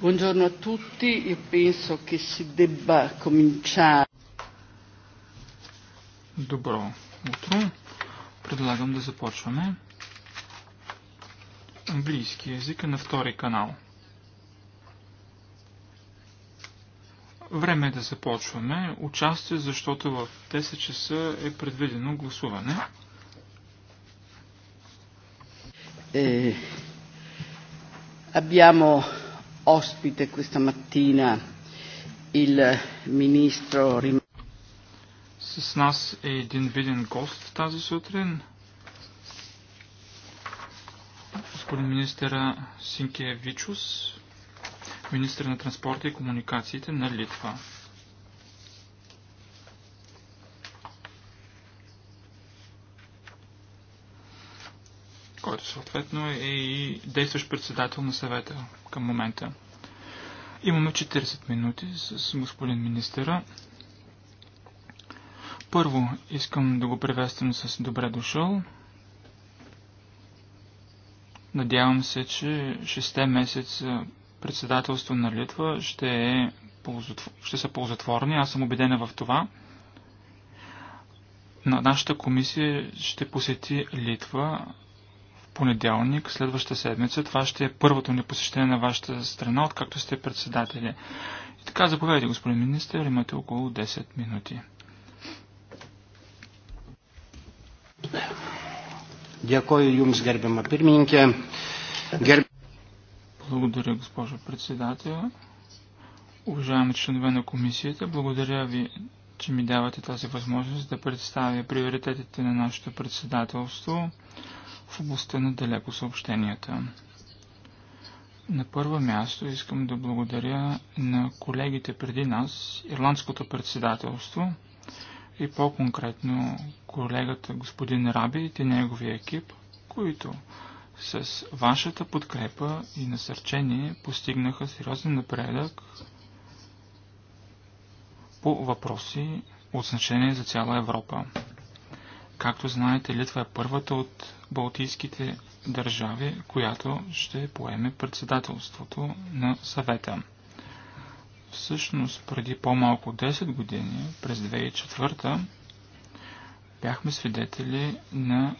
Buongiorno a tutti, io penso che si debba cominciare. Добро утро. Предлагам да започваме. Английски язик е на втори канал. Време е да започваме. Участие, защото в 10 часа е предвидено гласуване. Е, abbiamo ospite questa mattina il ministro С нас е един виден гост тази сутрин. Господин министъра Синкия Вичус, министър на транспорта и комуникациите на Литва. съответно е и действащ председател на съвета към момента. Имаме 40 минути с господин министъра. Първо искам да го приветствам с добре дошъл. Надявам се, че 6 месеца председателство на Литва ще, е ползотвор... ще са ползотворни. Аз съм убедена в това. На нашата комисия ще посети Литва понеделник, следващата седмица. Това ще е първото ни посещение на вашата страна, откакто сте председатели. И така, заповядайте, господин министр, имате около 10 минути. Дякую Юмс Гербема Пирминке. Герб... Благодаря, госпожо председател. Уважаеми членове на комисията, благодаря ви, че ми давате тази възможност да представя приоритетите на нашето председателство в областта на далеко съобщенията. На първо място искам да благодаря на колегите преди нас, Ирландското председателство и по-конкретно колегата господин Раби и неговия екип, които с вашата подкрепа и насърчение постигнаха сериозен напредък по въпроси от значение за цяла Европа. Както знаете, Литва е първата от балтийските държави, която ще поеме председателството на съвета. Всъщност, преди по-малко 10 години, през 2004, бяхме свидетели на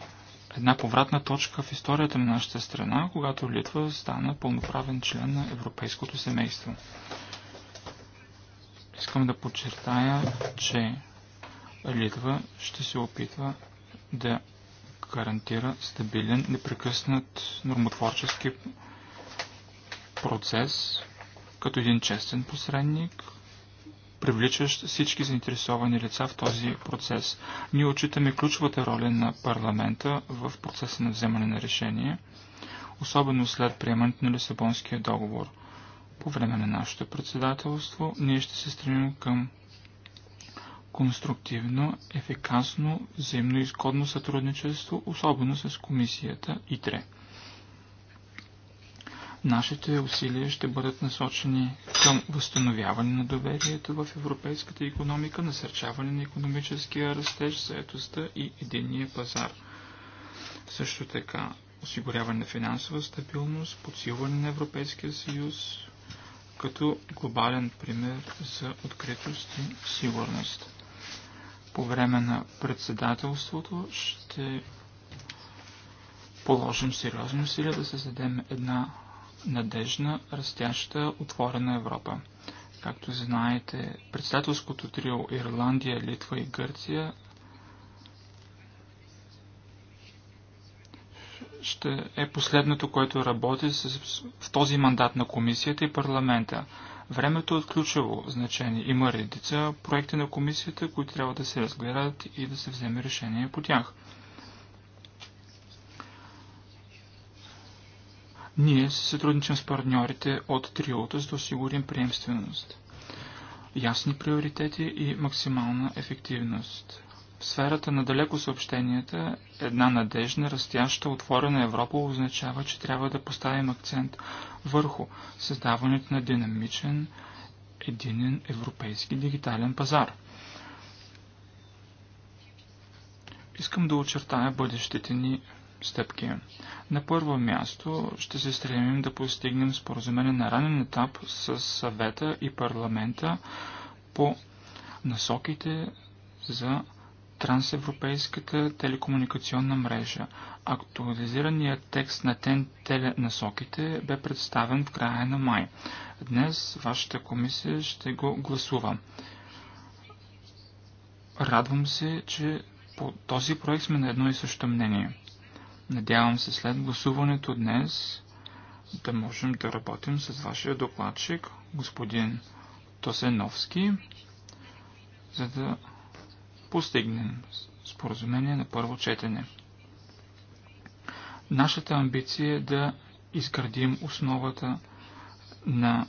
една повратна точка в историята на нашата страна, когато Литва стана пълноправен член на европейското семейство. Искам да подчертая, че Литва ще се опитва да гарантира стабилен, непрекъснат нормотворчески процес, като един честен посредник, привличащ всички заинтересовани лица в този процес. Ние отчитаме ключовата роля на парламента в процеса на вземане на решение, особено след приемането на Лисабонския договор. По време на нашето председателство ние ще се стремим към конструктивно, ефикасно, взаимно изгодно сътрудничество, особено с комисията ИТРЕ. Нашите усилия ще бъдат насочени към възстановяване на доверието в европейската економика, насърчаване на економическия растеж, заетостта и единния пазар. Също така, осигуряване на финансова стабилност, подсилване на Европейския съюз като глобален пример за откритост и сигурност. По време на председателството ще положим сериозни усилия да създадем една надежна, растяща, отворена Европа. Както знаете, председателското трио Ирландия, Литва и Гърция ще е последното, което работи с, в този мандат на комисията и парламента. Времето е от ключово значение. Има редица проекти на комисията, които трябва да се разгледат и да се вземе решение по тях. Ние се сътрудничим с партньорите от триото, за да осигурим приемственост, ясни приоритети и максимална ефективност. В сферата на далеко съобщенията една надежна, растяща, отворена Европа означава, че трябва да поставим акцент върху създаването на динамичен, единен европейски дигитален пазар. Искам да очертая бъдещите ни стъпки. На първо място ще се стремим да постигнем споразумение на ранен етап с съвета и парламента по насоките за трансевропейската телекомуникационна мрежа. Актуализираният текст на ТЕН насоките бе представен в края на май. Днес вашата комисия ще го гласува. Радвам се, че по този проект сме на едно и също мнение. Надявам се след гласуването днес да можем да работим с вашия докладчик, господин Тосеновски, за да постигнем споразумение на първо четене. Нашата амбиция е да изградим основата на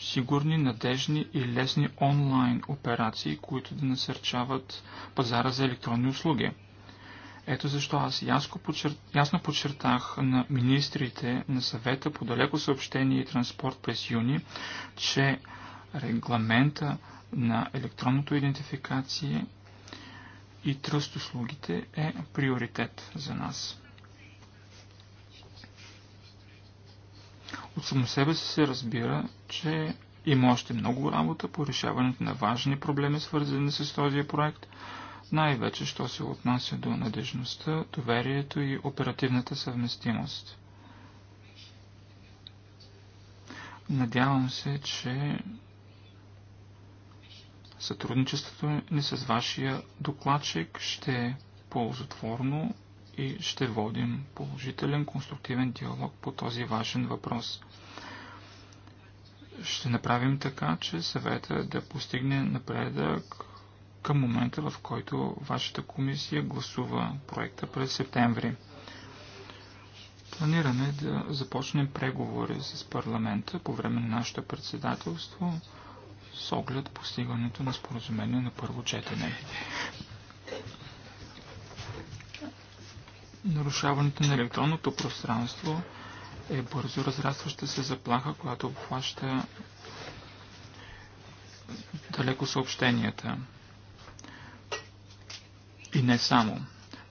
сигурни, надежни и лесни онлайн операции, които да насърчават пазара за електронни услуги. Ето защо аз ясно подчертах на министрите на съвета по далеко съобщение и транспорт през юни, че регламента на електронното идентификация и тръст услугите е приоритет за нас. От само себе си се разбира, че има още много работа по решаването на важни проблеми, свързани с този проект, най-вече, що се отнася до надежността, доверието и оперативната съвместимост. Надявам се, че Сътрудничеството ни с вашия докладчик ще е ползотворно и ще водим положителен, конструктивен диалог по този важен въпрос. Ще направим така, че съвета да постигне напредък към момента, в който вашата комисия гласува проекта през септември. Планираме да започнем преговори с парламента по време на нашето председателство с оглед постигането на споразумение на първо четене. Нарушаването на електронното пространство е бързо разрастваща се заплаха, която обхваща далеко съобщенията. И не само.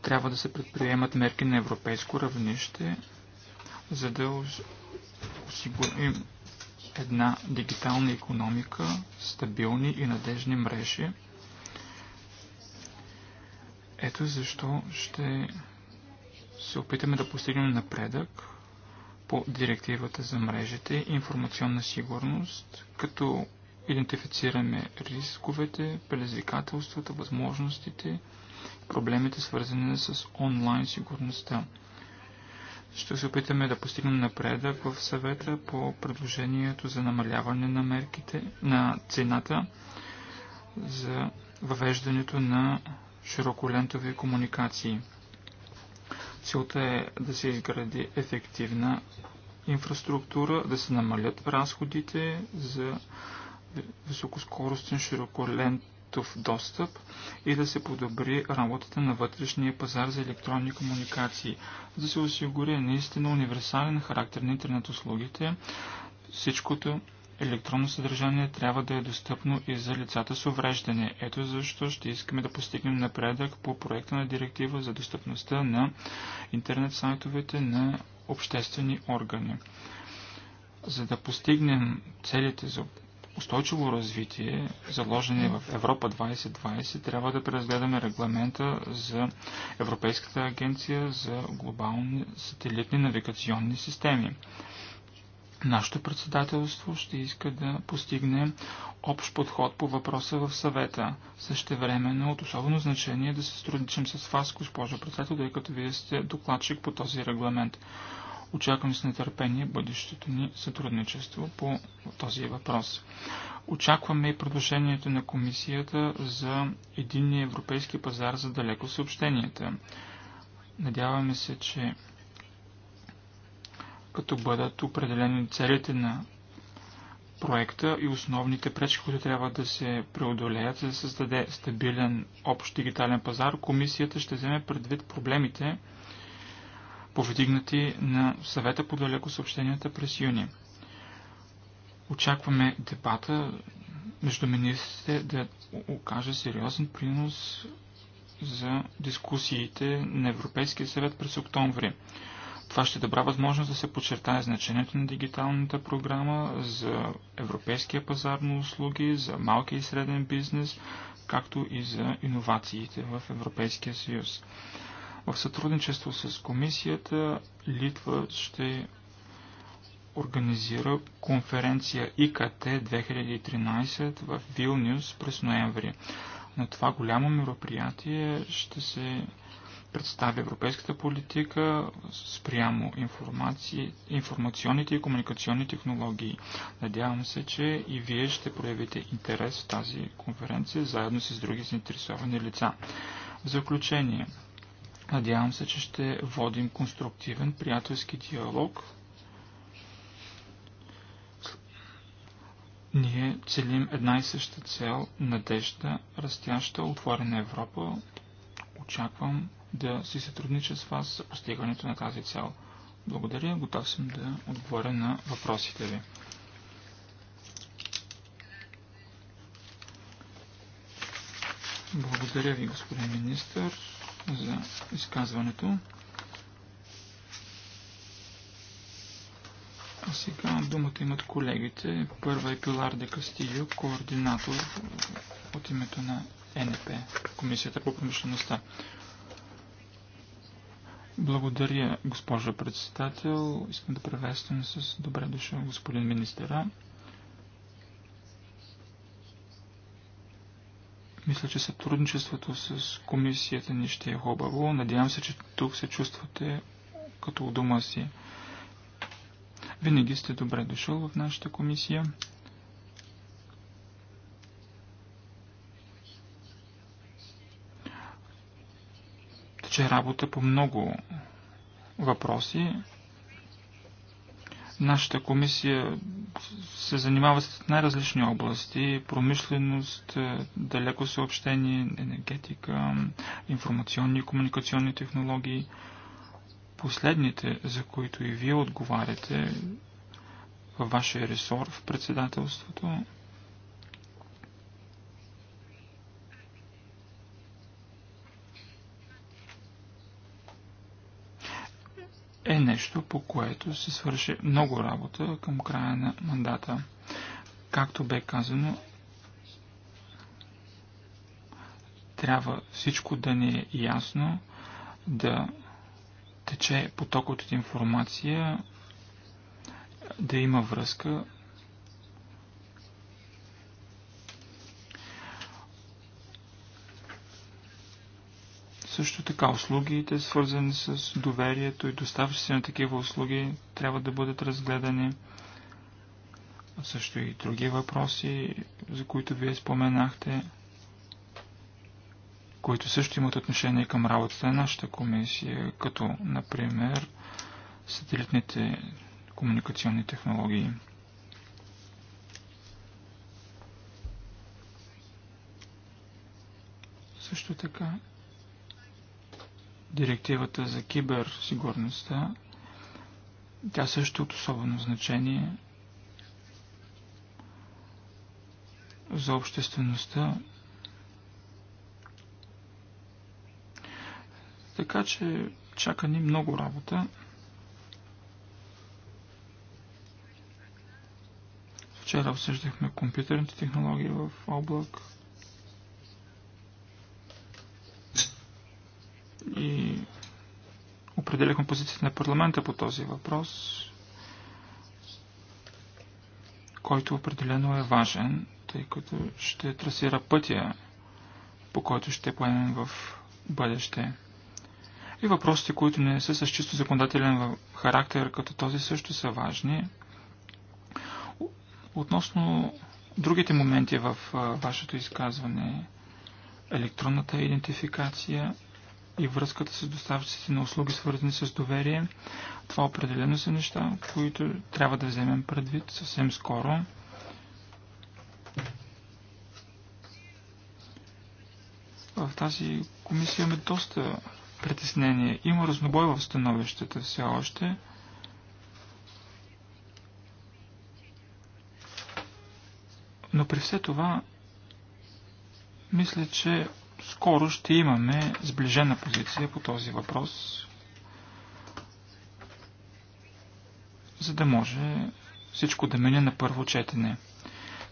Трябва да се предприемат мерки на европейско равнище, за да осигурим една дигитална економика, стабилни и надежни мрежи. Ето защо ще се опитаме да постигнем напредък по директивата за мрежите и информационна сигурност, като идентифицираме рисковете, предизвикателствата, възможностите, проблемите свързани с онлайн сигурността ще се опитаме да постигнем напредък в съвета по предложението за намаляване на мерките на цената за въвеждането на широколентови комуникации. Целта е да се изгради ефективна инфраструктура, да се намалят разходите за високоскоростен широколентов цифров достъп и да се подобри работата на вътрешния пазар за електронни комуникации, да се осигури наистина универсален характер на интернет услугите. Всичкото електронно съдържание трябва да е достъпно и за лицата с увреждане. Ето защо ще искаме да постигнем напредък по проекта на директива за достъпността на интернет сайтовете на обществени органи. За да постигнем целите за устойчиво развитие, заложени в Европа 2020, трябва да преразгледаме регламента за Европейската агенция за глобални сателитни навигационни системи. Нашето председателство ще иска да постигне общ подход по въпроса в съвета. Същевременно от особено значение е да се сътрудничим с вас, госпожо председател, тъй като вие сте докладчик по този регламент. Очаквам с нетърпение бъдещето ни сътрудничество по този въпрос. Очакваме и предложението на комисията за единния европейски пазар за далеко съобщенията. Надяваме се, че като бъдат определени целите на проекта и основните пречки, които трябва да се преодолеят, за да създаде стабилен общ дигитален пазар, комисията ще вземе предвид проблемите, повдигнати на съвета по далеко съобщенията през юни. Очакваме дебата между министрите да окаже сериозен принос за дискусиите на Европейския съвет през октомври. Това ще е добра възможност да се подчертае значението на дигиталната програма за европейския пазар на услуги, за малки и среден бизнес, както и за иновациите в Европейския съюз. В сътрудничество с комисията Литва ще организира конференция ИКТ 2013 в Вилнюс през ноември. На това голямо мероприятие ще се представя европейската политика спрямо информации, информационните и комуникационни технологии. Надявам се, че и вие ще проявите интерес в тази конференция, заедно с други заинтересовани лица. В заключение, Надявам се, че ще водим конструктивен приятелски диалог. Ние целим една и съща цел – надежда, растяща, отворена Европа. Очаквам да си сътруднича с вас за постигането на тази цел. Благодаря, готов съм да отговоря на въпросите ви. Благодаря ви, господин министър за изказването. А сега думата имат колегите. Първа е Пилар де Кастио, координатор от името на НП, Комисията по промишлеността. Благодаря, госпожо председател. Искам да приветствам с добре дошъл господин министъра. Мисля, че сътрудничеството с комисията ни ще е хубаво. Надявам се, че тук се чувствате като у дома си. Винаги сте добре дошъл в нашата комисия. Тече работа по много въпроси. Нашата комисия се занимава с най-различни области промишленост, е, далеко съобщение, енергетика, информационни и комуникационни технологии. Последните, за които и вие отговаряте във вашия ресор в председателството, нещо, по което се свърши много работа към края на мандата. Както бе казано, трябва всичко да ни е ясно, да тече поток от информация, да има връзка Също така услугите, свързани с доверието и доставчиците на такива услуги, трябва да бъдат разгледани. А също и други въпроси, за които вие споменахте, които също имат отношение към работата на нашата комисия, като, например, сателитните комуникационни технологии. Също така директивата за киберсигурността. Тя също е от особено значение за обществеността. Така че чака ни много работа. Вчера обсъждахме компютърните технологии в облак. и определихме позицията на парламента по този въпрос, който определено е важен, тъй като ще трасира пътя, по който ще поемем в бъдеще. И въпросите, които не са с чисто законодателен характер, като този също са важни. Относно другите моменти в вашето изказване, електронната идентификация – и връзката с доставчиците на услуги, свързани с доверие. Това определено са неща, които трябва да вземем предвид съвсем скоро. В тази комисия имаме доста притеснения. Има разнобой в становищата все още. Но при все това, мисля, че скоро ще имаме сближена позиция по този въпрос, за да може всичко да мине на първо четене.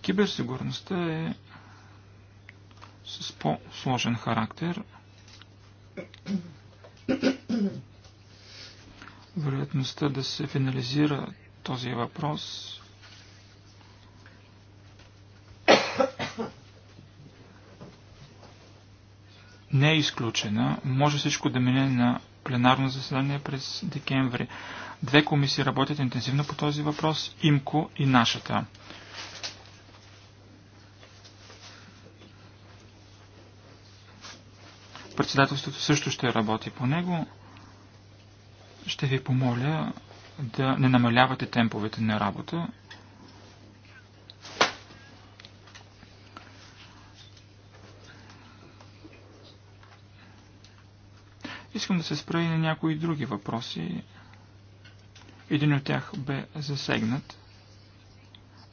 Киберсигурността е с по-сложен характер. Вероятността да се финализира този въпрос не е изключена. Може всичко да мине на пленарно заседание през декември. Две комисии работят интенсивно по този въпрос ИМКО и нашата. Председателството също ще работи по него. Ще ви помоля да не намалявате темповете на работа. Искам да се спра и на някои други въпроси. Един от тях бе засегнат.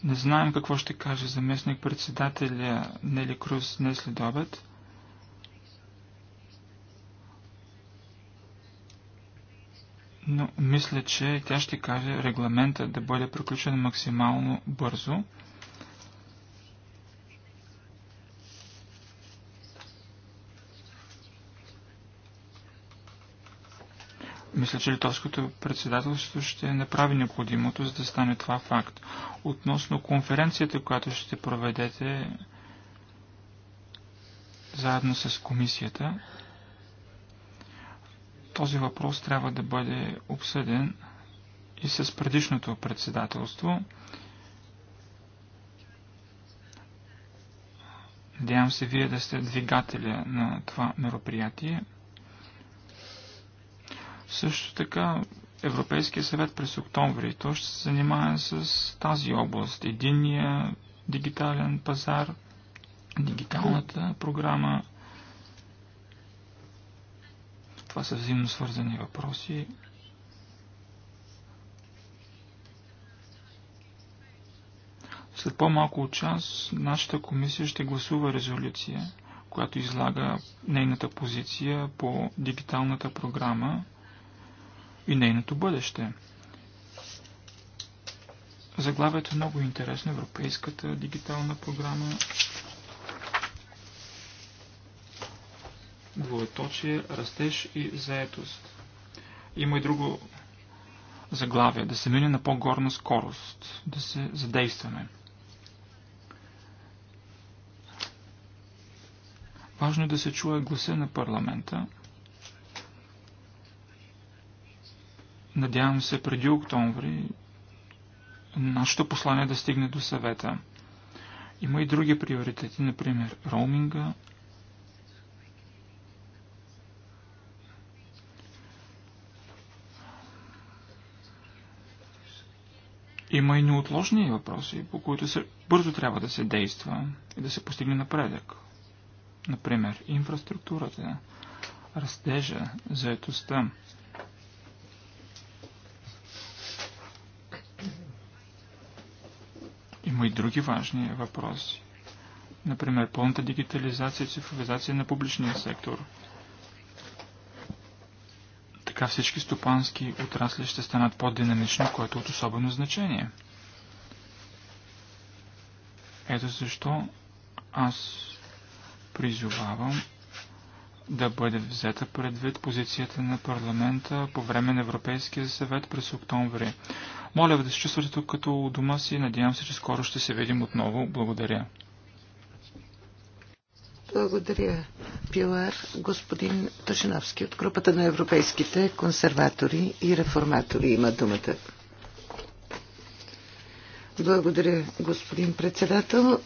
Не знаем какво ще каже заместник председателя Нели Круз днес след обед. Но мисля, че тя ще каже регламента да бъде приключен максимално бързо. Мисля, че литовското председателство ще направи необходимото, за да стане това факт. Относно конференцията, която ще проведете заедно с комисията, този въпрос трябва да бъде обсъден и с предишното председателство. Надявам се вие да сте двигателя на това мероприятие. Също така Европейския съвет през октомври, той ще се занимае с тази област. Единия дигитален пазар, дигиталната програма. Това са взаимно свързани въпроси. След по-малко от час нашата комисия ще гласува резолюция, която излага нейната позиция по дигиталната програма и нейното бъдеще. Заглавието е много интересно. Европейската дигитална програма двоеточие, растеж и заетост. Има и друго заглавие. Да се мине на по-горна скорост. Да се задействаме. Важно е да се чуе гласа на парламента – Надявам се преди октомври нашето послание да стигне до съвета. Има и други приоритети, например роуминга. Има и неотложни въпроси, по които се бързо трябва да се действа и да се постигне напредък. Например, инфраструктурата, растежа, заетостта. Има и други важни въпроси. Например, пълната дигитализация и цифровизация на публичния сектор. Така всички стопански отрасли ще станат по-динамични, което е от особено значение. Ето защо аз призовавам да бъде взета предвид позицията на парламента по време на Европейския съвет през октомври. Моля ви да се чувствате тук като у дома си. Надявам се, че скоро ще се видим отново. Благодаря. Благодаря, Пилар. Господин Тошиновски от групата на европейските консерватори и реформатори има думата. Благодаря, господин председател.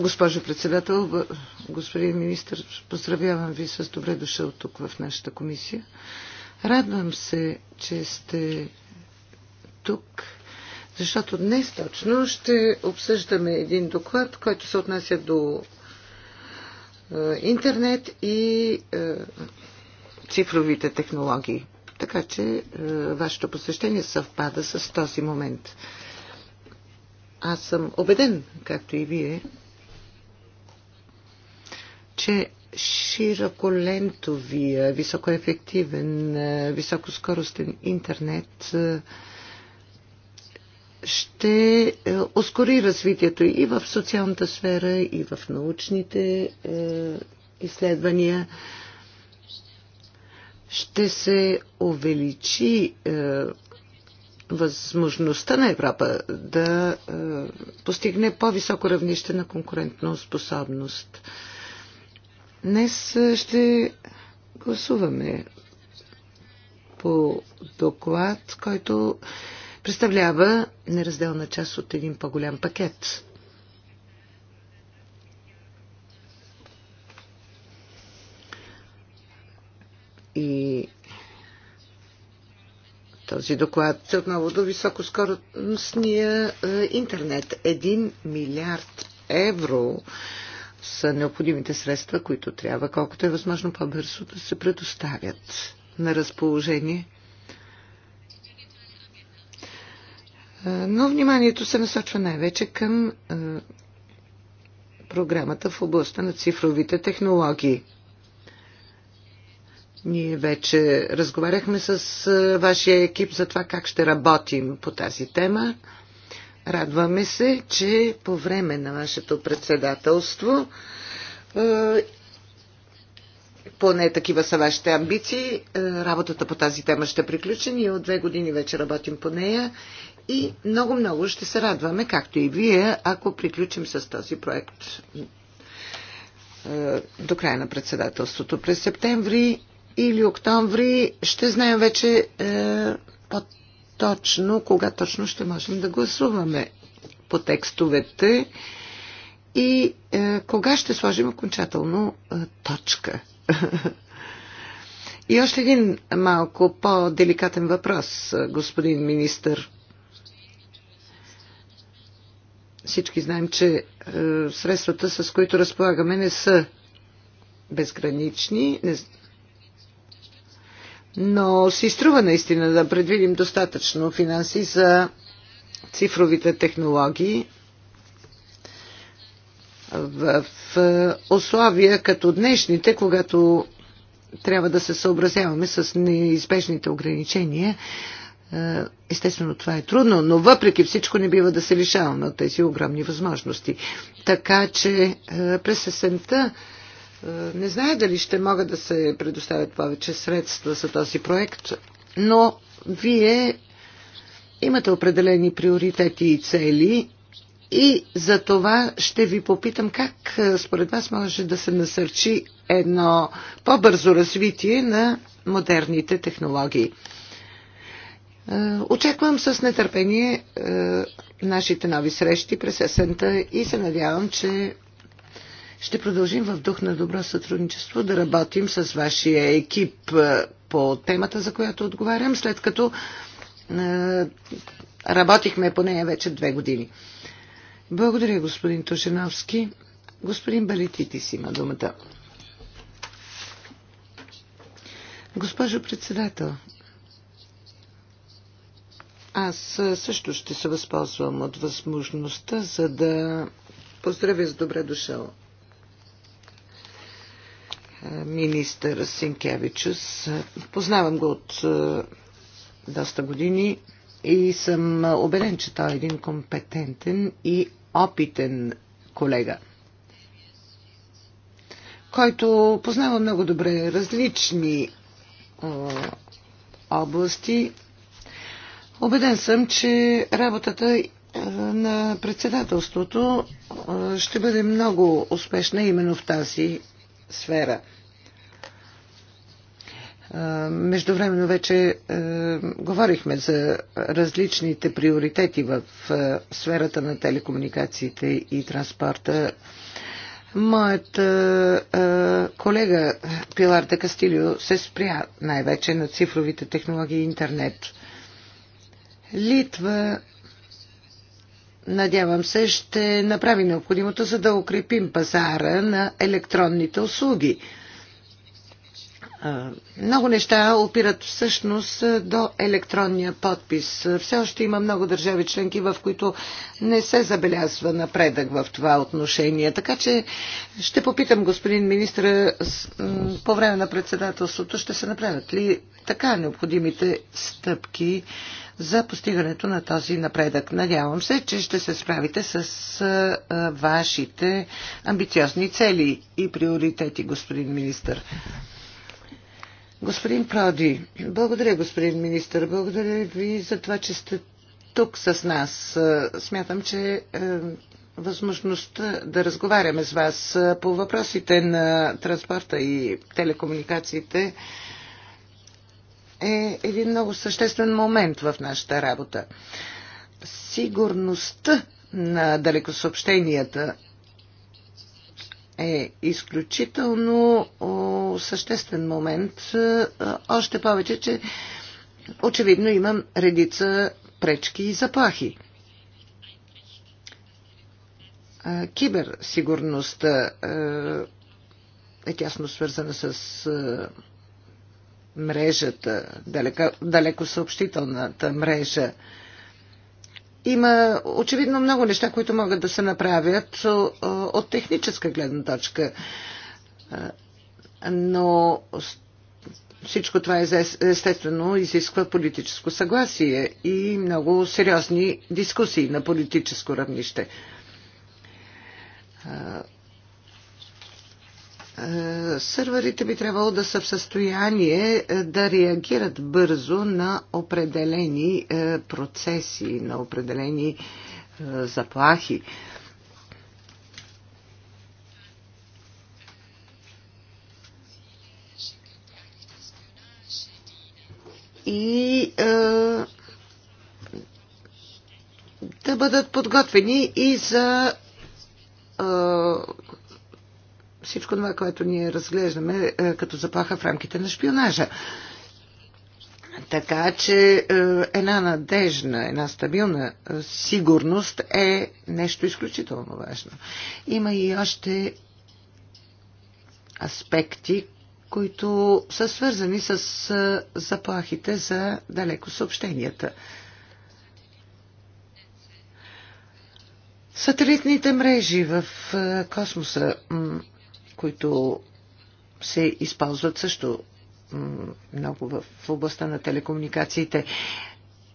Госпожо председател, господин министр, поздравявам ви с добре дошъл тук в нашата комисия. Радвам се, че сте тук, защото днес точно ще обсъждаме един доклад, който се отнася до е, интернет и е, цифровите технологии. Така че е, вашето посещение съвпада с този момент. Аз съм убеден, както и вие, че широколентовия, високоефективен, високоскоростен интернет ще е, ускори развитието и в социалната сфера, и в научните е, изследвания. Ще се увеличи е, възможността на Европа да постигне по-високо равнище на конкурентно способност. Днес ще гласуваме по доклад, който представлява неразделна част от един по-голям пакет. И този доклад е отново до високоскоростния е, интернет. Един милиард евро са необходимите средства, които трябва колкото е възможно по-бързо да се предоставят на разположение Но вниманието се насочва най-вече към е, програмата в областта на цифровите технологии. Ние вече разговаряхме с е, вашия екип за това как ще работим по тази тема. Радваме се, че по време на вашето председателство, е, поне такива са вашите амбиции, работата по тази тема ще приключи. Ние от две години вече работим по нея и много-много ще се радваме, както и вие, ако приключим с този проект е, до края на председателството. През септември или октомври ще знаем вече е, по-точно, кога точно ще можем да гласуваме по текстовете и е, кога ще сложим окончателно е, точка. И още един малко по-деликатен въпрос, е, господин министър. Всички знаем, че е, средствата, с които разполагаме, не са безгранични, не... но си струва наистина да предвидим достатъчно финанси за цифровите технологии в е, условия като днешните, когато трябва да се съобразяваме с неизбежните ограничения е, естествено, това е трудно, но въпреки всичко не бива да се лишаваме от тези огромни възможности. Така че е, през есента е, не знае дали ще могат да се предоставят повече средства за този проект, но вие имате определени приоритети и цели и за това ще ви попитам как според вас може да се насърчи едно по-бързо развитие на модерните технологии. Е, очаквам с нетърпение е, нашите нови срещи през есента и се надявам, че ще продължим в дух на добро сътрудничество да работим с вашия екип е, по темата, за която отговарям, след като работихме по нея вече две години. Благодаря, господин Тошеновски. Господин Балититис има думата. Госпожо председател, аз също ще се възползвам от възможността, за да поздравя с добре дошъл министър Синкевичус. Познавам го от доста години и съм убеден, че той е един компетентен и опитен колега, който познава много добре различни области Обеден съм, че работата е, на председателството е, ще бъде много успешна именно в тази сфера. Е, междувременно вече говорихме за различните приоритети в сферата на телекомуникациите и транспорта. Моят колега Пилар де Кастилио се спря най-вече на цифровите технологии и интернет – Литва, надявам се, ще направи необходимото, за да укрепим пазара на електронните услуги. Много неща опират всъщност до електронния подпис. Все още има много държави членки, в които не се забелязва напредък в това отношение. Така че ще попитам господин министр, по време на председателството ще се направят ли така необходимите стъпки за постигането на този напредък. Надявам се, че ще се справите с вашите амбициозни цели и приоритети, господин министр. Господин Проди, благодаря, господин министр. Благодаря ви за това, че сте тук с нас. Смятам, че е, възможността да разговаряме с вас е, по въпросите на транспорта и телекомуникациите е един много съществен момент в нашата работа. Сигурността на далекосъобщенията е изключително съществен момент, е, още повече, че очевидно имам редица пречки и заплахи. Е, киберсигурността е, е тясно свързана с мрежата, далеко, далеко съобщителната мрежа. Има очевидно много неща, които могат да се направят от техническа гледна точка. Но всичко това е естествено изисква политическо съгласие и много сериозни дискусии на политическо равнище. Е, сървърите би трябвало да са в състояние е, да реагират бързо на определени е, процеси, на определени заплахи. И да бъдат подготвени и за всичко това, което ние разглеждаме е, като заплаха в рамките на шпионажа. Така че е, една надежна, една стабилна е, сигурност е нещо изключително важно. Има и още аспекти, които са свързани с заплахите за далеко съобщенията. Сателитните мрежи в космоса които се използват също много в областта на телекомуникациите.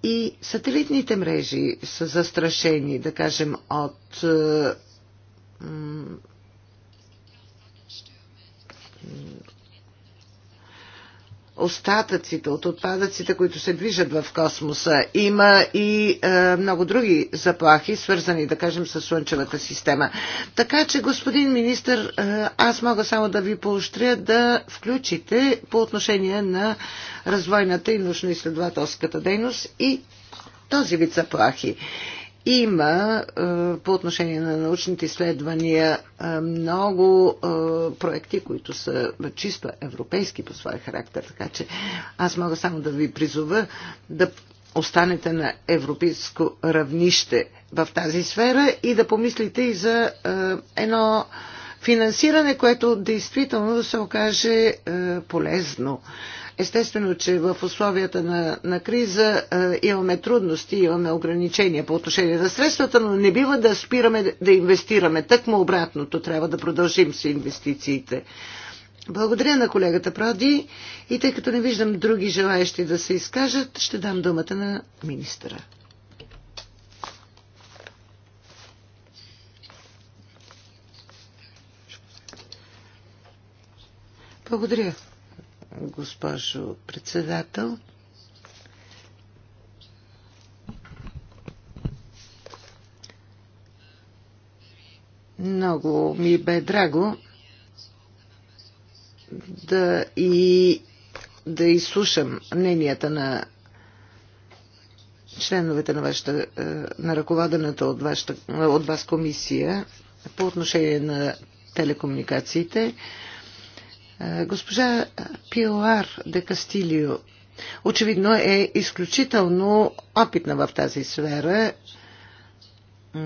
И сателитните мрежи са застрашени, да кажем, от е, остатъците, от отпадъците, които се движат в космоса. Има и е, много други заплахи, свързани, да кажем, с Слънчевата система. Така че, господин министр, е, аз мога само да ви поощря да включите по отношение на развойната и научно-изследователската дейност и този вид заплахи има е, по отношение на научните изследвания е, много е, проекти, които са чисто европейски по своя характер. Така че аз мога само да ви призова да останете на европейско равнище в тази сфера и да помислите и за едно финансиране, което действително да се окаже полезно Естествено, че в условията на, на криза е, имаме трудности, имаме ограничения по отношение на средствата, но не бива да спираме да инвестираме. Тъкмо обратното, трябва да продължим с инвестициите. Благодаря на колегата Проди и тъй като не виждам други желаящи да се изкажат, ще дам думата на министъра. Благодаря госпожо председател. Много ми бе драго да и да изслушам мненията на членовете на, вашата, е, на ръководената от, вашата, от вас комисия по отношение на телекомуникациите. Е, госпожа Пилар де Кастилио очевидно е изключително опитна в тази сфера. Е,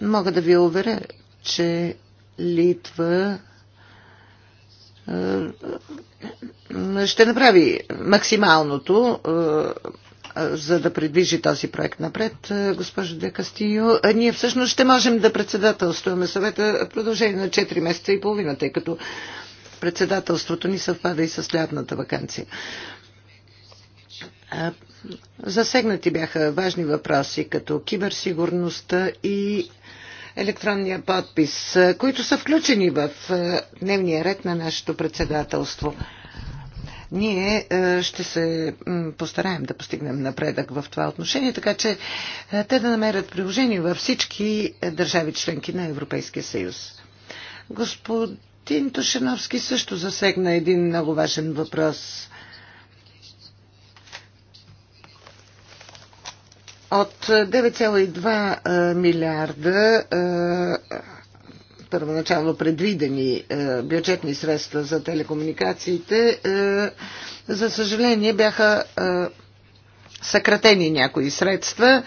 мога да ви уверя, че Литва е, ще направи максималното за да придвижи този проект напред, госпожо Де Кастио. Ние всъщност ще можем да председателстваме съвета в продължение на 4 месеца и половина, тъй като председателството ни съвпада и с лятната вакансия. Засегнати бяха важни въпроси, като киберсигурността и електронния подпис, които са включени в дневния ред на нашето председателство. Ние е, ще се постараем да постигнем напредък в това отношение, така че е, те да намерят приложение във всички е, държави членки на Европейския съюз. Господин Тошеновски също засегна един много важен въпрос. От 9,2 милиарда първоначално предвидени е, бюджетни средства за телекомуникациите, е, за съжаление бяха е, съкратени някои средства.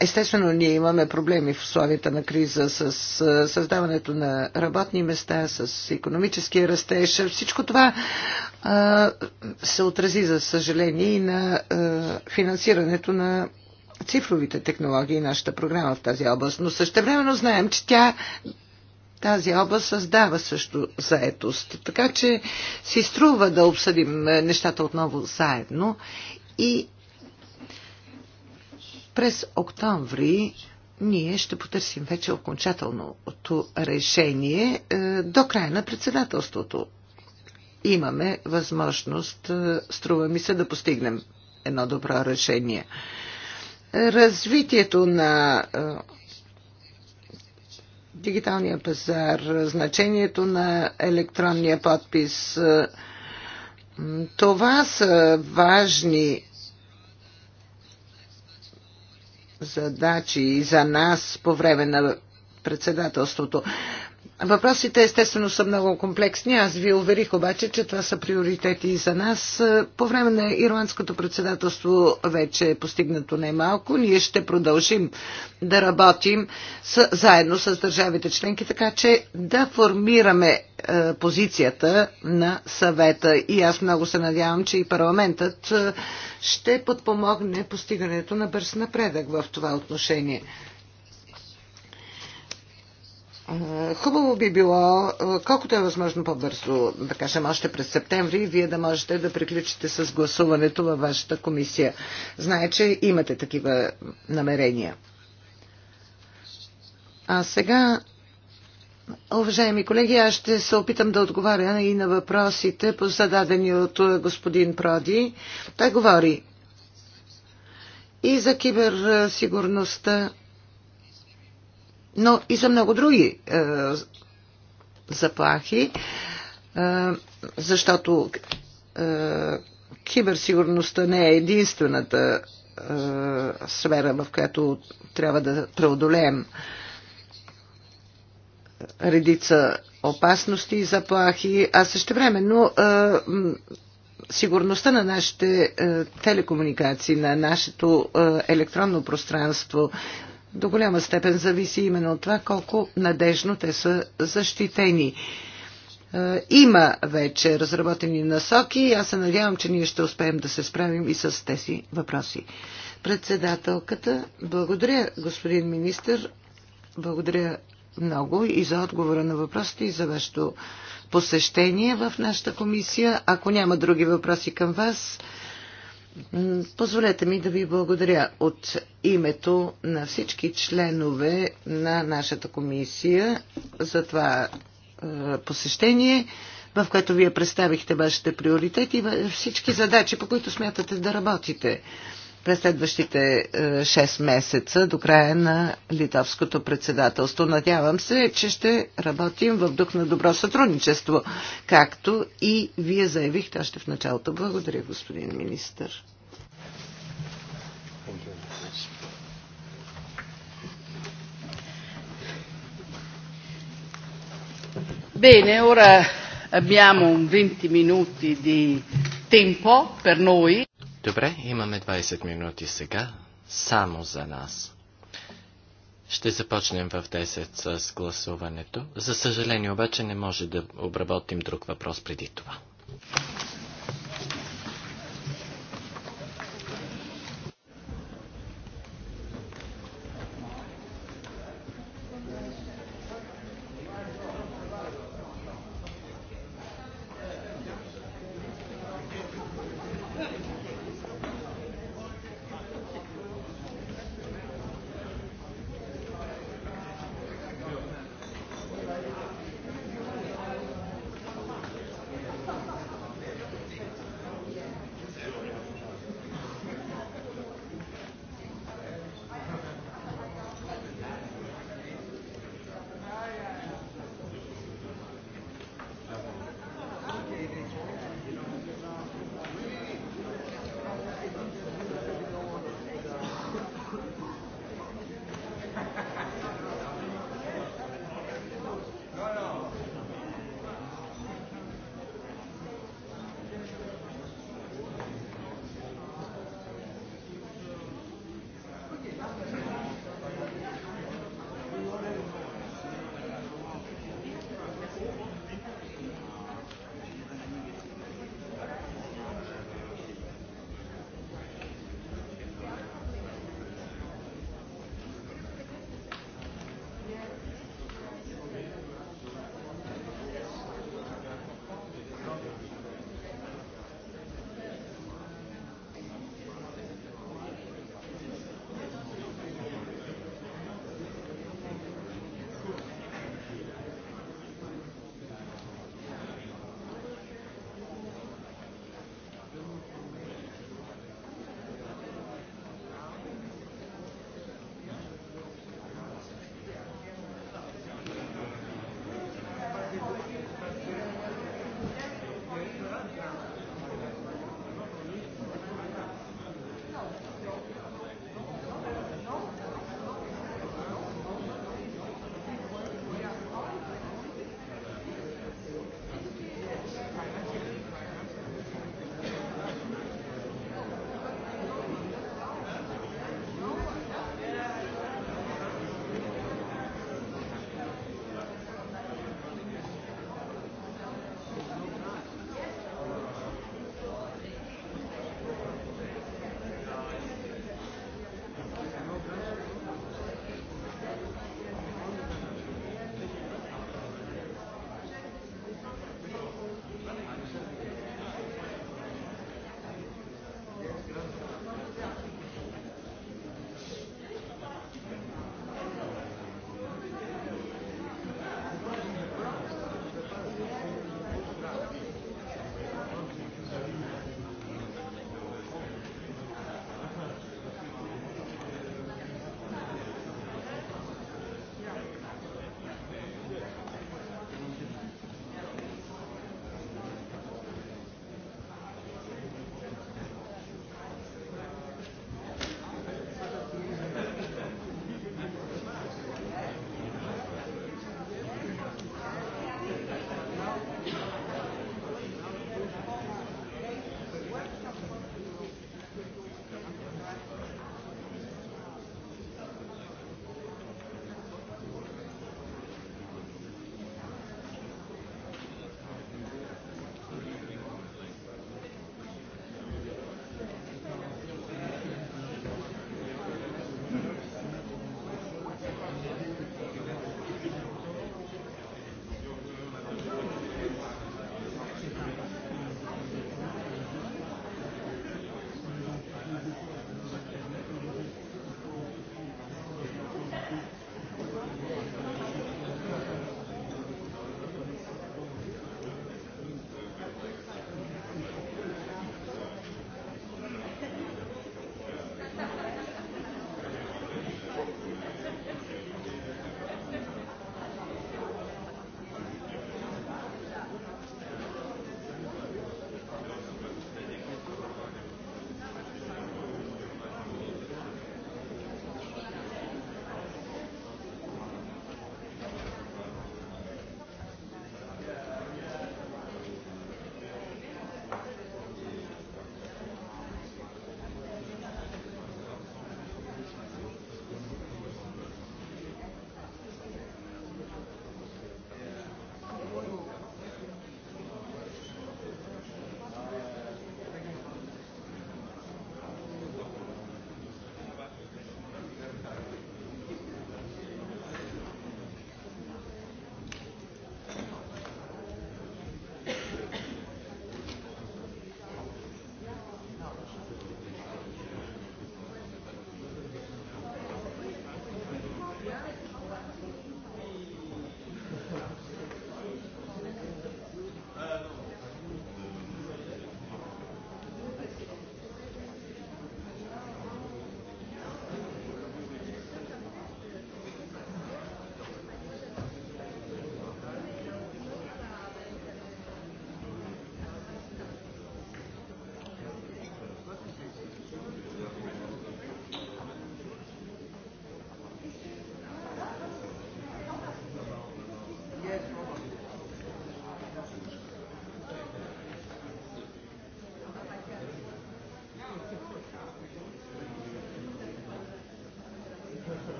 Естествено, ние имаме проблеми в условията на криза с създаването на работни места, с економическия растеж. Всичко това се отрази, за съжаление, и на финансирането на цифровите технологии, нашата програма в тази област, но същевременно знаем, че тя тази област създава също заетост. Така че си струва да обсъдим е, нещата отново заедно и през октомври ние ще потърсим вече окончателното решение е, до края на председателството. Имаме възможност, е, струва ми се, да постигнем едно добро решение. Развитието на е, дигиталния пазар, значението на електронния подпис, е, това са важни задачи и за нас по време на председателството. Въпросите естествено са много комплексни. Аз ви уверих обаче, че това са приоритети и за нас. По време на ирландското председателство вече е постигнато най-малко. Ние ще продължим да работим с, заедно с държавите членки, така че да формираме е, позицията на съвета. И аз много се надявам, че и парламентът е, ще подпомогне постигането на бърз напредък в това отношение. Е, хубаво би било, е, колкото е възможно по-бързо, да кажем още през септември, вие да можете да приключите с гласуването във вашата комисия. Знае, че имате такива намерения. А сега, уважаеми колеги, аз ще се опитам да отговаря и на въпросите, зададени от е, господин Проди. Той говори и за киберсигурността, но и за много други е, заплахи, е, защото е, киберсигурността не е единствената е, сфера, в която трябва да преодолеем редица опасности и заплахи, а но е, сигурността на нашите е, телекомуникации, на нашето е, електронно пространство до голяма степен зависи именно от това колко надежно те са защитени. Е, има вече разработени насоки и аз се надявам, че ние ще успеем да се справим и с тези въпроси. Председателката, благодаря, господин министр, благодаря много и за отговора на въпросите и за вашето посещение в нашата комисия. Ако няма други въпроси към вас, Позволете ми да ви благодаря от името на всички членове на нашата комисия за това е, посещение, в което вие представихте вашите приоритети и всички задачи, по които смятате да работите през следващите 6 е, месеца до края на литовското председателство. Надявам се, че ще работим в дух на добро сътрудничество, както и вие заявихте още в началото. Благодаря, господин министр. Bene, ora abbiamo 20 minuti di tempo per noi. Добре, имаме 20 минути сега, само за нас. Ще започнем в 10 с гласуването. За съжаление обаче не може да обработим друг въпрос преди това.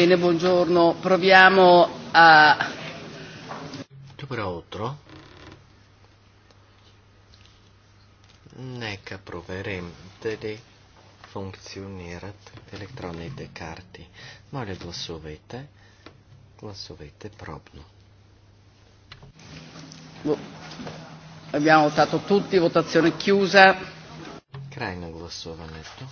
Bene, buongiorno. Proviamo a... Добро утро. Нека проверим дали функционират електронните карти. Моля, гласувайте. Гласувайте пробно. Abbiamo votato tutti, votazione chiusa. Край на гласуването.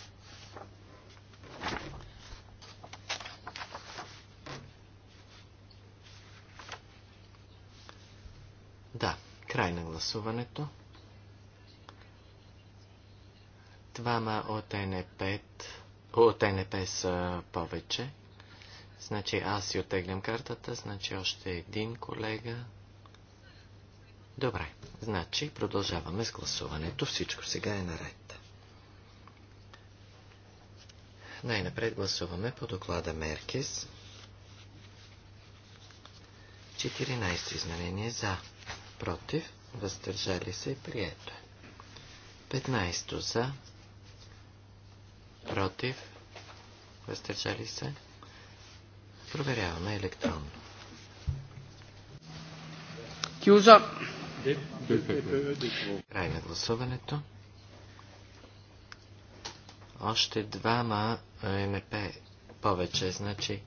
Край на гласуването. Двама от НП, от НП са повече. Значи аз си отеглям картата, значи още един колега. Добре, значи продължаваме с гласуването. Всичко сега е наред. Най-напред гласуваме по доклада Меркис. 14 изменения за против, въздържали се, и прието е. 15 за, против, въздържали се, проверяваме електронно. Кюза. Край на гласуването. Още двама МП повече, значи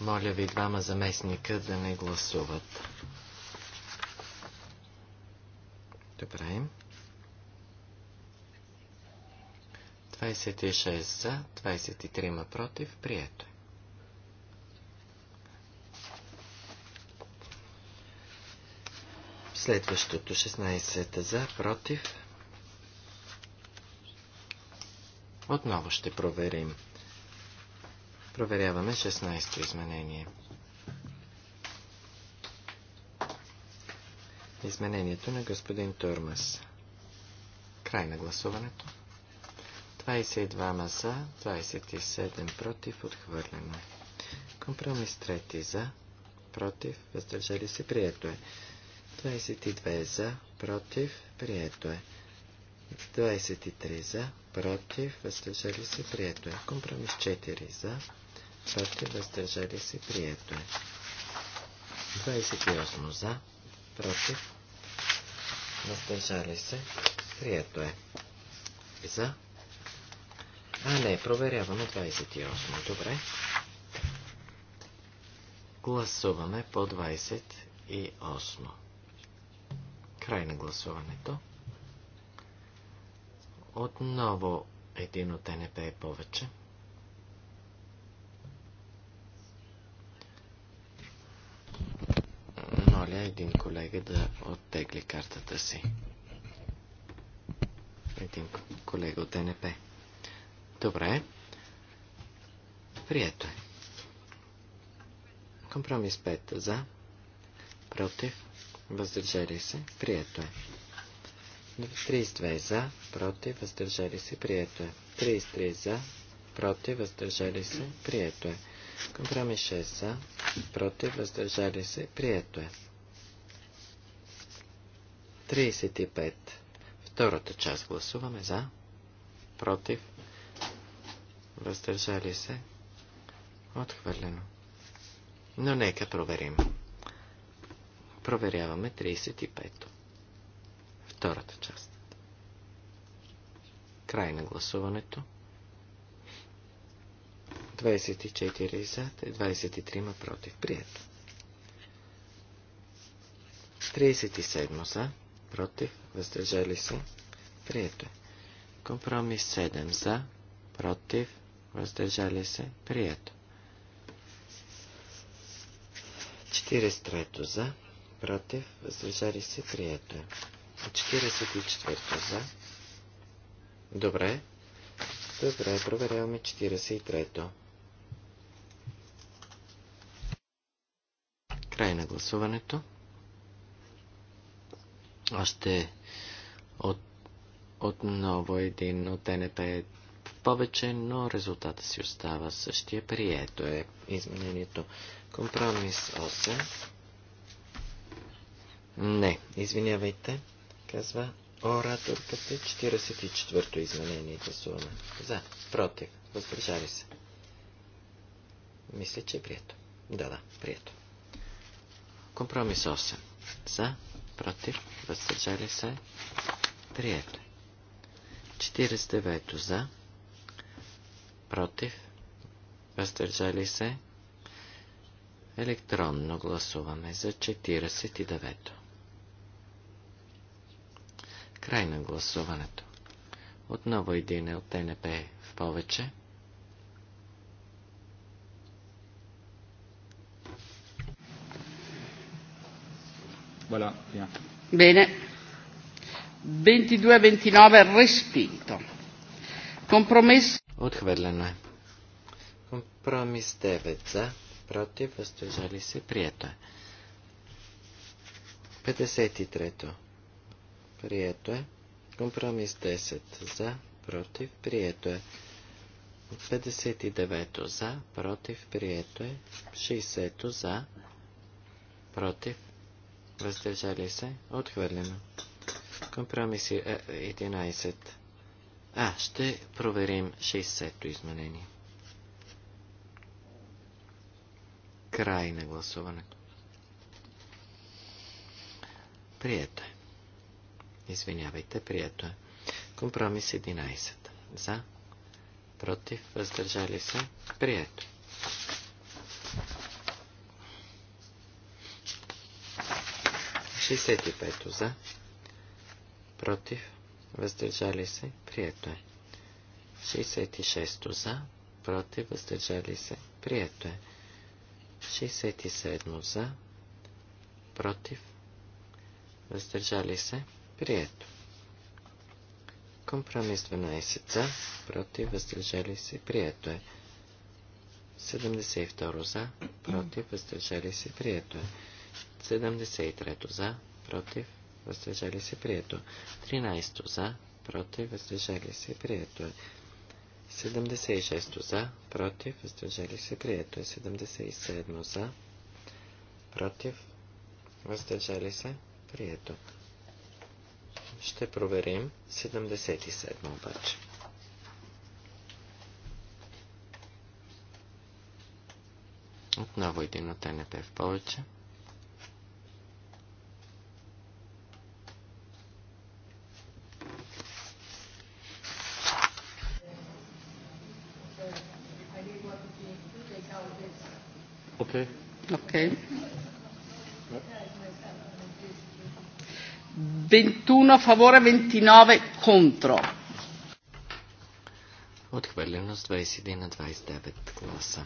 моля ви двама заместника да не гласуват. Добре. 26 за, 23 против, прието. Е. Следващото 16 за, против. Отново ще проверим. Проверяваме 16-то изменение. 16. изменението на господин Турмас. Край на гласуването. 22 маса, 27 против, отхвърлено е. Компромис трети за, против, въздържали се, прието е. 22 за, против, прието е. 23 за, против, въздържали се, прието е. Компромис 4 за, против, въздържали се, прието е. 28 за, против, въздържали се, прието е. За. А, не, проверяваме 28. Добре. Гласуваме по 28. Край на гласуването. Отново един от НП е повече. сега един колега да оттегли картата си. Един колега от ДНП. Добре. Прието е. Компромис 5 за. Против. Въздържали се. Прието е. 32 за. Против. Въздържали се. Прието е. 33 за. Против. Въздържали се. Прието е. Компромис 6 за. Против. Въздържали се. Прието е. 35. Втората част гласуваме за, против, въздържали се, отхвърлено. Но нека проверим. Проверяваме 35-то. Втората част. Край на гласуването. 24 за, 23 ма против. Прието. 37 за, против, въздържали се, прието е. Компромис 7 за, против, въздържали се, прието. 43 за, против, въздържали се, прието е. 44 за. Добре. Добре, проверяваме 43-то. Край на гласуването. Още от, отново един от НП е повече, но резултата си остава същия. Прието е изменението. Компромис 8. Не, извинявайте, казва ораторката. 44-то изменение гласуваме. За, против, въздържали се. Мисля, че е прието. Да, да, прието. Компромис 8. За, против, въздържали се, прието. 49 е. за, против, въздържали се, електронно гласуваме за 49-то. Край на гласуването. Отново един е от ТНП в повече. Voilà, bien. Bene. 22-29 e respinto. Компромис. Отхвърлено е. Компромис 9 за, против, въздържали се, прието е. 53-то. Прието е. Компромис 10 за, против, прието е. 59 за, против, прието е. 60 за, против, въздържали се, отхвърлено. Компромиси 11. Е, а, ще проверим 60-то изменение. Край на гласуването. Прието е. Извинявайте, прието е. Компромис 11. За. Против. Въздържали се. Прието. 65 за, против, въздържали се, прието е. 66 за, против, въздържали се, прието е. 67 за, против, въздържали се, прието. Компромис 12 за, против, въздържали се, прието е. 72 за, против, въздържали се, прието е. 73 за, против, въздържали се, прието. 13 за, против, въздържали се, прието е. 76 за, против, въздържали се, прието 77 е. за, против, въздържали се, прието. Ще проверим 77 обаче. Отново един от НП в повече. 21 a favore, 29 contro. Отхвърлено с 21 на 29 гласа.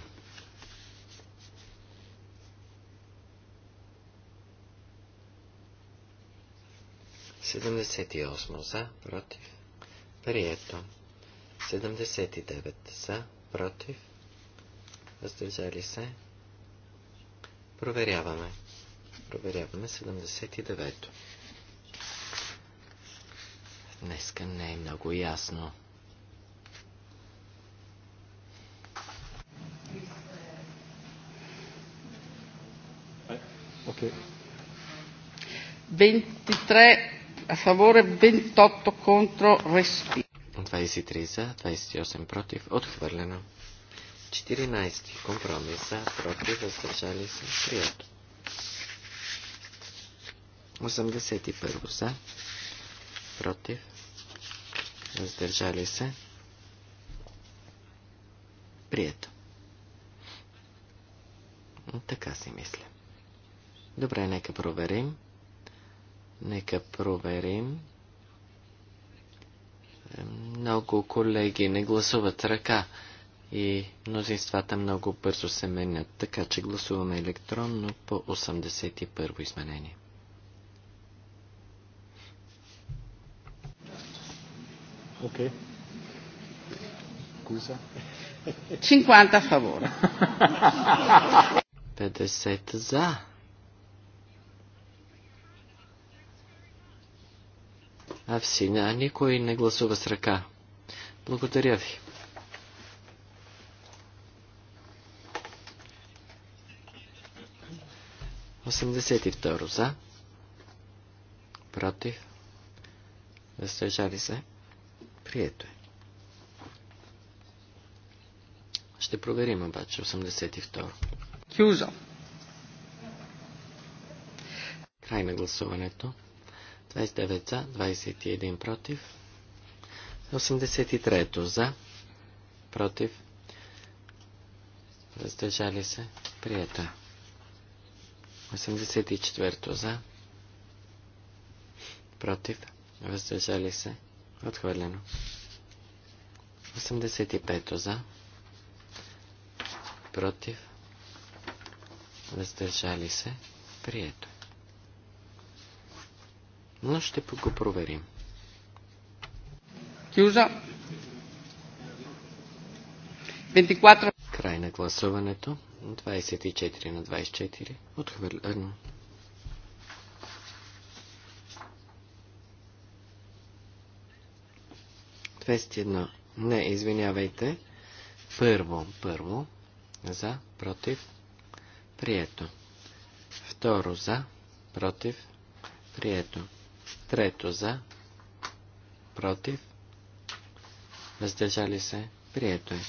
Седемдесет и осмо за, против, прието. Седемдесет и девет за, против, въздържали се. Проверяваме. Проверяваме 79 девето днеска не е много ясно. Okay. 23 a favore, 28 contro, respiro. 23 за, 28 против, отхвърлено. 14 компромиса. против, въздържали се, прието. 81 за, против, въздържали се, прието. Така си мисля. Добре, нека проверим. Нека проверим. Много колеги не гласуват ръка и мнозинствата много бързо се менят, така че гласуваме електронно по 81 изменение. Ok. Scusa. 50 a favore. 50 за. А всега никой не гласува с ръка. Благодаря ви. Осемдесет и второ за. Против. Въздържали се. Прието е. Ще проверим обаче 82. Кюзо. Край на гласуването. 29 за, 21 против. 83 за, против. Раздържали се. Прията. 84 за, против. Въздържали се. Отхвърлено. 85 за. Против. Въздържали се. Прието. Но ще го проверим. Кюза. 24. Край на гласуването. 24 на 24. Отхвърлено. 201. Не, извинявайте. Първо, първо. За, против, прието. Второ, за, против, прието. Трето, за, против, въздържали се, прието е.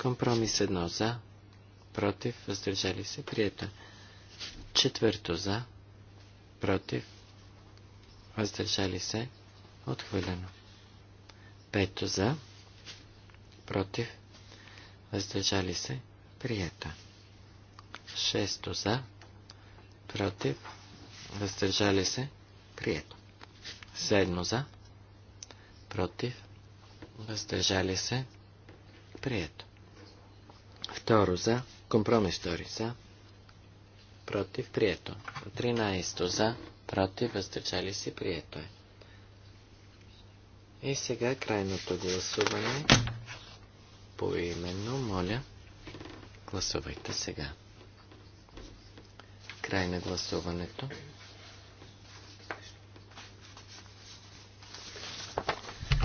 Компромис едно за, против, въздържали се, прието е. Четвърто за, против, въздържали се, отхвърлено. Пето за, против, въздържали се, прието. Шесто за, против, въздържали се, прието. Седмо за, против, въздържали се, прието. Второ за, компромис втори за, против, прието. Тринайсто за, против, въздържали се, прието е. И сега крайното гласуване по именно, моля, гласувайте сега. Край на гласуването.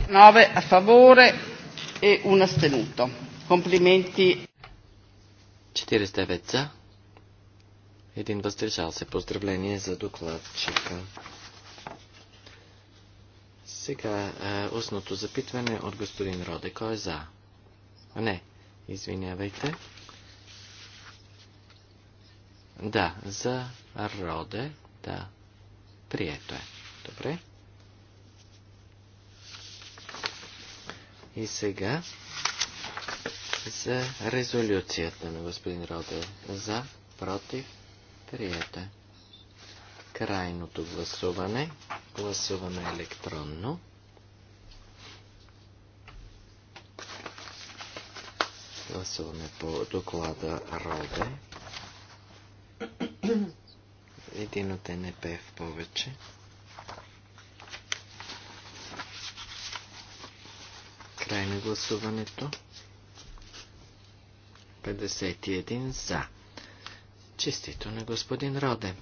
Нове а фаворе и е унастенуто. Комплименти. 49 за. Един въздържал се. Поздравление за докладчика. Сега устното запитване от господин Роде. Кой е за? Не, извинявайте. Да, за Роде, да. Прието е. Добре. И сега за резолюцията на господин Роде. За, против, прието е крайното гласуване. Гласуваме електронно. Гласуваме по доклада Роде. Един от НП в повече. Край на гласуването. 51 за. Честито на господин Роде.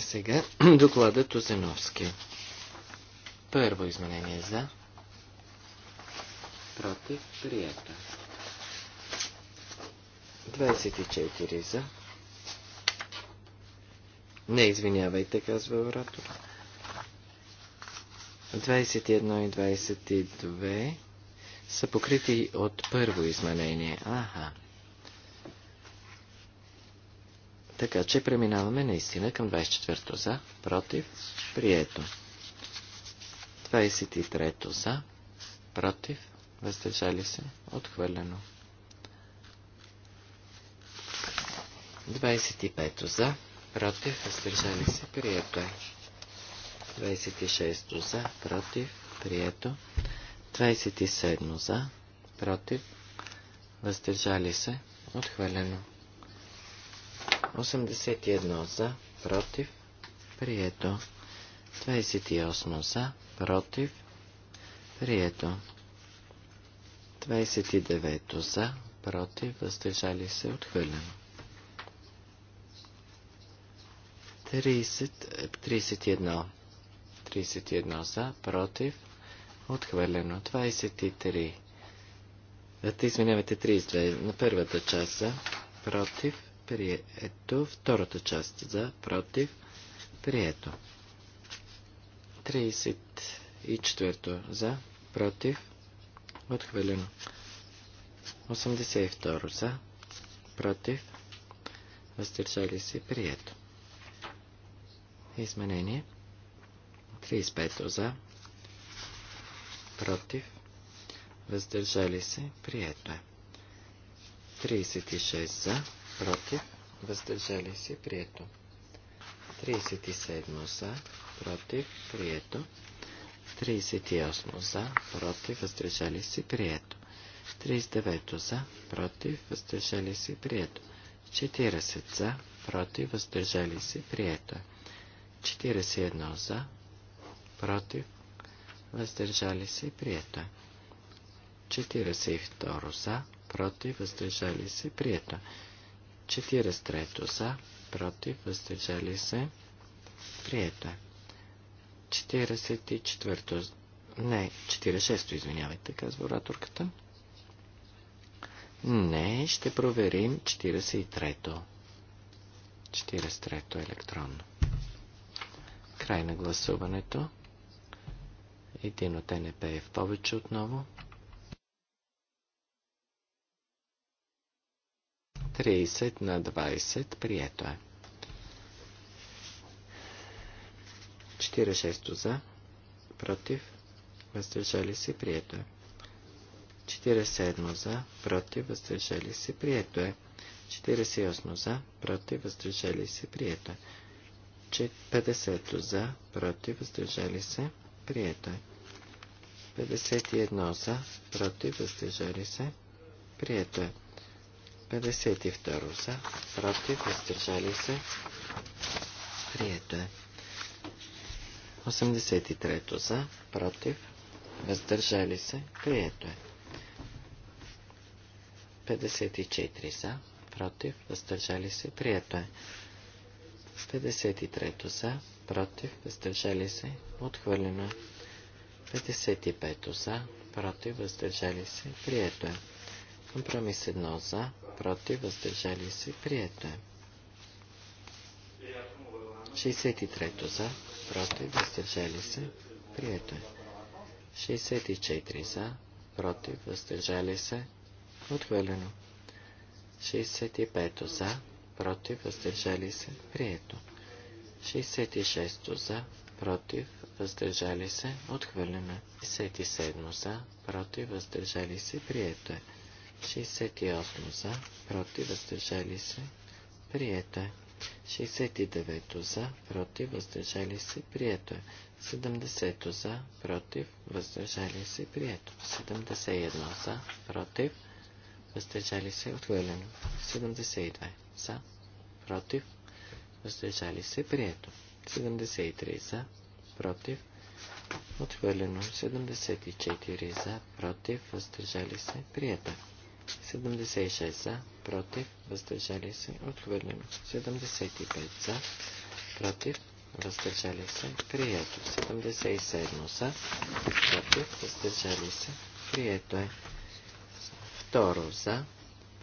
Сега докладът Озеновски. Първо изменение за. Против. Прието. 24 за. Не извинявайте, казва оратора. 21 и 22 са покрити от първо изменение. Аха. Така че преминаваме наистина към 24-то за, против, прието. 23-то за, против, въздържали се, отхвърлено. 25-то за, против, въздържали се, прието е. 26-то за, против, прието. 27-то за, против, въздържали се, отхвърлено. 81 за, против, прието. 28 за, против, прието. 29 за, против, въздържали се, отхвърлено. 30, 31, 31 за, против, отхвърлено. 23, извинявайте, 32 на първата част за, против, прието. Втората част за, против, прието. 34 за, против, отхвърлено. 82 за, против, въздържали се, прието. Изменение. 35 за, против, въздържали се, прието е. 36 за, против, въздържали се, прието. 37 за, против, прието. 38 за, против, въздържали се, прието. 39 за, против, въздържали се, прието. 40 за, против, въздържали се, прието. 41 за, против, въздържали се, прието. 42 за, против, въздържали се, прието. 43 за, против, въздържали се, прието е. 44 не, 46 извинявайте, казва ораторката. Не, ще проверим 43-то. 43-то е електронно. Край на гласуването. Един от НП е в повече отново. 30 на 20. Прието е. 46 за. Против. Въздържали се. Прието е. 47 за. Против. Въздържали се. Прието е. 48 за. Против. Въздържали се. Прието е. 50 за. Против. Въздържали се. Прието е. 51 за. Против. Въздържали се. Прието е. 52 за, против, въздържали се. Прието е. 83 за, против, въздържали се. Прието е. 54 за, против, въздържали се. Прието е. 53 за, против, въздържали се. Отхвърлено е. 55 за, против, въздържали се. Прието е. Компромис 1 за, против, въздържали се, прието е. 63 за, против, въздържали се, прието е. 64 за, против, въздържали се, отхвърлено. 65 за, против, въздържали се, прието. 66 за, против, въздържали се, отхвърлено. 67 за, против, въздържали се, прието е. 68 за, против, въздържали се, прието е. 69 за, против, въздържали се, прието е. 70 за, против, въздържали се, прието. 71 за, против, въздържали се, отхвърлено. 72 за, против, въздържали се, прието. 73 за, против, отхвърлено. 74 за, против, въздържали се, прието. 76 за, против, въздържали се, отхвърлено. 75 за, против, въздържали се, прието. 77 за, против, въздържали се, прието е. Второ за,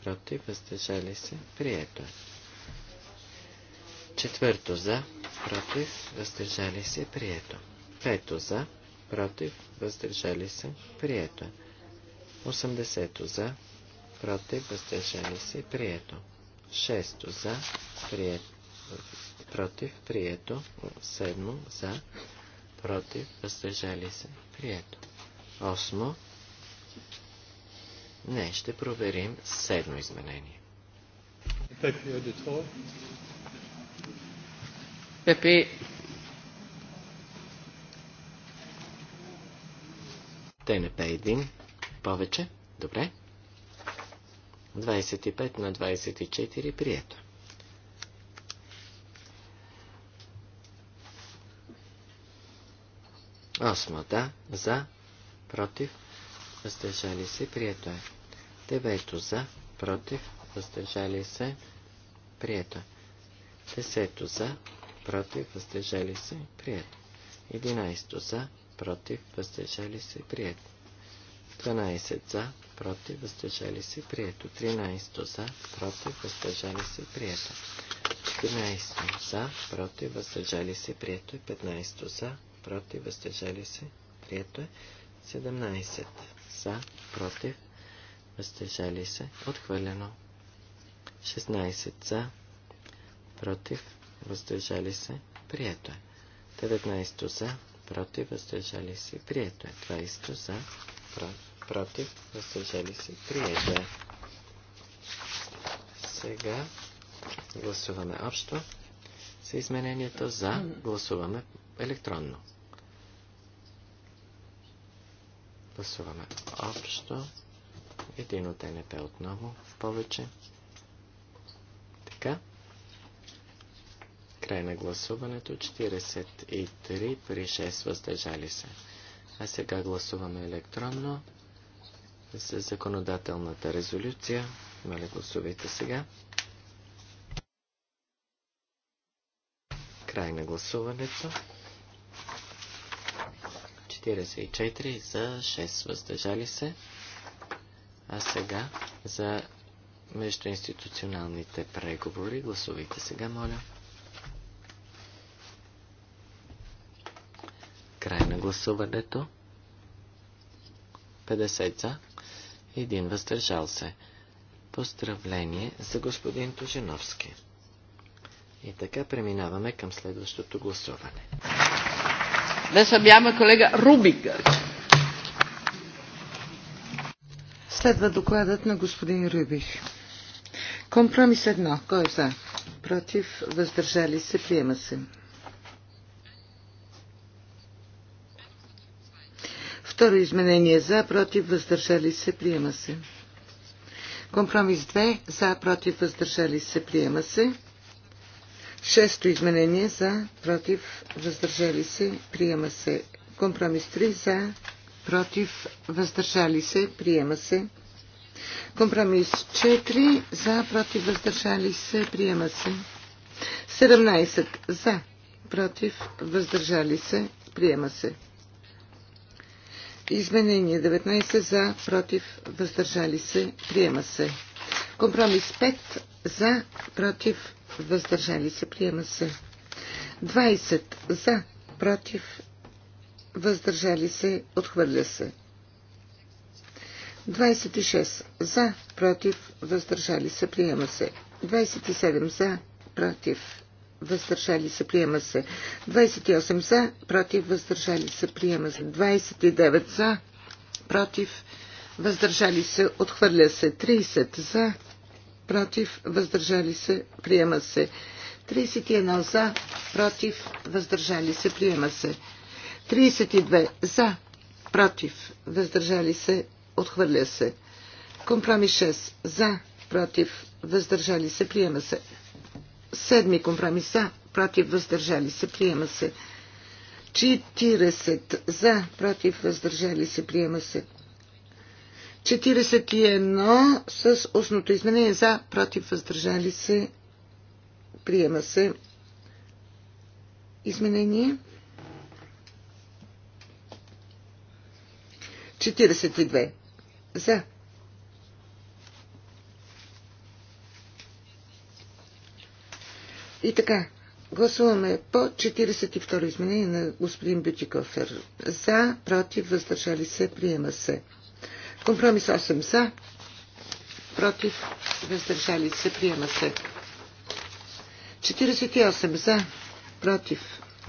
против, въздържали се, прието е. Четвърто за, против, въздържали се, прието. Пето за, против, въздържали се, прието. 80 е. за, против, въздържали се, прието. 6 за, прието, против, прието. 7 за, против, въздържали се, прието. 8 не, ще проверим седмо изменение. Пепи. пе един. Повече. Добре. 25 на 24 прието. Осмо, да, за, против, въздържали се, прието е. Девето, за, против, въздържали се, прието е. Десето, за, против, въздържали се, прието. Единайсто, за, против, въздържали се, прието. 12 за, против, въздържали се, прието. 13 за, против, въздържали се, прието. 14 за, против, въздържали се, прието. 15 за, против, въздържали се, прието. 17 за, против, въздържали се, отхвърлено. 16 за, против, въздържали се, прието е. 19 за, против, въздържали се, прието е. 20 за, против против, въздържали се, прието е. Сега гласуваме общо С изменението за, гласуваме електронно. Гласуваме общо. Един от НП отново в повече. Така. Край на гласуването. 43 при 6 въздържали се. А сега гласуваме електронно за законодателната резолюция. Моля, гласувайте сега. Край на гласуването. 44 за 6 въздържали се. А сега за междуинституционалните преговори. Гласувайте сега, моля. Край на гласуването. 50 за, един въздържал се. Поздравление за господин Тожиновски. И така преминаваме към следващото гласуване. Днес обяваме колега Рубик. Следва докладът на господин Рубих. Компромис едно. Кой е за? Против? Въздържали се? Приема се. Второ изменение за, против, въздържали се, приема се. Компромис 2 за, против, въздържали се, приема се. Шесто изменение за, против, въздържали се, приема се. Компромис 3 за, против, въздържали се, приема се. Компромис 4 за, против, въздържали се, приема се. 17 за, против, въздържали се, приема се. Изменение 19 за, против, въздържали се, приема се. Компромис 5 за, против, въздържали се, приема се. 20 за, против, въздържали се, отхвърля се. 26 за, против, въздържали се, приема се. 27 за, против, въздържали се, приема се. 28 за, против, въздържали се, приема се. 29 за, против, въздържали се, отхвърля се. 30 за, против, въздържали се, приема се. 31 за, против, въздържали се, приема се. 32 за, против, въздържали се, отхвърля се. Компромис 6 за, против, въздържали се, приема се. Седми компромис за, против, въздържали се, приема се. 40 за, против, въздържали се, приема се. 41 с устното изменение за, против, въздържали се, приема се. Изменение. 42 за, И така, гласуваме по 42 изменение на господин Бютикофер. За, против, въздържали се, приема се. Компромис 8 за, против, въздържали се, приема се. 48 за, против,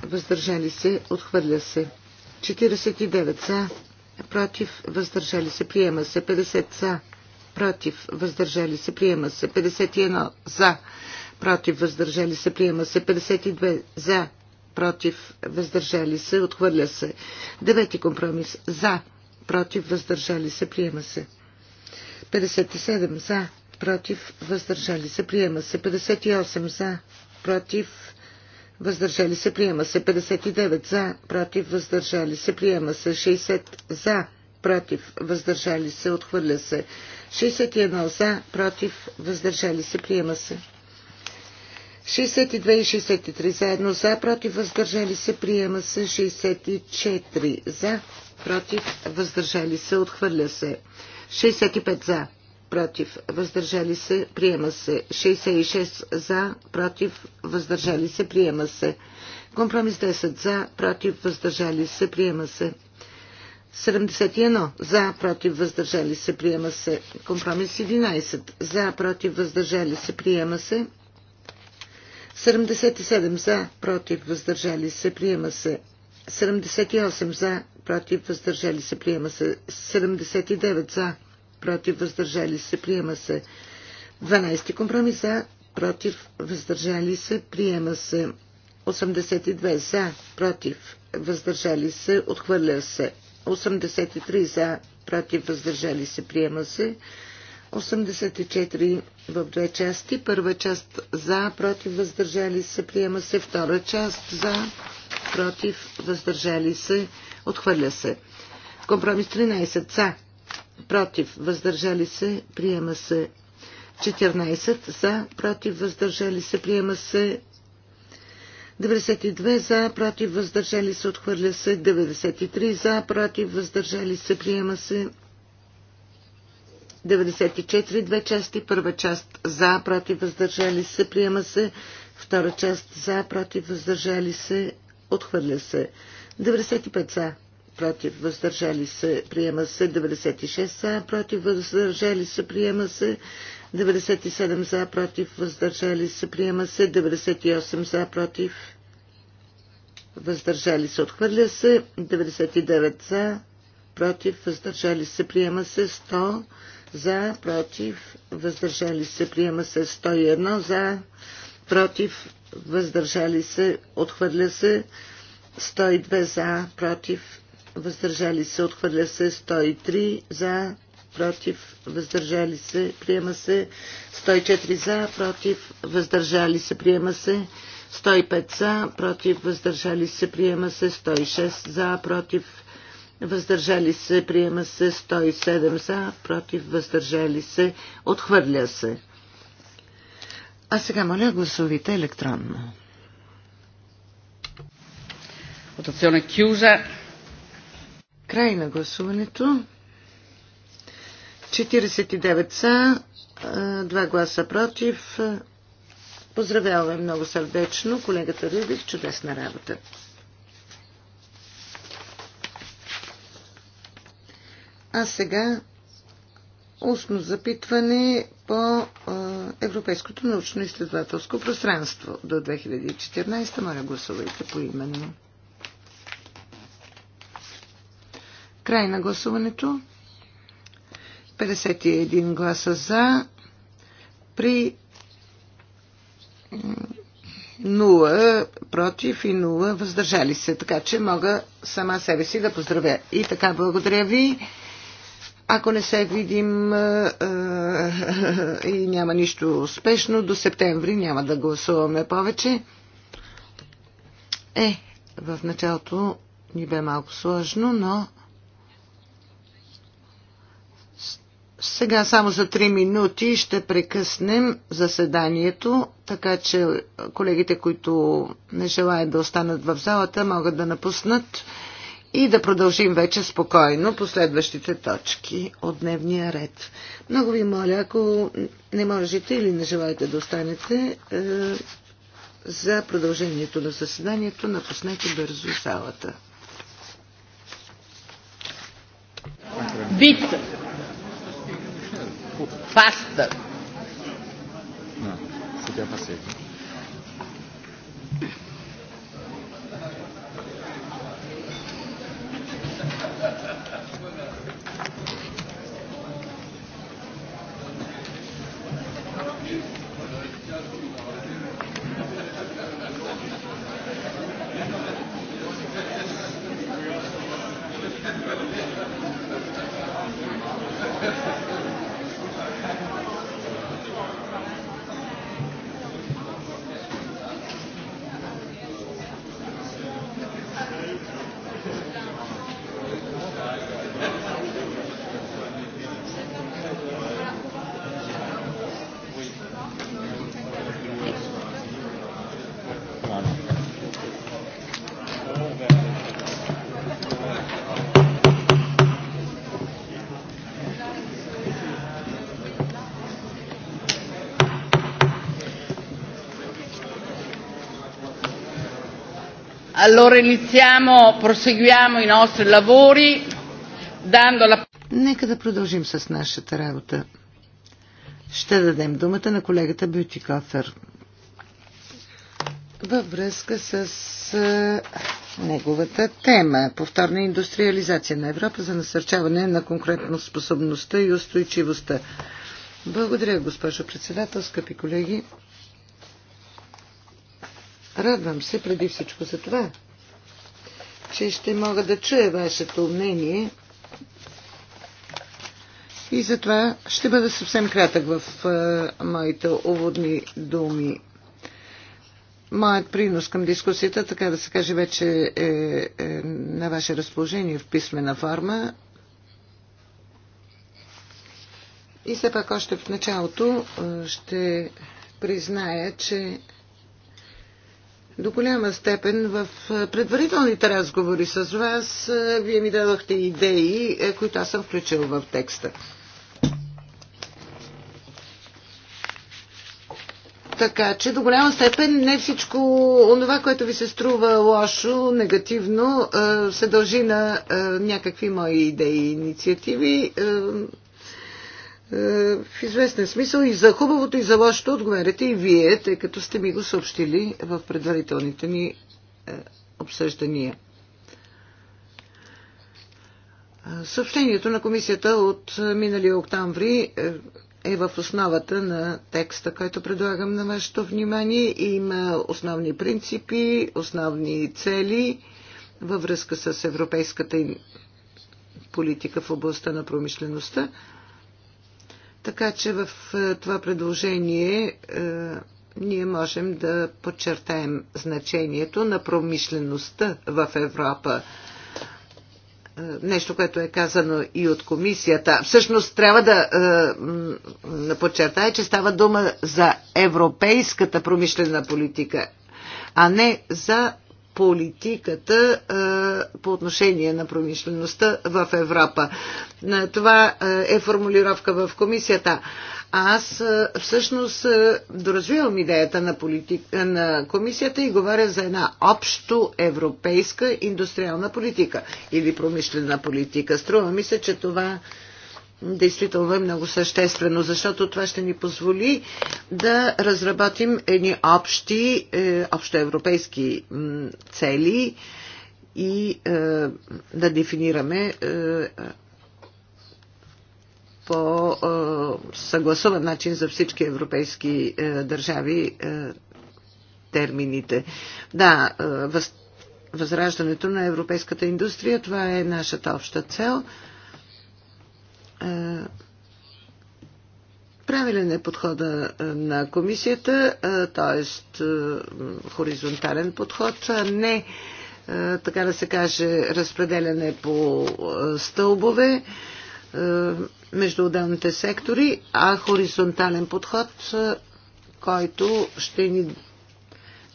въздържали се, отхвърля се. 49 за, против, въздържали се, приема се. 50 за, против, въздържали се, приема се. 51 за, против, въздържали се, приема се. 52 за, против, въздържали се, отхвърля се. Девети компромис за, против, въздържали се, приема се. 57 за, против, въздържали се, приема се. 58 за, против, въздържали се, приема се. 59 за, против, въздържали се, приема се. 60 за, против, въздържали се, отхвърля се. 61 за, против, въздържали се, приема се. 62 и 63 заедно за, против, въздържали се, приема се 64 за, против, въздържали се, отхвърля се. 65 за, против, въздържали се, приема се. 66 за, против, въздържали се, приема се. Компромис 10 за, против, въздържали се, приема се. 71 за, против, въздържали се, приема се. Компромис 11 за, против, въздържали се, приема се. 77 за, против, въздържали се, приема се. 78 за, против, въздържали се, приема се. 79 за, против, въздържали се, приема се. 12 компромис за, против, въздържали се, приема се. 82 за, против, въздържали се, отхвърля се. 83 за, против, въздържали се, приема се. 84 в две части. Първа част за, против, въздържали се, приема се. Втора част за, против, въздържали се, отхвърля се. Компромис 13 за, против, въздържали се, приема се. 14 за, против, въздържали се, приема се. 92 за, против, въздържали се, отхвърля се. 93 за, против, въздържали се, приема се. 94, две части. Първа част за, против, въздържали се, приема се. Втора част за, против, въздържали се, отхвърля се. 95 за, против, въздържали се, приема се. 96 за, против, въздържали се, приема се. 97 за, против, въздържали се, приема се. 98 за, против, въздържали се, отхвърля се. 99 за, против, въздържали се, приема се. 100 за, против, въздържали се, приема се 101 за, против, въздържали се, отхвърля се 102 за, против, въздържали се, отхвърля се 103 за, против, въздържали се, приема се 104 за, против, въздържали се, приема се 105 за, против, въздържали се, приема се 106 за, против, въздържали се, приема се 107 за, против, въздържали се, отхвърля се. А сега моля гласовите електронно. Votazione chiusa. Край на гласуването. 49 са, 2 гласа против. Поздравяваме много сърдечно колегата Рюбих. Чудесна работа. А сега устно запитване по Европейското научно-изследователско пространство до 2014. Моля, гласувайте по именно. Край на гласуването. 51 гласа за при 0 против и 0 въздържали се. Така че мога сама себе си да поздравя. И така, благодаря ви. Ако не се видим е, е, и няма нищо успешно, до септември няма да гласуваме повече. Е, в началото ни бе малко сложно, но сега само за 3 минути ще прекъснем заседанието, така че колегите, които не желаят да останат в залата, могат да напуснат и да продължим вече спокойно последващите точки от дневния ред. Много ви моля, ако не можете или не желаете да останете е, за продължението на заседанието, напуснете бързо залата. Бит! Фаста! сега последно. Allora iniziamo, proseguiamo i nostri lavori dando la... Нека да продължим с нашата работа. Ще дадем думата на колегата Бютикофер във връзка с неговата тема повторна индустриализация на Европа за насърчаване на способността и устойчивостта. Благодаря, госпожо председател, скъпи колеги. Радвам се преди всичко за това, че ще мога да чуя вашето мнение и затова ще бъда съвсем кратък в е, моите уводни думи. Моят принос към дискусията, така да се каже, вече е, е на ваше разположение в писмена форма. И все пак още в началото е, ще призная, че до голяма степен в предварителните разговори с вас. Вие ми дадохте идеи, които аз съм включил в текста. Така че до голяма степен не всичко онова, което ви се струва лошо, негативно, се дължи на някакви мои идеи и инициативи. Е, в известен смисъл и за хубавото и за лошото отговаряте и вие, тъй като сте ми го съобщили в предварителните ни е, обсъждания. Е, съобщението на комисията от миналия октамври е в основата на текста, който предлагам на вашето внимание. и Има основни принципи, основни цели във връзка с европейската политика в областта на промишлеността. Така че в е, това предложение е, ние можем да подчертаем значението на промишлеността в Европа. Е, нещо, което е казано и от комисията. Всъщност трябва да да подчертая, че става дума за европейската промишлена политика, а не за политиката по отношение на промишлеността в Европа. Това е формулировка в комисията. Аз всъщност доразвивам идеята на, политик, на комисията и говоря за една общо европейска индустриална политика или промишлена политика. Струва ми се, че това действително е много съществено, защото това ще ни позволи да разработим едни общи, е, общоевропейски цели и е, да дефинираме е, по съгласуван начин за всички европейски държави термините. Да, възраждането на европейската индустрия, това е нашата обща цел – е, правилен е подхода е, на комисията, т.е. Е, хоризонтален подход, а не така да се каже, разпределяне по стълбове между отделните сектори, а хоризонтален подход, който ще ни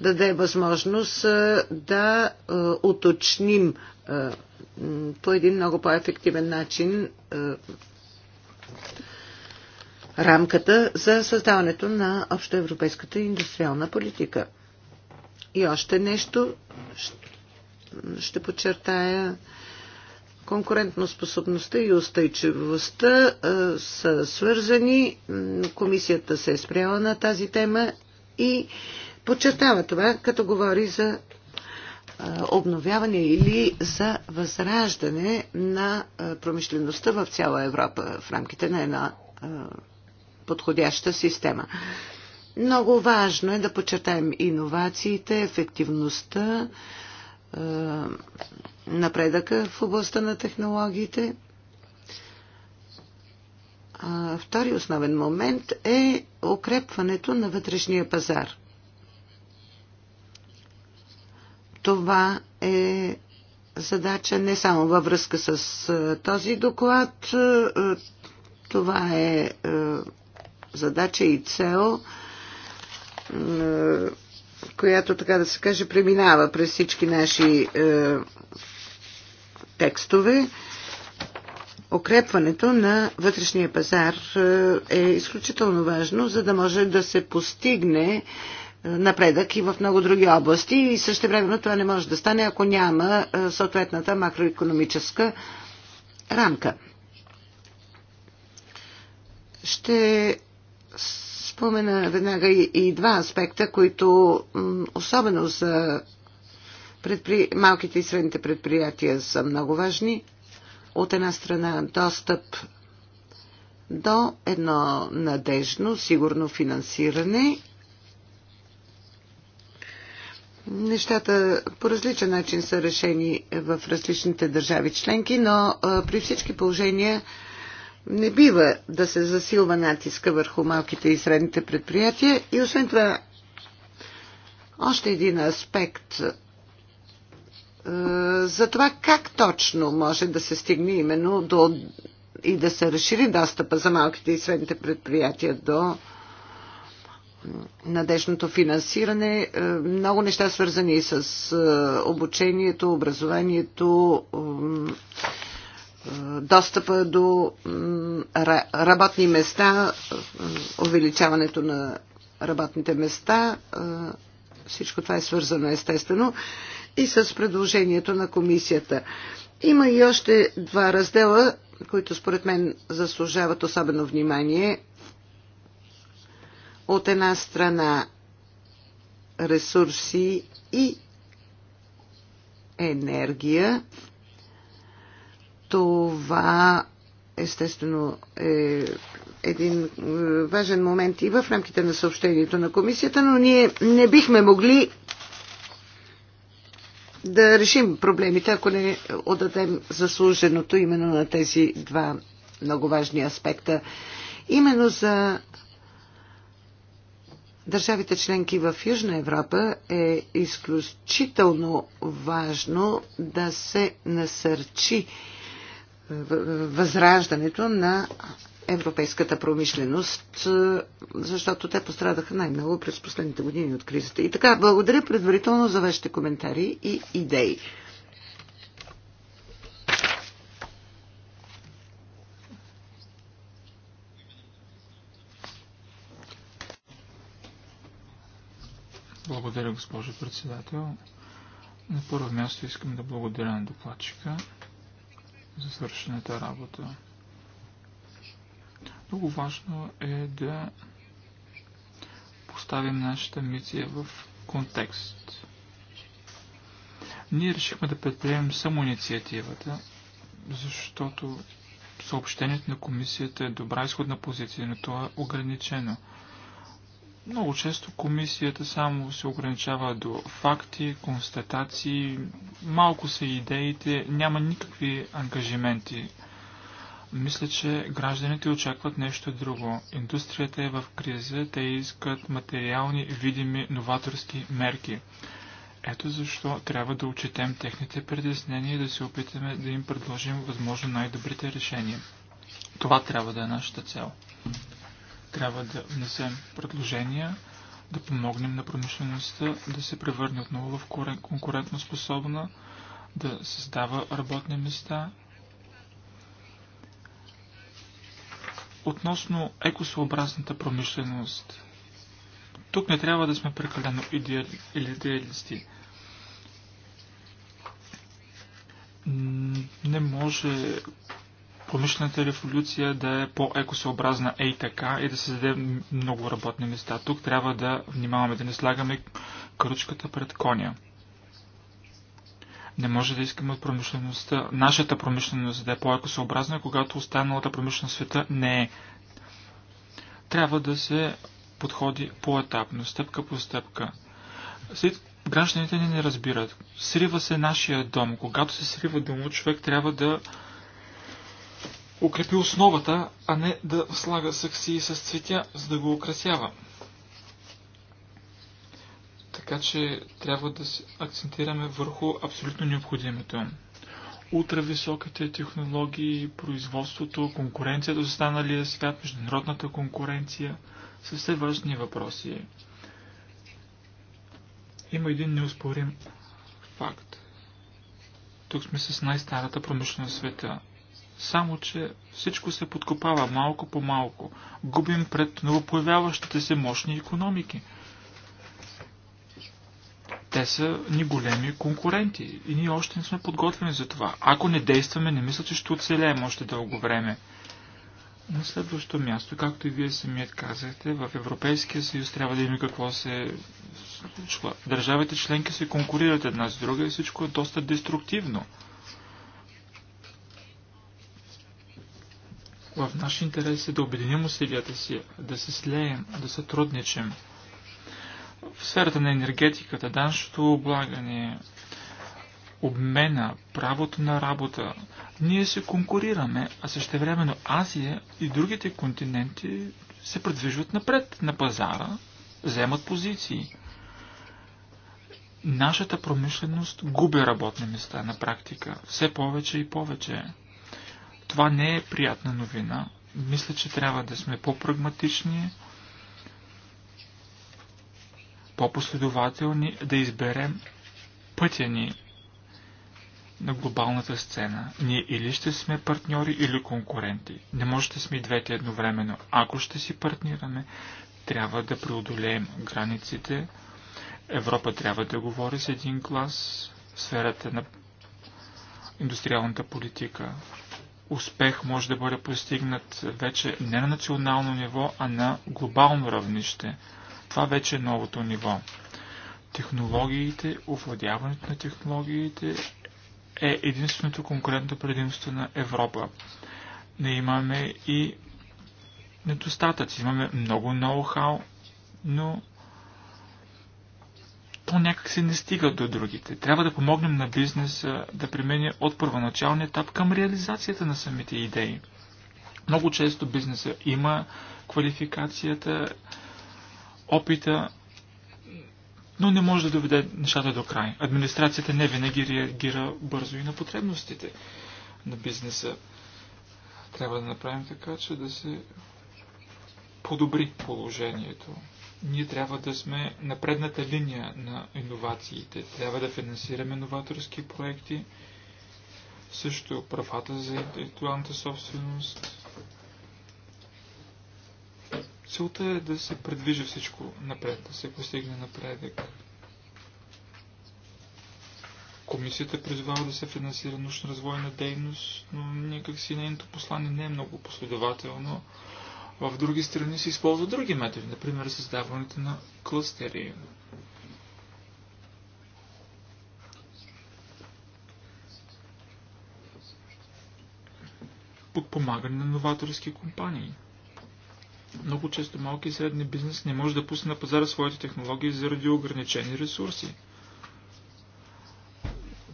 даде възможност да уточним по един много по-ефективен начин рамката за създаването на общоевропейската индустриална политика. И още нещо ще подчертая. Конкурентноспособността и устойчивостта са свързани. Комисията се е спряла на тази тема и подчертава това, като говори за обновяване или за възраждане на промишлеността в цяла Европа в рамките на една подходяща система. Много важно е да подчертаем иновациите, ефективността, напредъка в областта на технологиите. Втори основен момент е укрепването на вътрешния пазар. Това е задача не само във връзка с този доклад. Това е задача и цел, която, така да се каже, преминава през всички наши текстове. Укрепването на вътрешния пазар е изключително важно, за да може да се постигне напредък и в много други области и също времено това не може да стане, ако няма е, съответната макроекономическа рамка. Ще спомена веднага и два аспекта, които особено за предпри... малките и средните предприятия са много важни. От една страна достъп до едно надежно, сигурно финансиране Нещата по различен начин са решени в различните държави членки, но при всички положения не бива да се засилва натиска върху малките и средните предприятия. И освен това, още един аспект за това как точно може да се стигне именно до и да се разшири достъпа за малките и средните предприятия до надежното финансиране, е, много неща свързани с е, обучението, образованието, е, достъпа до работни места, увеличаването на работните места. Всичко това е свързано естествено и с предложението на комисията. Има и още два раздела, които според мен заслужават особено внимание от една страна ресурси и енергия. Това естествено е един е, важен момент и в рамките на съобщението на комисията, но ние не бихме могли да решим проблемите, ако не отдадем заслуженото именно на тези два много важни аспекта. Именно за държавите членки в Южна Европа е изключително важно да се насърчи е, възраждането на европейската промишленост, е, защото те пострадаха най-много през последните години от кризата. И така, благодаря предварително за вашите коментари и идеи. Благодаря, госпожо председател. На първо място искам да благодаря на докладчика за свършената работа. Много важно е да поставим нашата мисия в контекст. Ние решихме да предприемем само инициативата, защото съобщението на комисията е добра изходна позиция, но то е ограничено – много често комисията само се ограничава до факти, констатации, малко са идеите, няма никакви ангажименти. Мисля, че гражданите очакват нещо друго. Индустрията е в криза, те искат материални, видими, новаторски мерки. Ето защо трябва да отчетем техните притеснения и да се опитаме да им предложим възможно най-добрите решения. Това трябва да е нашата цел. Трябва да внесем предложения, да помогнем на промишлеността да се превърне отново в конкурентно способна, да създава работни места. Относно екосъобразната промишленост, тук не трябва да сме прекалено идеалисти. Не може промишлената революция да е по-екосъобразна и така и да създаде много работни места. Тук трябва да внимаваме, да не слагаме кръчката пред коня. Не може да искаме от промишлеността, нашата промишленост да е по-екосъобразна, когато останалата промишленост света не е. Трябва да се подходи по-етапно, стъпка по стъпка. След гражданите ни не разбират. Срива се нашия дом. Когато се срива дома, човек трябва да укрепи основата, а не да слага сакси с цветя, за да го украсява. Така че трябва да се акцентираме върху абсолютно необходимото. Ултрависоките технологии, производството, конкуренцията за останалия свят, международната конкуренция са все важни въпроси. Има един неоспорим факт. Тук сме с най-старата промишленост света само, че всичко се подкопава малко по малко. Губим пред новопоявяващите се мощни економики. Те са ни големи конкуренти и ние още не сме подготвени за това. Ако не действаме, не мисля, че ще оцелеем още дълго време. На следващото място, както и вие самият казахте, в Европейския съюз трябва да има какво се случва. Държавите членки се конкурират една с друга и всичко е доста деструктивно. В наш интерес е да обединим усилията си, да се слеем, да сътрудничим. В сферата на енергетиката, даншото облагане, обмена, правото на работа, ние се конкурираме, а същевременно Азия и другите континенти се предвижват напред на пазара, вземат позиции. Нашата промишленост губи работни места на практика, все повече и повече. Това не е приятна новина. Мисля, че трябва да сме по-прагматични, по-последователни, да изберем пътя ни на глобалната сцена. Ние или ще сме партньори или конкуренти. Не може да сме двете едновременно. Ако ще си партнираме, трябва да преодолеем границите. Европа трябва да говори с един глас в сферата на индустриалната политика успех може да бъде постигнат вече не на национално ниво, а на глобално равнище. Това вече е новото ниво. Технологиите, овладяването на технологиите е единственото конкурентно предимство на Европа. Не имаме и недостатъци. Имаме много ноу-хау, но то се не стига до другите. Трябва да помогнем на бизнеса да премене от първоначалния етап към реализацията на самите идеи. Много често бизнеса има квалификацията, опита, но не може да доведе нещата до край. Администрацията не винаги реагира бързо и на потребностите на бизнеса. Трябва да направим така, че да се подобри положението ние трябва да сме на предната линия на иновациите. Трябва да финансираме новаторски проекти, също правата за интелектуалната собственост. Целта е да се предвижи всичко напред, да се постигне напредък. Комисията призвава да се финансира научно-развойна дейност, но някакси нейното послание не е много последователно. В други страни се използват други методи, например създаването на клъстери. Подпомагане на новаторски компании. Много често малки и средни бизнес не може да пусне на пазара своите технологии заради ограничени ресурси.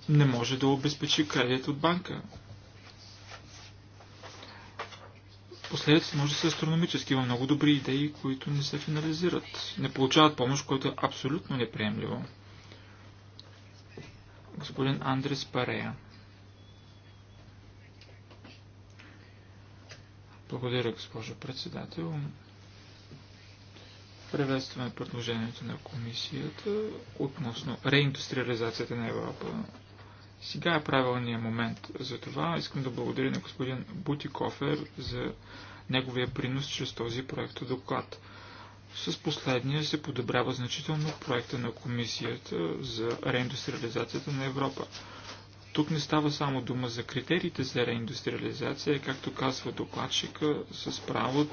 Не може да обезпечи кредит от банка. Последици може да са астрономически. Има много добри идеи, които не се финализират. Не получават помощ, което е абсолютно неприемливо. Господин Андрес Парея. Благодаря, госпожо председател. Приветстваме предложението на комисията относно реиндустриализацията на Европа сега е правилният момент за това. Искам да благодаря на господин Бутикофер за неговия принос чрез този проект доклад. С последния се подобрява значително проекта на комисията за реиндустриализацията на Европа. Тук не става само дума за критериите за реиндустриализация, както казва докладчика, с право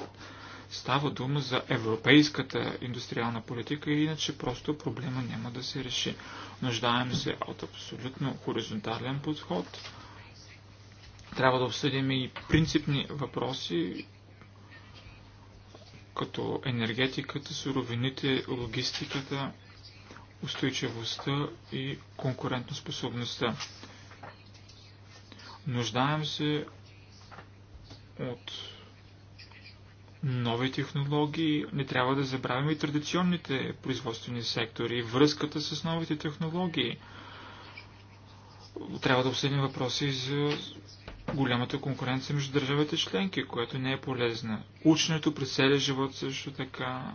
Става дума за европейската индустриална политика и иначе просто проблема няма да се реши. Нуждаем се от абсолютно хоризонтален подход. Трябва да обсъдим и принципни въпроси, като енергетиката, суровините, логистиката, устойчивостта и конкурентоспособността. Нуждаем се от нови технологии, не трябва да забравим и традиционните производствени сектори, връзката с новите технологии. Трябва да обсъдим въпроси за голямата конкуренция между държавите членки, което не е полезна. Ученето през целия живот също така,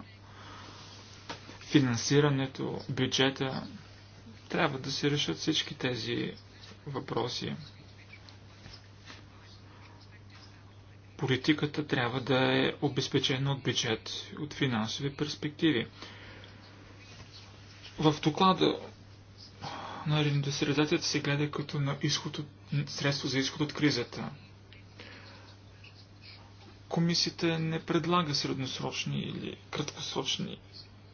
финансирането, бюджета. Трябва да се решат всички тези въпроси. политиката трябва да е обезпечена от бюджет, от финансови перспективи. В доклада на реиндустриализацията се гледа като на изход от, средство за изход от кризата. Комисията не предлага средносрочни или краткосрочни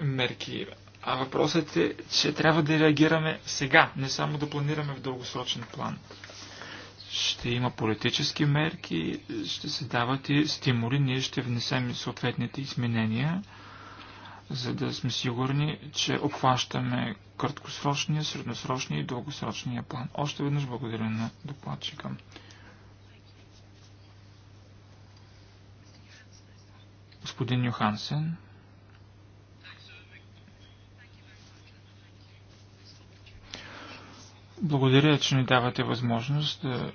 мерки, а въпросът е, че трябва да реагираме сега, не само да планираме в дългосрочен план ще има политически мерки, ще се дават и стимули, ние ще внесем съответните изменения, за да сме сигурни, че обхващаме краткосрочния, средносрочния и дългосрочния план. Още веднъж благодаря на докладчика. Господин Йохансен. Благодаря, че ни давате възможност да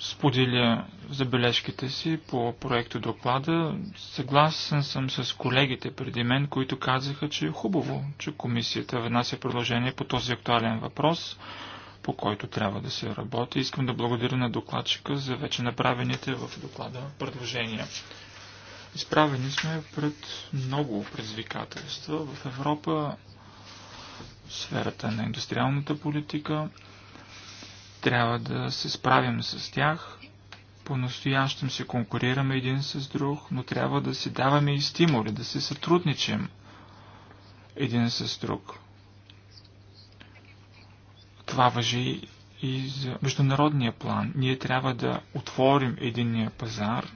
споделя забележките си по проекто доклада. Съгласен съм с колегите преди мен, които казаха, че е хубаво, че комисията внася предложение по този актуален въпрос, по който трябва да се работи. Искам да благодаря на докладчика за вече направените в доклада предложения. Изправени сме пред много предизвикателства в Европа, в сферата на индустриалната политика, трябва да се справим с тях. По-настоящем се конкурираме един с друг, но трябва да си даваме и стимули, да се сътрудничим един с друг. Това въжи и за международния план. Ние трябва да отворим единния пазар,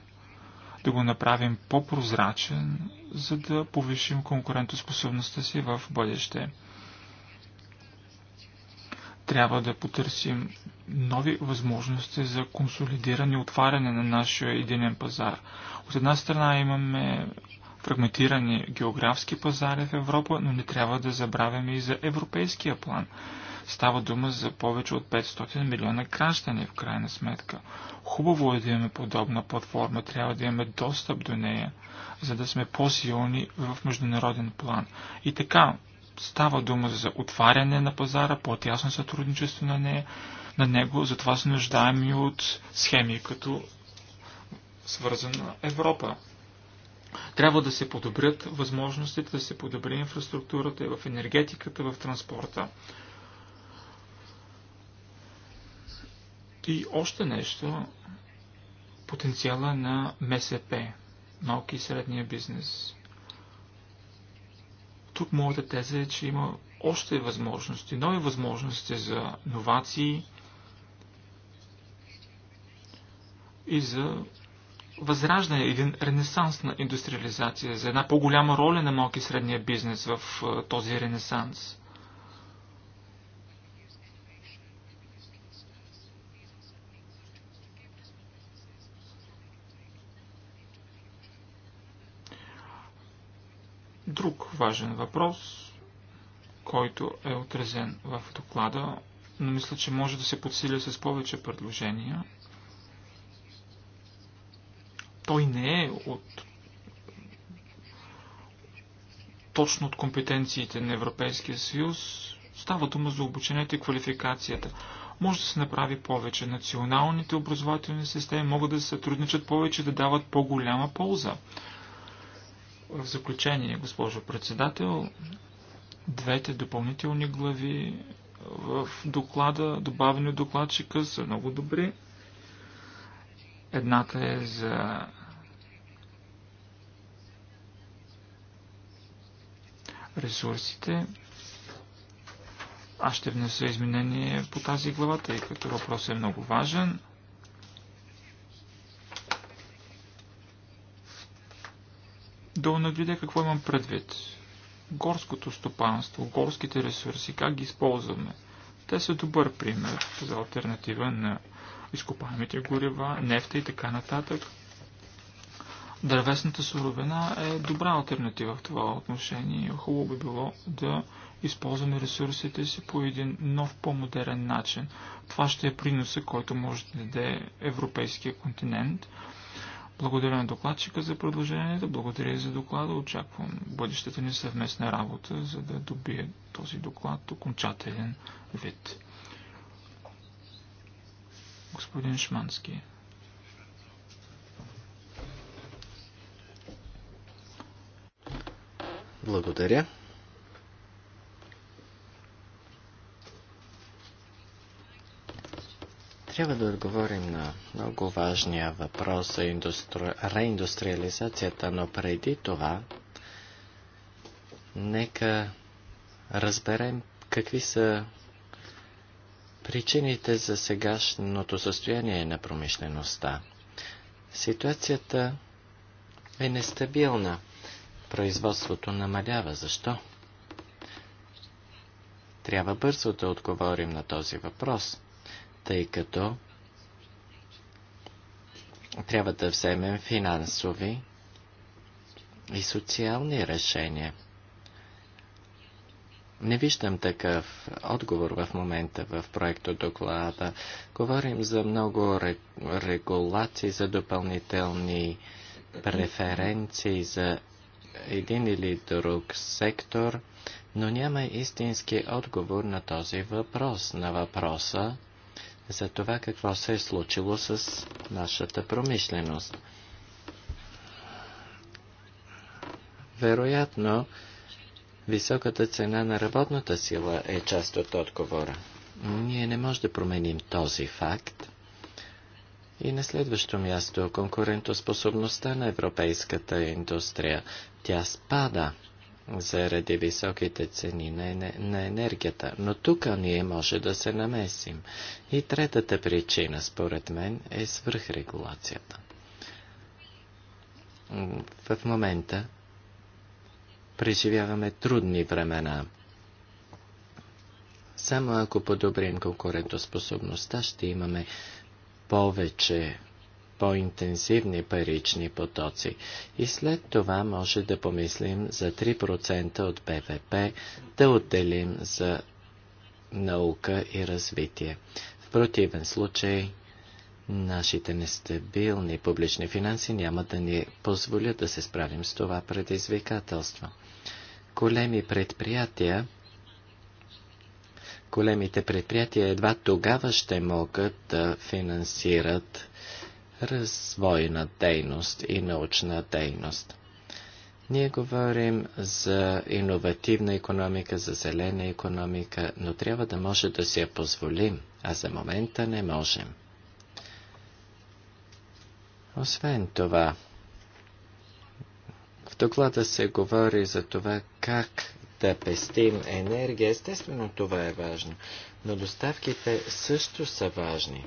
да го направим по-прозрачен, за да повишим конкурентоспособността си в бъдеще. Трябва да потърсим нови възможности за консолидиране и отваряне на нашия единен пазар. От една страна имаме фрагментирани географски пазари в Европа, но не трябва да забравяме и за европейския план. Става дума за повече от 500 милиона граждани в крайна сметка. Хубаво е да имаме подобна платформа, трябва да имаме достъп до нея, за да сме по-силни в международен план. И така, става дума за отваряне на пазара, по-тясно сътрудничество на нея, на него, затова се нуждаем и от схеми, като свързана Европа. Трябва да се подобрят възможностите, да се подобри инфраструктурата и в енергетиката, в транспорта. И още нещо, потенциала на МСП, малки и средния бизнес. Тук моята теза е, че има още възможности, нови възможности за новации, и за възраждане, един ренесанс на индустриализация, за една по-голяма роля на малки и средния бизнес в този ренесанс. Друг важен въпрос, който е отразен в доклада, но мисля, че може да се подсиля с повече предложения – той не е от точно от компетенциите на Европейския съюз. Става дума за обучението и квалификацията. Може да се направи повече. Националните образователни системи могат да се сътрудничат повече, да дават по-голяма полза. В заключение, госпожо председател, двете допълнителни глави в доклада, добавени от докладчика, са много добри. Едната е за ресурсите. Аз ще внеса изменение по тази глава, тъй като въпрос е много важен. Да надвидя какво имам предвид. Горското стопанство, горските ресурси, как ги използваме. Те са добър пример за альтернатива на изкопаемите горива, нефта и така нататък дървесната суровина е добра альтернатива в това отношение. Хубаво би било да използваме ресурсите си по един нов, по-модерен начин. Това ще е приноса, който може да даде европейския континент. Благодаря на докладчика за предложението, благодаря и за доклада. Очаквам бъдещата ни съвместна работа, за да добие този доклад окончателен вид. Господин Шмански. Благодаря. Трябва да отговорим на много важния въпрос за индустри... реиндустриализацията, но преди това нека разберем какви са причините за сегашното състояние на промишлеността. Ситуацията е нестабилна производството намалява. Защо? Трябва бързо да отговорим на този въпрос, тъй като трябва да вземем финансови и социални решения. Не виждам такъв отговор в момента в проекто доклада. Говорим за много регулации, за допълнителни преференции, за един или друг сектор, но няма истински отговор на този въпрос, на въпроса за това какво се е случило с нашата промишленост. Вероятно, високата цена на работната сила е част от отговора. Ние не можем да променим този факт, и на следващо място, конкурентоспособността на европейската индустрия. Тя спада заради високите цени на, енергията, но тук ние може да се намесим. И третата причина, според мен, е свръхрегулацията. В момента преживяваме трудни времена. Само ако подобрим конкурентоспособността, ще имаме повече по-интензивни парични потоци и след това може да помислим за 3% от БВП да отделим за наука и развитие. В противен случай нашите нестабилни публични финанси няма да ни позволят да се справим с това предизвикателство. Големи предприятия големите предприятия едва тогава ще могат да финансират развойна дейност и научна дейност. Ние говорим за иновативна економика, за зелена економика, но трябва да може да си я позволим, а за момента не можем. Освен това, в доклада се говори за това как да пестим енергия. Естествено, това е важно. Но доставките също са важни.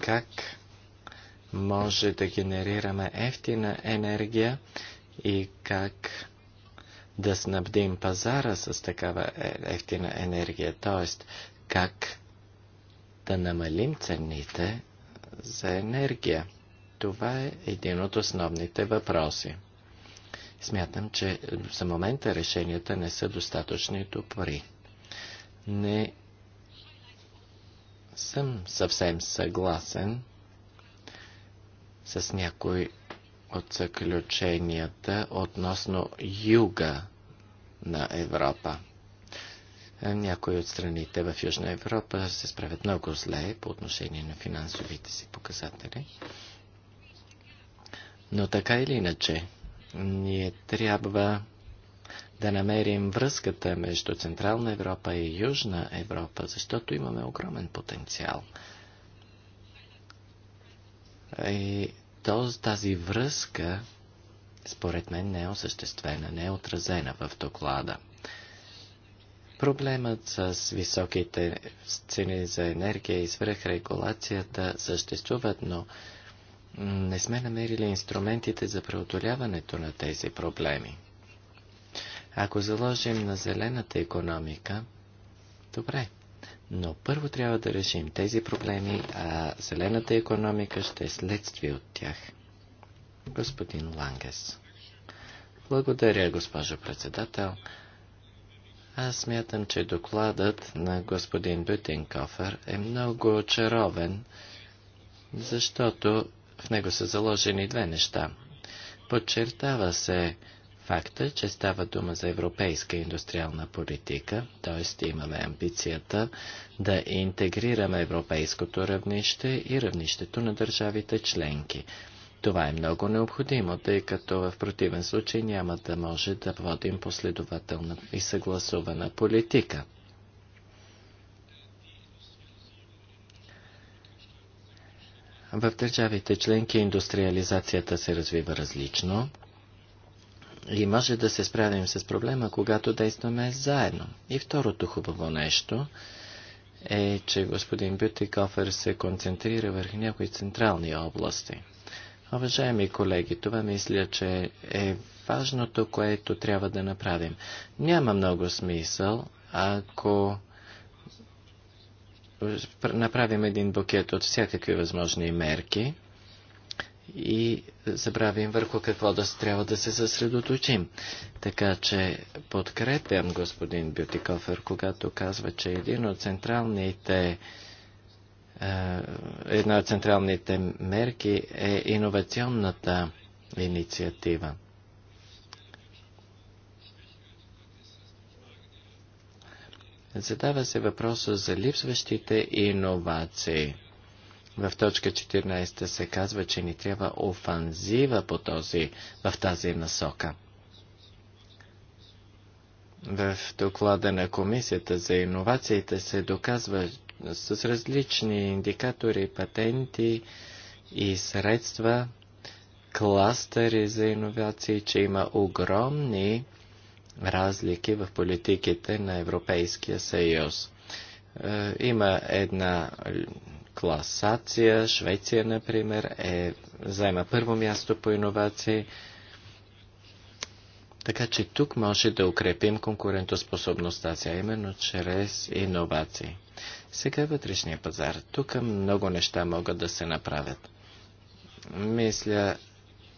Как може да генерираме ефтина енергия и как да снабдим пазара с такава е, ефтина енергия, т.е. как да намалим цените за енергия. Това е един от основните въпроси. Смятам, че за момента решенията не са достатъчни добри. Не съм съвсем съгласен с някои от заключенията относно юга на Европа. Някои от страните в Южна Европа се справят много зле по отношение на финансовите си показатели. Но така или иначе, ние трябва да намерим връзката между Централна Европа и Южна Европа, защото имаме огромен потенциал. И тази връзка, според мен, не е осъществена, не е отразена в доклада. Проблемът с високите цени за енергия и свръхрегулацията съществуват, но не сме намерили инструментите за преодоляването на тези проблеми. Ако заложим на зелената економика, добре, но първо трябва да решим тези проблеми, а зелената економика ще е следствие от тях. Господин Лангес. Благодаря, госпожо председател. Аз смятам, че докладът на господин Бютенкофер е много очарован, защото в него са заложени две неща. Подчертава се факта, че става дума за европейска индустриална политика, т.е. имаме амбицията да интегрираме европейското равнище и равнището на държавите членки. Това е много необходимо, тъй като в противен случай няма да може да водим последователна и съгласувана политика. В държавите членки индустриализацията се развива различно и може да се справим с проблема, когато действаме заедно. И второто хубаво нещо е, че господин Бютикофер се концентрира върху някои централни области. Уважаеми колеги, това мисля, че е важното, което трябва да направим. Няма много смисъл, ако направим един букет от всякакви възможни мерки и забравим върху какво да трябва да се съсредоточим. Така че подкрепям господин Бютикофер, когато казва, че един от централните е, една от централните мерки е иновационната инициатива. Задава се въпроса за липсващите иновации. В точка 14 се казва, че ни трябва офанзива по този, в тази насока. В доклада на Комисията за иновациите се доказва с различни индикатори, патенти и средства, кластери за иновации, че има огромни разлики в политиките на Европейския съюз. Е, има една класация, Швеция, например, е, заема първо място по иновации, така че тук може да укрепим конкурентоспособността си, а именно чрез иновации. Сега вътрешния пазар. Тук много неща могат да се направят. Мисля,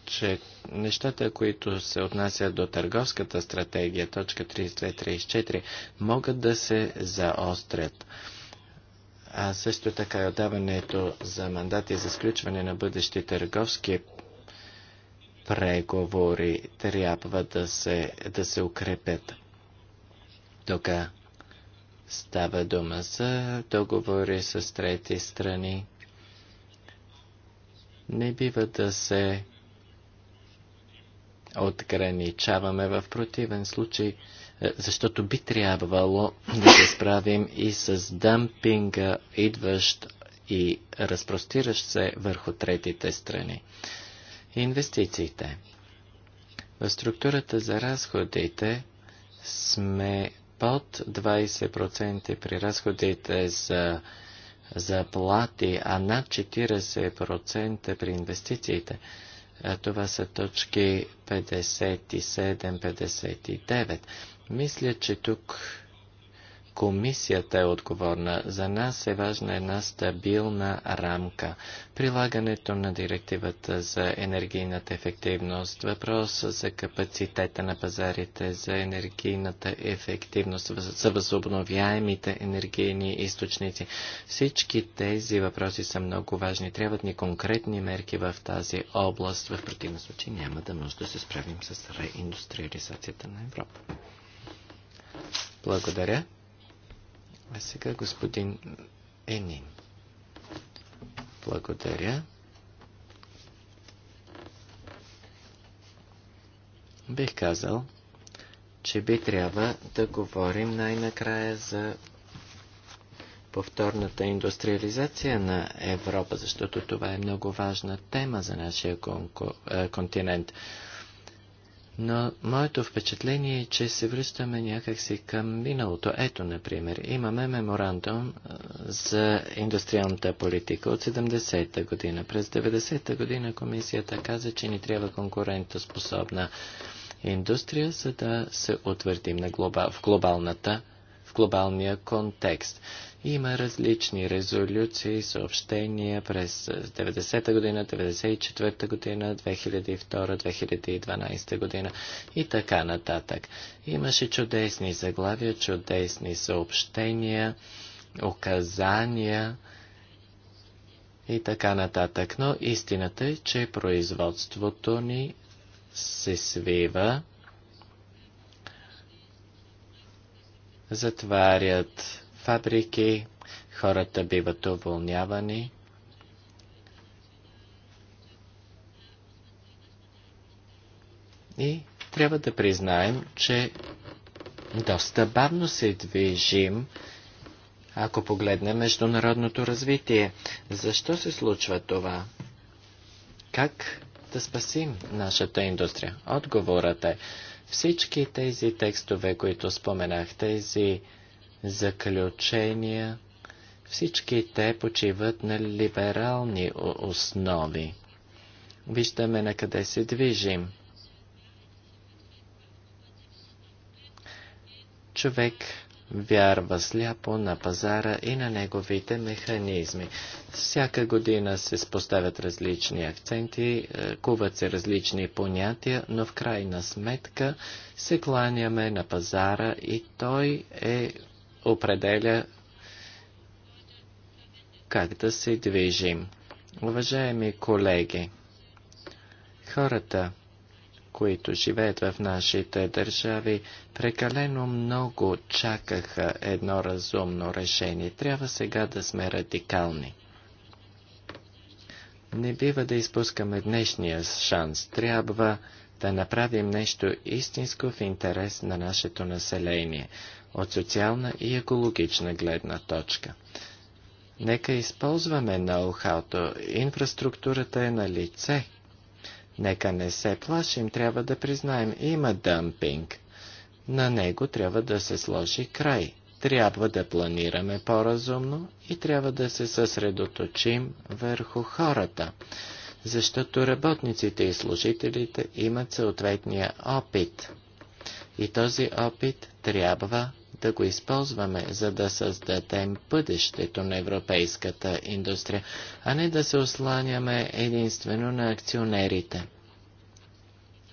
че нещата, които се отнасят до търговската стратегия, точка 3234, могат да се заострят. А също така и отдаването за мандати за сключване на бъдещи търговски преговори трябва да се, да се укрепят. Тук става дума за договори с трети страни. Не бива да се отграничаваме. В противен случай, е, защото би трябвало да се справим и с дъмпинга, идващ и разпростиращ се върху третите страни. Инвестициите. В структурата за разходите сме под 20% при разходите за заплати, а над 40% при инвестициите. Това са точки 57-59. Мисля, че тук комисията е отговорна. За нас е важна една стабилна рамка. Прилагането на директивата за енергийната ефективност, въпрос за капацитета на пазарите за енергийната ефективност, за възобновяемите енергийни източници. Всички тези въпроси са много важни. Трябват ни конкретни мерки в тази област. В противен случай няма да може да се справим с реиндустриализацията на Европа. Благодаря. А сега господин Енин. Благодаря. Бих казал, че би трябва да говорим най-накрая за повторната индустриализация на Европа, защото това е много важна тема за нашия е, континент но моето впечатление е, че се връщаме някакси към миналото. Ето, например, имаме меморандум за индустриалната политика от 70-та година. През 90-та година комисията каза, че ни трябва конкурентоспособна индустрия, за да се утвърдим на глоба, в, глобалната, в глобалния контекст. Има различни резолюции, съобщения през 90-та година, 94-та година, 2002-2012 година и така нататък. Имаше чудесни заглавия, чудесни съобщения, указания и така нататък. Но истината е, че производството ни се свива, затварят фабрики, хората биват уволнявани. И трябва да признаем, че доста бавно се движим, ако погледнем международното развитие. Защо се случва това? Как да спасим нашата индустрия? Отговорът е всички тези текстове, които споменах, тези заключения, всички те почиват на либерални основи. Виждаме на къде се движим. Човек вярва сляпо на пазара и на неговите механизми. Всяка година се споставят различни акценти, е, куват се различни понятия, но в крайна сметка се кланяме на пазара и той е определя как да се движим. Уважаеми колеги, хората, които живеят в нашите държави, прекалено много чакаха едно разумно решение. Трябва сега да сме радикални. Не бива да изпускаме днешния шанс. Трябва да направим нещо истинско в интерес на нашето население от социална и екологична гледна точка. Нека използваме ноу-хауто. Инфраструктурата е на лице. Нека не се плашим, трябва да признаем, има дъмпинг. На него трябва да се сложи край. Трябва да планираме по-разумно и трябва да се съсредоточим върху хората, защото работниците и служителите имат съответния опит. И този опит трябва да го използваме, за да създадем бъдещето на европейската индустрия, а не да се осланяме единствено на акционерите.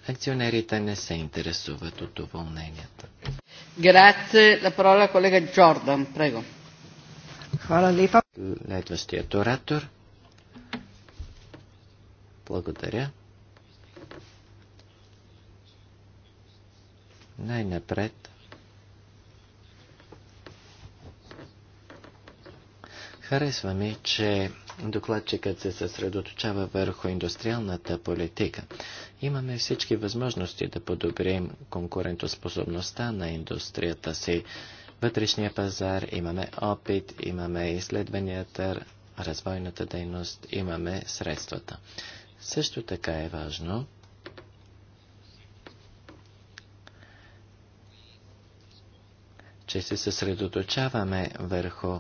Акционерите не се интересуват от уволненията. Grazie. колега Джордан. Хвала липа. Следващият оратор. Благодаря. Най-напред Харесва ми, че докладчикът се съсредоточава върху индустриалната политика. Имаме всички възможности да подобрим конкурентоспособността на индустрията си. Вътрешния пазар, имаме опит, имаме изследванията, развойната дейност, имаме средствата. Също така е важно че се съсредоточаваме върху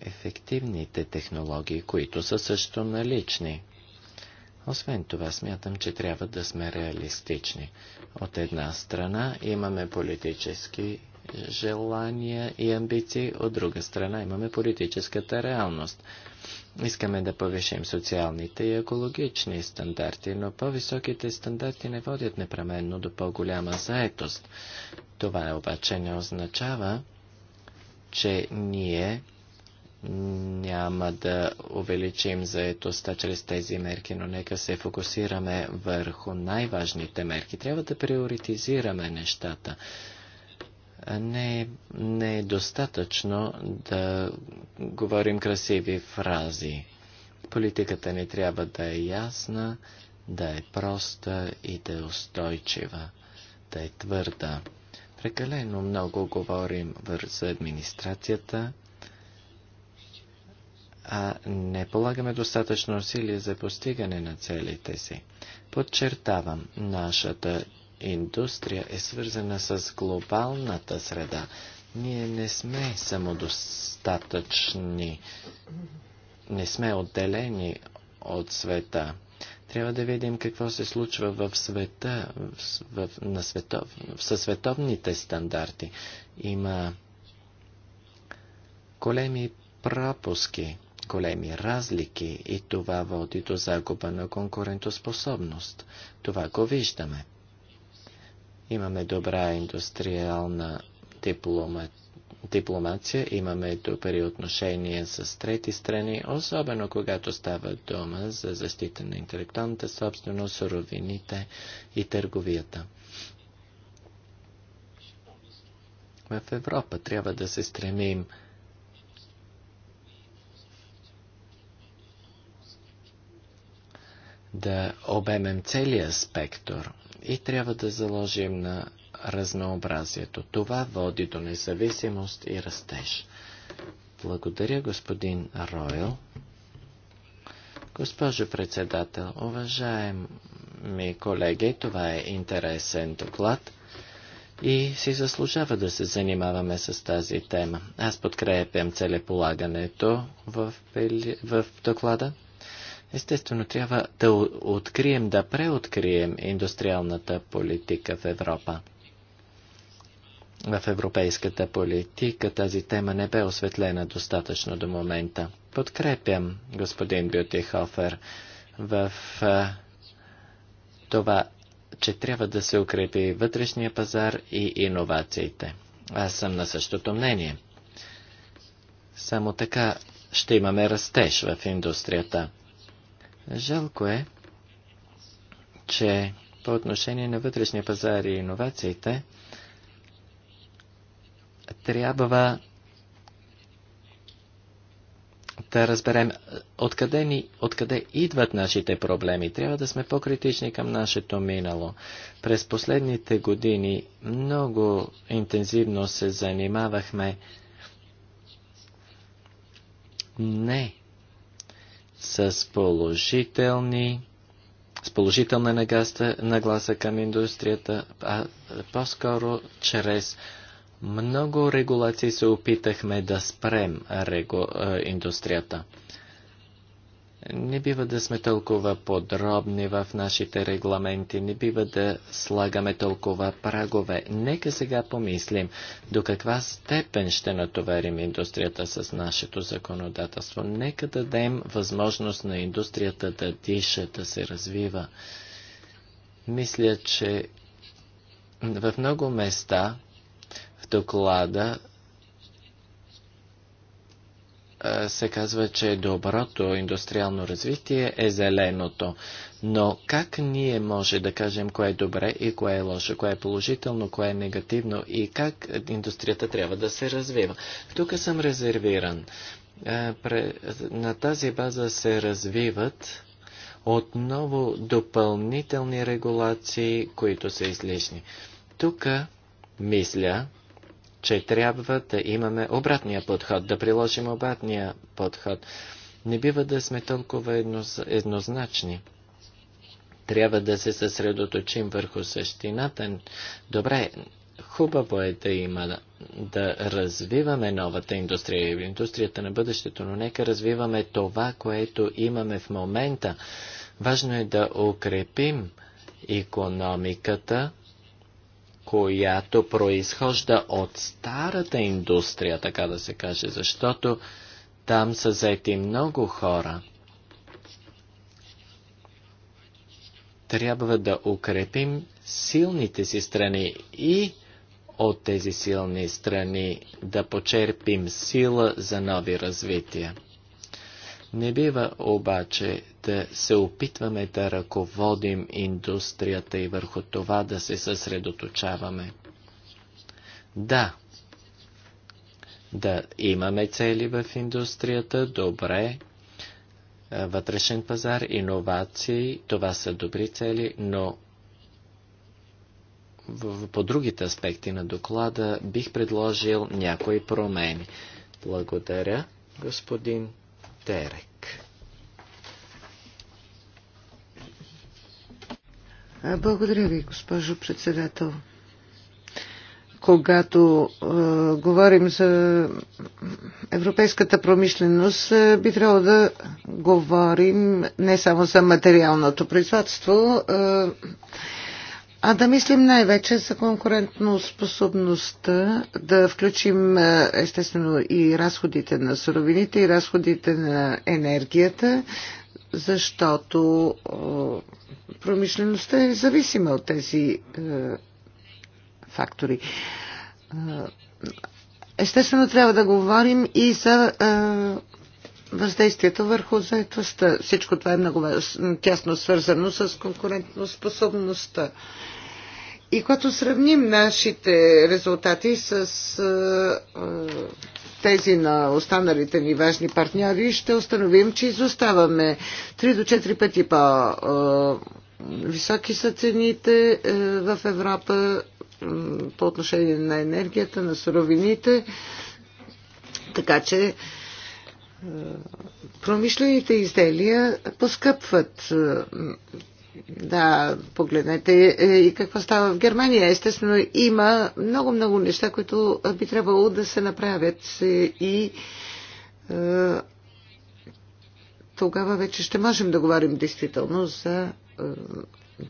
ефективните технологии, които са също налични. Освен това, смятам, че трябва да сме реалистични. От една страна имаме политически желания и амбиции, от друга страна имаме политическата реалност. Искаме да повишим социалните и екологични стандарти, но по-високите стандарти не водят непременно до по-голяма заетост. Това обаче не означава, че ние няма да увеличим заетостта чрез тези мерки, но нека се фокусираме върху най-важните мерки. Трябва да приоритизираме нещата. Не, не е достатъчно да говорим красиви фрази. Политиката ни трябва да е ясна, да е проста и да е устойчива, да е твърда. Прекалено много говорим за администрацията, а не полагаме достатъчно усилие за постигане на целите си. Подчертавам, нашата индустрия е свързана с глобалната среда. Ние не сме самодостатъчни, не сме отделени от света. Трябва да видим какво се случва в света, в, в, на светов, със световните стандарти. Има големи пропуски големи разлики и това води до загуба на конкурентоспособност. Това го виждаме. Имаме добра индустриална диплома... дипломация, имаме добри отношения с трети страни, особено когато става дума за защита на интелектуалната собственост, суровините и търговията. В Европа трябва да се стремим да обемем целия спектър и трябва да заложим на разнообразието. Това води до независимост и растеж. Благодаря, господин Ройл. Госпожо председател, уважаеми колеги, това е интересен доклад и си заслужава да се занимаваме с тази тема. Аз подкрепям целеполагането в, в доклада. Естествено, трябва да открием, да преоткрием индустриалната политика в Европа. В европейската политика тази тема не бе осветлена достатъчно до момента. Подкрепям господин Бютихофер в а, това, че трябва да се укрепи вътрешния пазар и иновациите. Аз съм на същото мнение. Само така ще имаме растеж в индустрията. Жалко е, че по отношение на вътрешния пазар и иновациите трябва да разберем откъде, ни, откъде идват нашите проблеми. Трябва да сме по-критични към нашето минало. През последните години много интензивно се занимавахме не с положителни с положителна нагласа, нагласа към индустрията, а по-скоро чрез много регулации се опитахме да спрем регу... индустрията. Не бива да сме толкова подробни в нашите регламенти, не бива да слагаме толкова прагове. Нека сега помислим до каква степен ще натоварим индустрията с нашето законодателство. Нека дадем възможност на индустрията да диша, да се развива. Мисля, че в много места в доклада се казва, че доброто индустриално развитие е зеленото. Но как ние може да кажем кое е добре и кое е лошо, кое е положително, кое е негативно и как индустрията трябва да се развива? Тук съм резервиран. На тази база се развиват отново допълнителни регулации, които са излишни. Тук мисля, че трябва да имаме обратния подход, да приложим обратния подход. Не бива да сме толкова еднозначни. Трябва да се съсредоточим върху същината. Добре, хубаво е да има да развиваме новата индустрия, индустрията на бъдещето, но нека развиваме това, което имаме в момента. Важно е да укрепим економиката, която произхожда от старата индустрия, така да се каже, защото там са заети много хора. Трябва да укрепим силните си страни и от тези силни страни да почерпим сила за нови развития. Не бива обаче да се опитваме да ръководим индустрията и върху това да се съсредоточаваме. Да, да имаме цели в индустрията, добре, вътрешен пазар, иновации, това са добри цели, но по другите аспекти на доклада бих предложил някои промени. Благодаря, господин Терек. Благодаря ви, госпожо председател. Когато е, говорим за европейската промишленост, е, би трябвало да говорим не само за материалното производство. Е, а да мислим най-вече за конкурентно способността, да включим е, естествено и разходите на суровините и разходите на енергията, защото е, промишлеността е зависима от тези е, фактори. Естествено трябва да говорим и за въздействието върху заетостта. Всичко това е много тясно свързано с конкурентоспособността. И когато сравним нашите резултати с тези на останалите ни важни партньори, ще установим, че изоставаме 3 до 4 пъти по-високи са цените в Европа по отношение на енергията, на суровините. Така че промишлените изделия поскъпват. Да, погледнете е, и какво става в Германия. Естествено, има много-много неща, които би трябвало да се направят е, и е, тогава вече ще можем да говорим действително за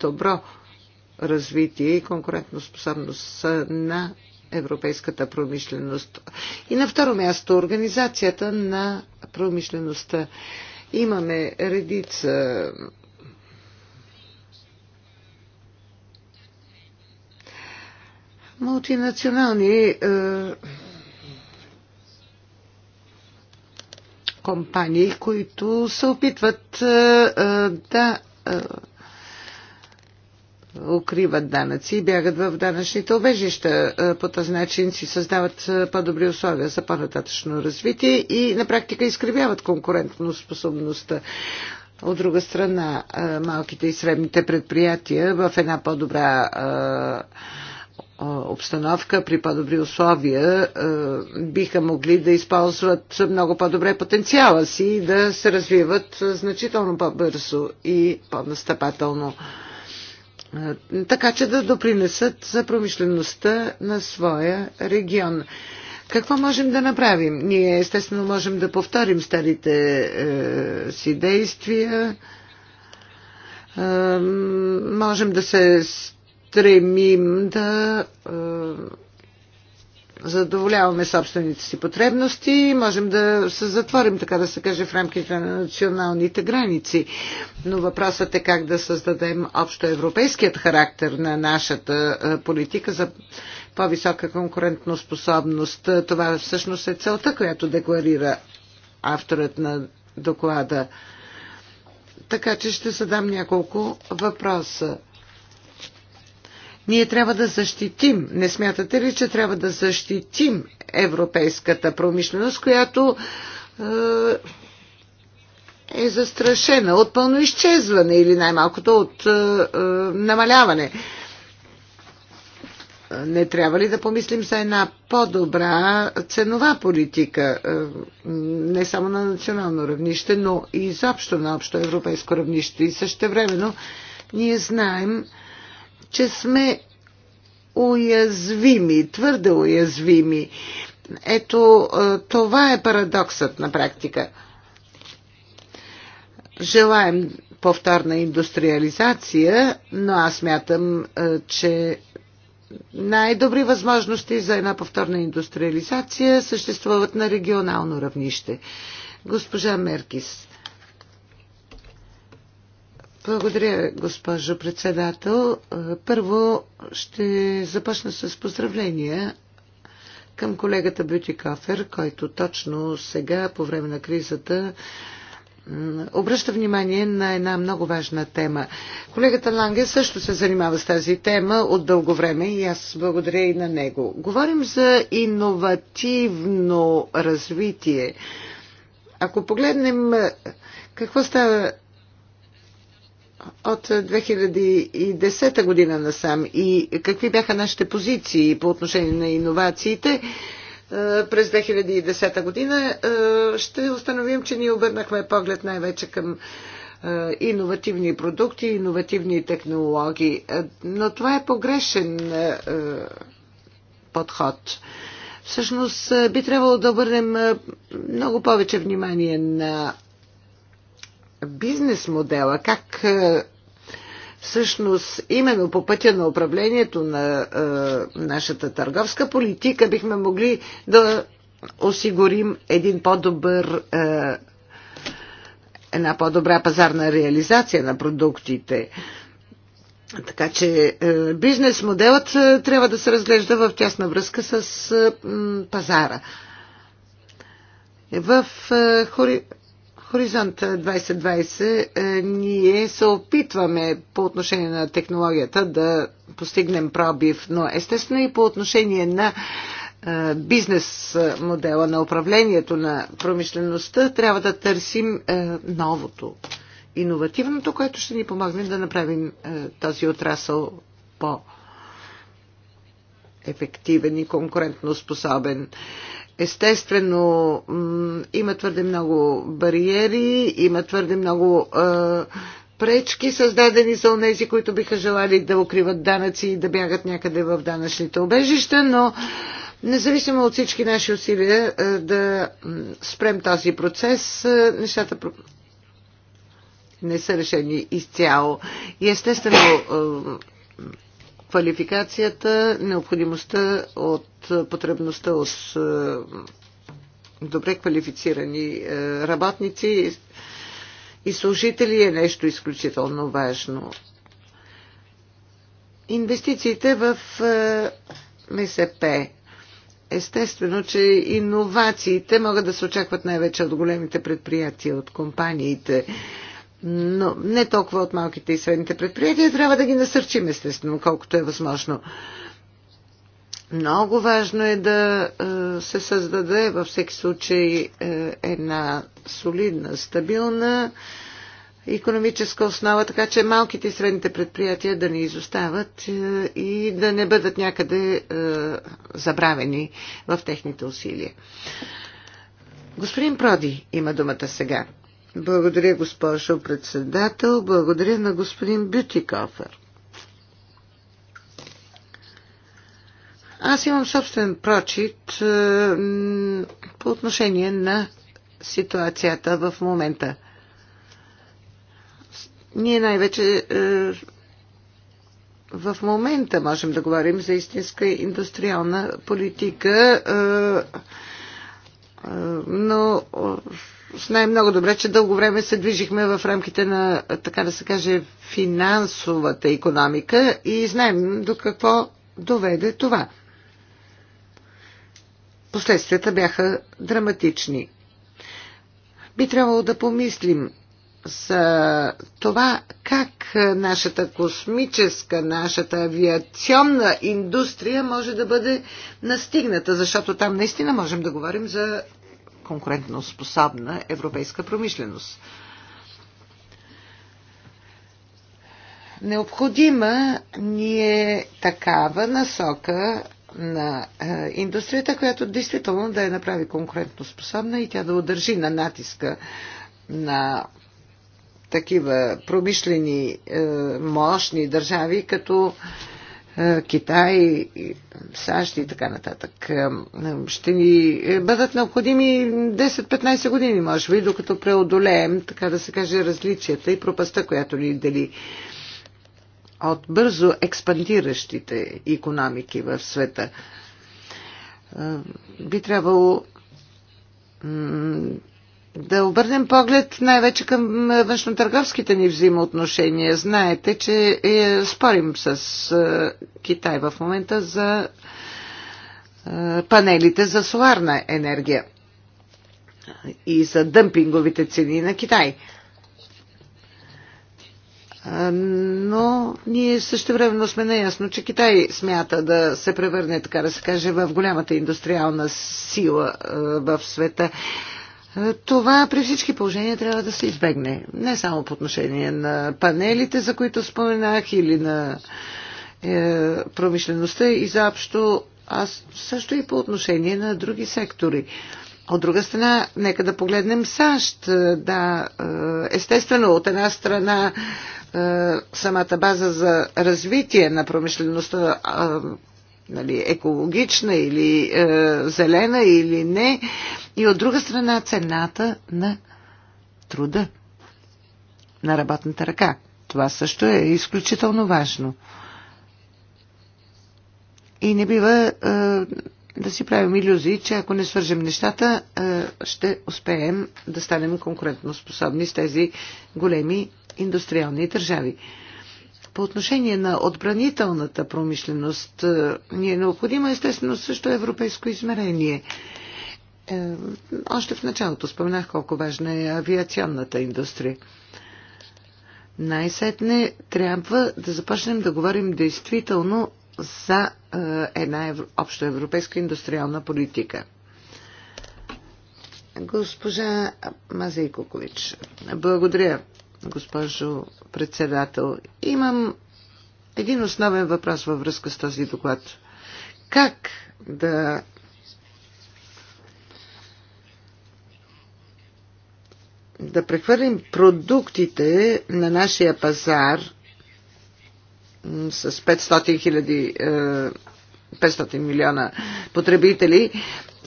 добро развитие и конкурентоспособност на европейската промишленост. И на второ място, организацията на промишлеността. Имаме редица мултинационални е, компании, които се опитват е, е да е, укриват данъци и бягат в данъчните обежища. Е, по този начин си създават е, по-добри условия за по-нататъчно развитие и на практика изкривяват конкурентно способността. От друга страна, е, малките и средните предприятия в една по-добра обстановка, при по-добри условия, биха могли да използват много по-добре потенциала си и да се развиват значително по-бързо и по-настъпателно. Е, така че да допринесат за промишлеността на своя регион. Какво можем да направим? Ние естествено можем да повторим старите е, си действия. Е, можем да се стремим да е, задоволяваме собствените си потребности, можем да се затворим, така да се каже, в рамките на националните граници. Но въпросът е как да създадем общо европейският характер на нашата е, политика за по-висока конкурентноспособност. Това всъщност е целта, която декларира авторът на доклада. Така че ще задам няколко въпроса. Ние трябва да защитим, не смятате ли, че трябва да защитим европейската промишленост, която е, е застрашена от пълно изчезване или най-малкото от е, е, намаляване. Не трябва ли да помислим за една по-добра ценова политика, е, не само на национално равнище, но и изобщо на общо европейско равнище? И също времено ние знаем, че сме уязвими, твърде уязвими. Ето, е, това е парадоксът на практика. Желаем повторна индустриализация, но аз мятам, е, че най-добри възможности за една повторна индустриализация съществуват на регионално равнище. Госпожа Меркис. Благодаря, госпожо председател. Първо ще започна с поздравления към колегата Бюти Кафер, който точно сега, по време на кризата, обръща внимание на една много важна тема. Колегата Ланге също се занимава с тази тема от дълго време и аз благодаря и на него. Говорим за иновативно развитие. Ако погледнем какво става от 2010 година насам и какви бяха нашите позиции по отношение на иновациите е, през 2010 година, е, ще установим, че ние обърнахме поглед най-вече към е, иновативни продукти, иновативни технологии. Но това е погрешен подход. Всъщност би трябвало да обърнем много повече внимание на бизнес модела, как е, всъщност именно по пътя на управлението на е, нашата търговска политика бихме могли да осигурим един по-добър е, една по-добра пазарна реализация на продуктите. Така че е, бизнес моделът е, трябва да се разглежда в тясна връзка с е, пазара. В е, хори Хоризонт 2020 е, ние се опитваме по отношение на технологията да постигнем пробив, но естествено и по отношение на е, бизнес модела на управлението на промишлеността трябва да търсим е, новото, иновативното, което ще ни помогне да направим този отрасъл по ефективен и конкурентно способен. Естествено, има твърде много бариери, има твърде много е, пречки, създадени за онези, които биха желали да укриват данъци и да бягат някъде в данъчните обежища, но независимо от всички наши усилия е, да спрем този процес, е, нещата не са решени изцяло. И естествено, е, квалификацията, необходимостта от е, потребността от е, добре квалифицирани е, работници и служители е нещо изключително важно. Инвестициите в МСП. Естествено, че иновациите могат да се очакват най-вече от големите предприятия, от компаниите но не толкова от малките и средните предприятия. Трябва да ги насърчим, естествено, колкото е възможно. Много важно е да е, се създаде във всеки случай е, една солидна, стабилна економическа основа, така че малките и средните предприятия да не изостават е, и да не бъдат някъде забравени в техните усилия. Господин Проди има думата сега. Благодаря, госпожо председател. Благодаря на господин Бютикофер. Аз имам собствен прочит е, по отношение на ситуацията в момента. Ние най-вече е, в момента можем да говорим за истинска индустриална политика, е, но знаем много добре, че дълго време се движихме в рамките на, така да се каже, финансовата економика и знаем до какво доведе това последствията бяха драматични. Би трябвало да помислим за това как нашата космическа, нашата авиационна индустрия може да бъде настигната, защото там наистина можем да говорим за конкурентно способна европейска промишленост. Необходима ни е такава насока на е, индустрията, която действително да я е направи способна и тя да удържи на натиска на такива промишлени е, мощни държави, като Китай, САЩ и така нататък. Ще ни бъдат необходими 10-15 години, може би, докато преодолеем, така да се каже, различията и пропаста, която ни дели от бързо експандиращите економики в света. Би трябвало да обърнем поглед най-вече към външнотърговските ни взаимоотношения. Знаете, че е, спорим с Китай в момента за панелите за соларна енергия и за дъмпинговите цени на Китай но ние също времено сме наясно, че Китай смята да се превърне, така да се каже, в голямата индустриална сила в света. Това при всички положения трябва да се избегне. Не само по отношение на панелите, за които споменах, или на е, промишлеността и заобщо, а също и по отношение на други сектори. От друга страна, нека да погледнем САЩ. Да, е, естествено, от една страна е, самата база за развитие на промишлеността е, нали, екологична или е, зелена или не. И от друга страна цената на труда, на работната ръка. Това също е изключително важно. И не бива е, да си правим иллюзии, че ако не свържем нещата, е, ще успеем да станем конкурентоспособни с тези големи индустриални държави. По отношение на отбранителната промишленост е, ни е необходимо естествено също европейско измерение. Е, още в началото споменах колко важна е авиационната индустрия. Най-сетне трябва да започнем да говорим действително за е, една европейска индустриална политика. Госпожа Мазей Кукович, благодаря, госпожо председател. Имам един основен въпрос във връзка с този доклад. Как да да прехвърлим продуктите на нашия пазар с 500 000, 500 милиона потребители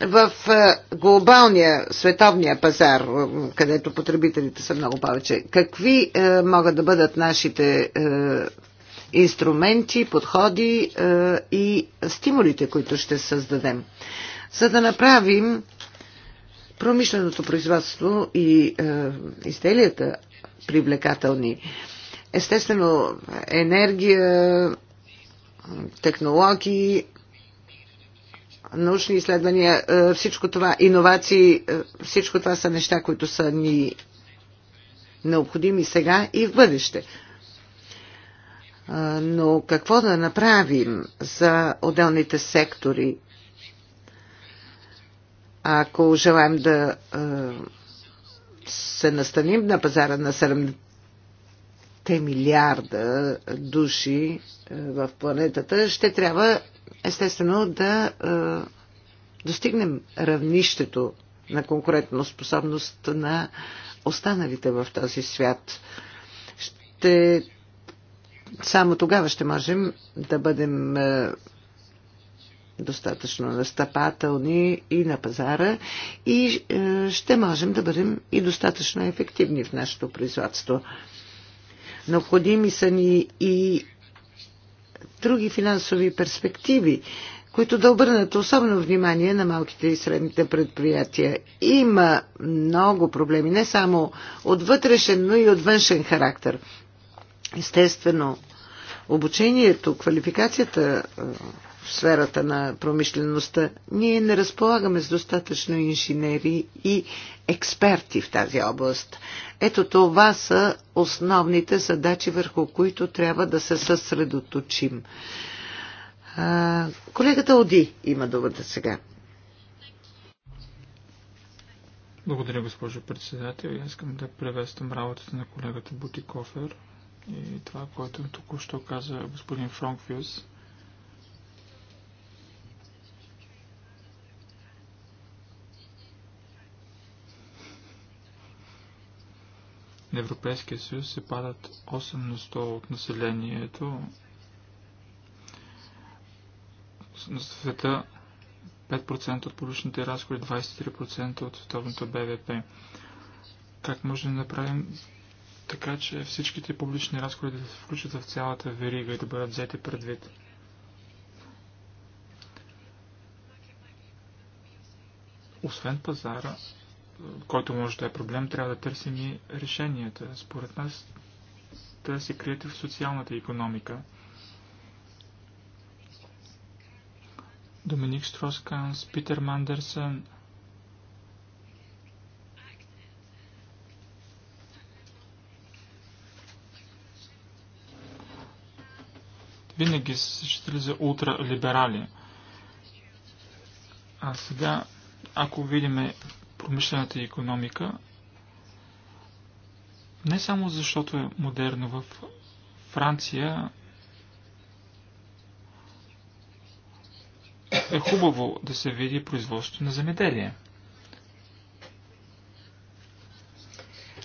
в е, глобалния световния пазар, е, където потребителите са много повече, какви е, могат да бъдат нашите инструменти, подходи и стимулите, които ще създадем, за да направим промишленото производство и изделията привлекателни. Естествено, енергия, технологии, научни изследвания, е, всичко това, иновации, е, всичко това са неща, които са ни необходими сега и в бъдеще. Е, но какво да направим за отделните сектори, ако желаем да се настаним на пазара на 7 милиарда души в планетата, ще трябва естествено да е, достигнем равнището на конкурентоспособност на останалите в този свят. Ще, само тогава ще можем да бъдем е, достатъчно настъпателни и на пазара и е, ще можем да бъдем и достатъчно ефективни в нашето производство. Необходими са ни и други финансови перспективи, които да обърнат особено внимание на малките и средните предприятия. Има много проблеми, не само от вътрешен, но и от външен характер. Естествено, обучението, квалификацията в сферата на промишлеността, ние не разполагаме с достатъчно инженери и експерти в тази област. Ето това са основните задачи, върху които трябва да се съсредоточим. Колегата Оди има думата сега. Благодаря, госпожо председател. Я искам да приветствам работата на колегата Бутикофер и това, което току-що каза господин Фронквилс. на Европейския съюз се падат 8 на 100 от населението. На света 5% от публичните разходи, 23% от световното БВП. Как може да направим така, че всичките публични разходи да се включат в цялата верига и да бъдат взети предвид? Освен пазара, който може да е проблем, трябва да търсим и решенията. Според нас те се крият в социалната економика. Доминик Штросканс, Питер Мандерсън, винаги са считали за ултралиберали. А сега, ако видим промишлената економика, не само защото е модерно в Франция, е хубаво да се види производството на земеделие.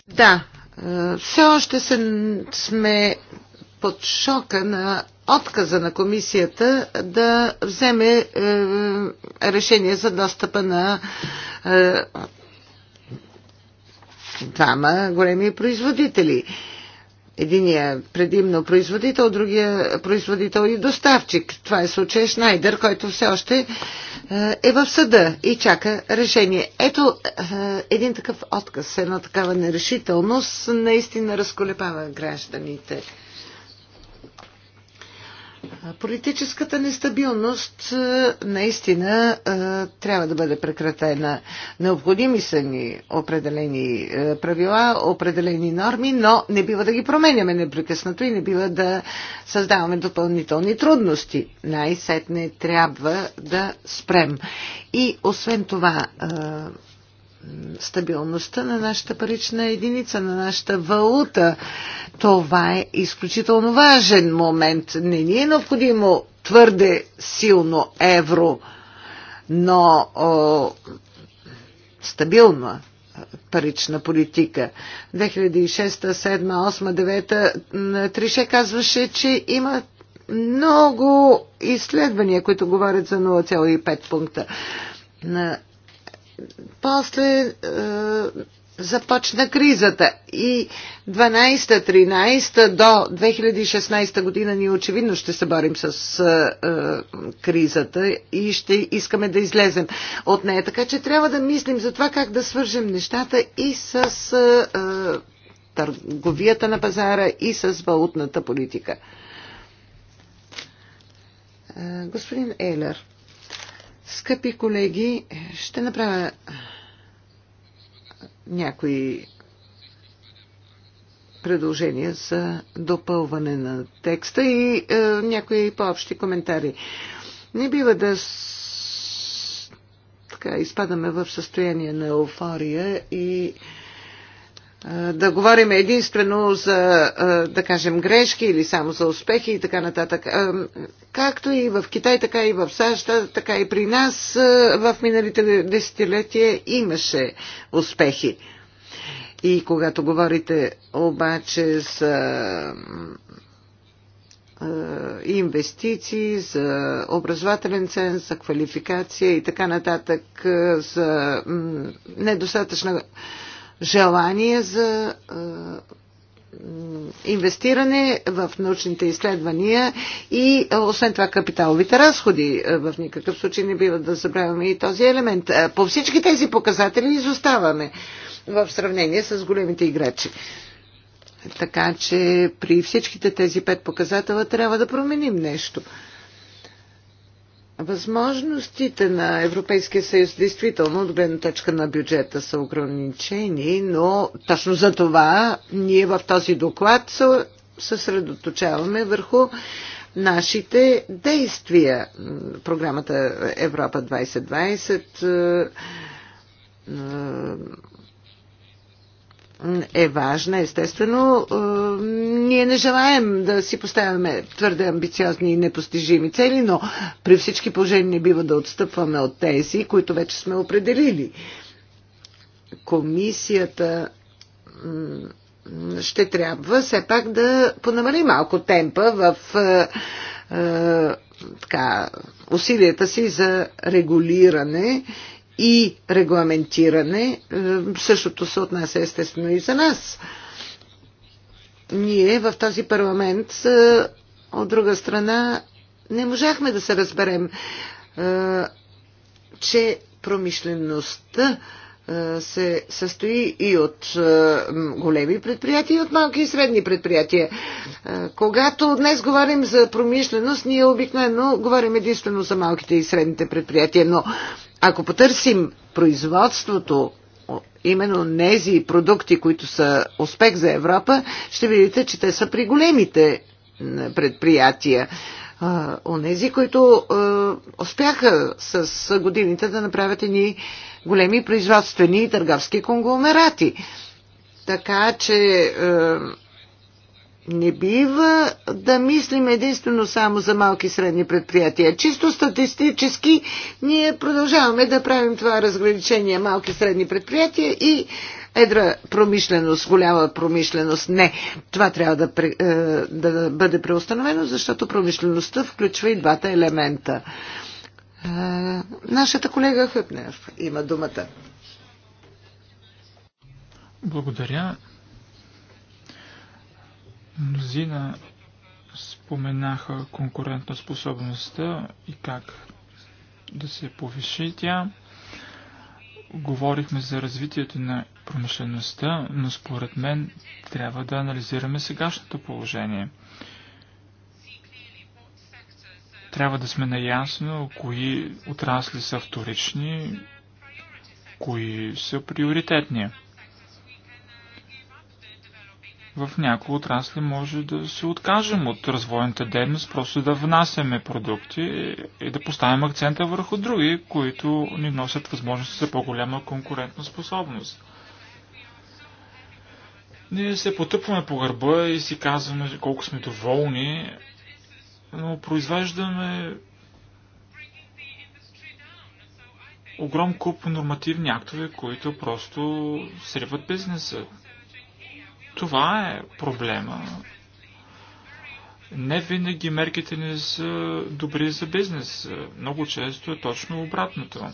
Да, е, все още сме под шока на отказа на комисията да вземе е, решение за достъпа на е, двама големи производители. Единият предимно производител, другия производител и доставчик. Това е случай Шнайдер, който все още е, е в съда и чака решение. Ето един такъв отказ, една такава нерешителност наистина разколепава гражданите. Политическата нестабилност е, наистина е, трябва да бъде прекратена. Необходими са ни определени е, правила, определени норми, но не бива да ги променяме непрекъснато и не бива да създаваме допълнителни трудности. Най-сетне трябва да спрем. И освен това, стабилността на нашата парична единица, на нашата валута това е изключително важен момент. Не ни е необходимо твърде силно евро, но о, стабилна парична политика. 2006, 2007 2009, Трише казваше, че има много изследвания, които говорят за 0,5 пункта. После е, започна кризата и 12-13 до 2016 година ние очевидно ще се борим с е, е, кризата и ще искаме да излезем от нея. Така че трябва да мислим за това как да свържем нещата и с е, е, търговията на пазара и с валутната политика. Е, господин Ейлер, скъпи колеги, ще направя някои предложения за допълване на текста и е, някои по-общи коментари. Не бива да така, изпадаме в състояние на еуфория и е, да говорим единствено за, да кажем, грешки или само за успехи и така нататък. Както и в Китай, така и в САЩ, така и при нас в миналите десетилетия имаше успехи. И когато говорите обаче за инвестиции, за образователен ценз, за квалификация и така нататък, за недостатъчна желание за инвестиране в научните изследвания и освен това капиталовите разходи. В никакъв случай не бива да забравяме и този елемент. По всички тези показатели изоставаме в сравнение с големите играчи. Така че при всичките тези пет показателя трябва да променим нещо. Възможностите на Европейския съюз действително от гледна точка на бюджета са ограничени, но точно за това ние в този доклад се съсредоточаваме върху нашите действия. Програмата Европа 2020 е важна, естествено. Е, ние не желаем да си поставяме твърде амбициозни и непостижими цели, но при всички положения не бива да отстъпваме от тези, които вече сме определили. Комисията ще трябва все пак да понамали малко темпа в е, е, така, усилията си за регулиране и регламентиране. Е, същото се отнася естествено и за нас. Ние в този парламент, е, от друга страна, не можахме да се разберем, е, че промишлеността се състои и от големи предприятия, и от малки и средни предприятия. Когато днес говорим за промишленост, ние обикновено говорим единствено за малките и средните предприятия, но ако потърсим производството, именно тези продукти, които са успех за Европа, ще видите, че те са при големите предприятия. Онези, които успяха с годините да направят едни големи производствени и търговски конгломерати. Така че не бива да мислим единствено само за малки и средни предприятия. Чисто статистически ние продължаваме да правим това разграничение малки и средни предприятия и едра промишленост, голяма промишленост. Не, това трябва да, е, да бъде преустановено, защото промишлеността включва и двата елемента. Е, нашата колега Хъпнев има думата. Благодаря. Мнозина споменаха конкурентна способността и как да се повиши тя. Говорихме за развитието на промишлеността, но според мен трябва да анализираме сегашното положение. Трябва да сме наясно кои отрасли са вторични, кои са приоритетни в някои отрасли може да се откажем от развойната дейност, просто да внасяме продукти и да поставим акцента върху други, които ни носят възможности за по-голяма конкурентна способност. Ние се потъпваме по гърба и си казваме колко сме доволни, но произвеждаме огром куп нормативни актове, които просто сриват бизнеса. Това е проблема. Не винаги мерките ни са добри за бизнес. Много често е точно обратното.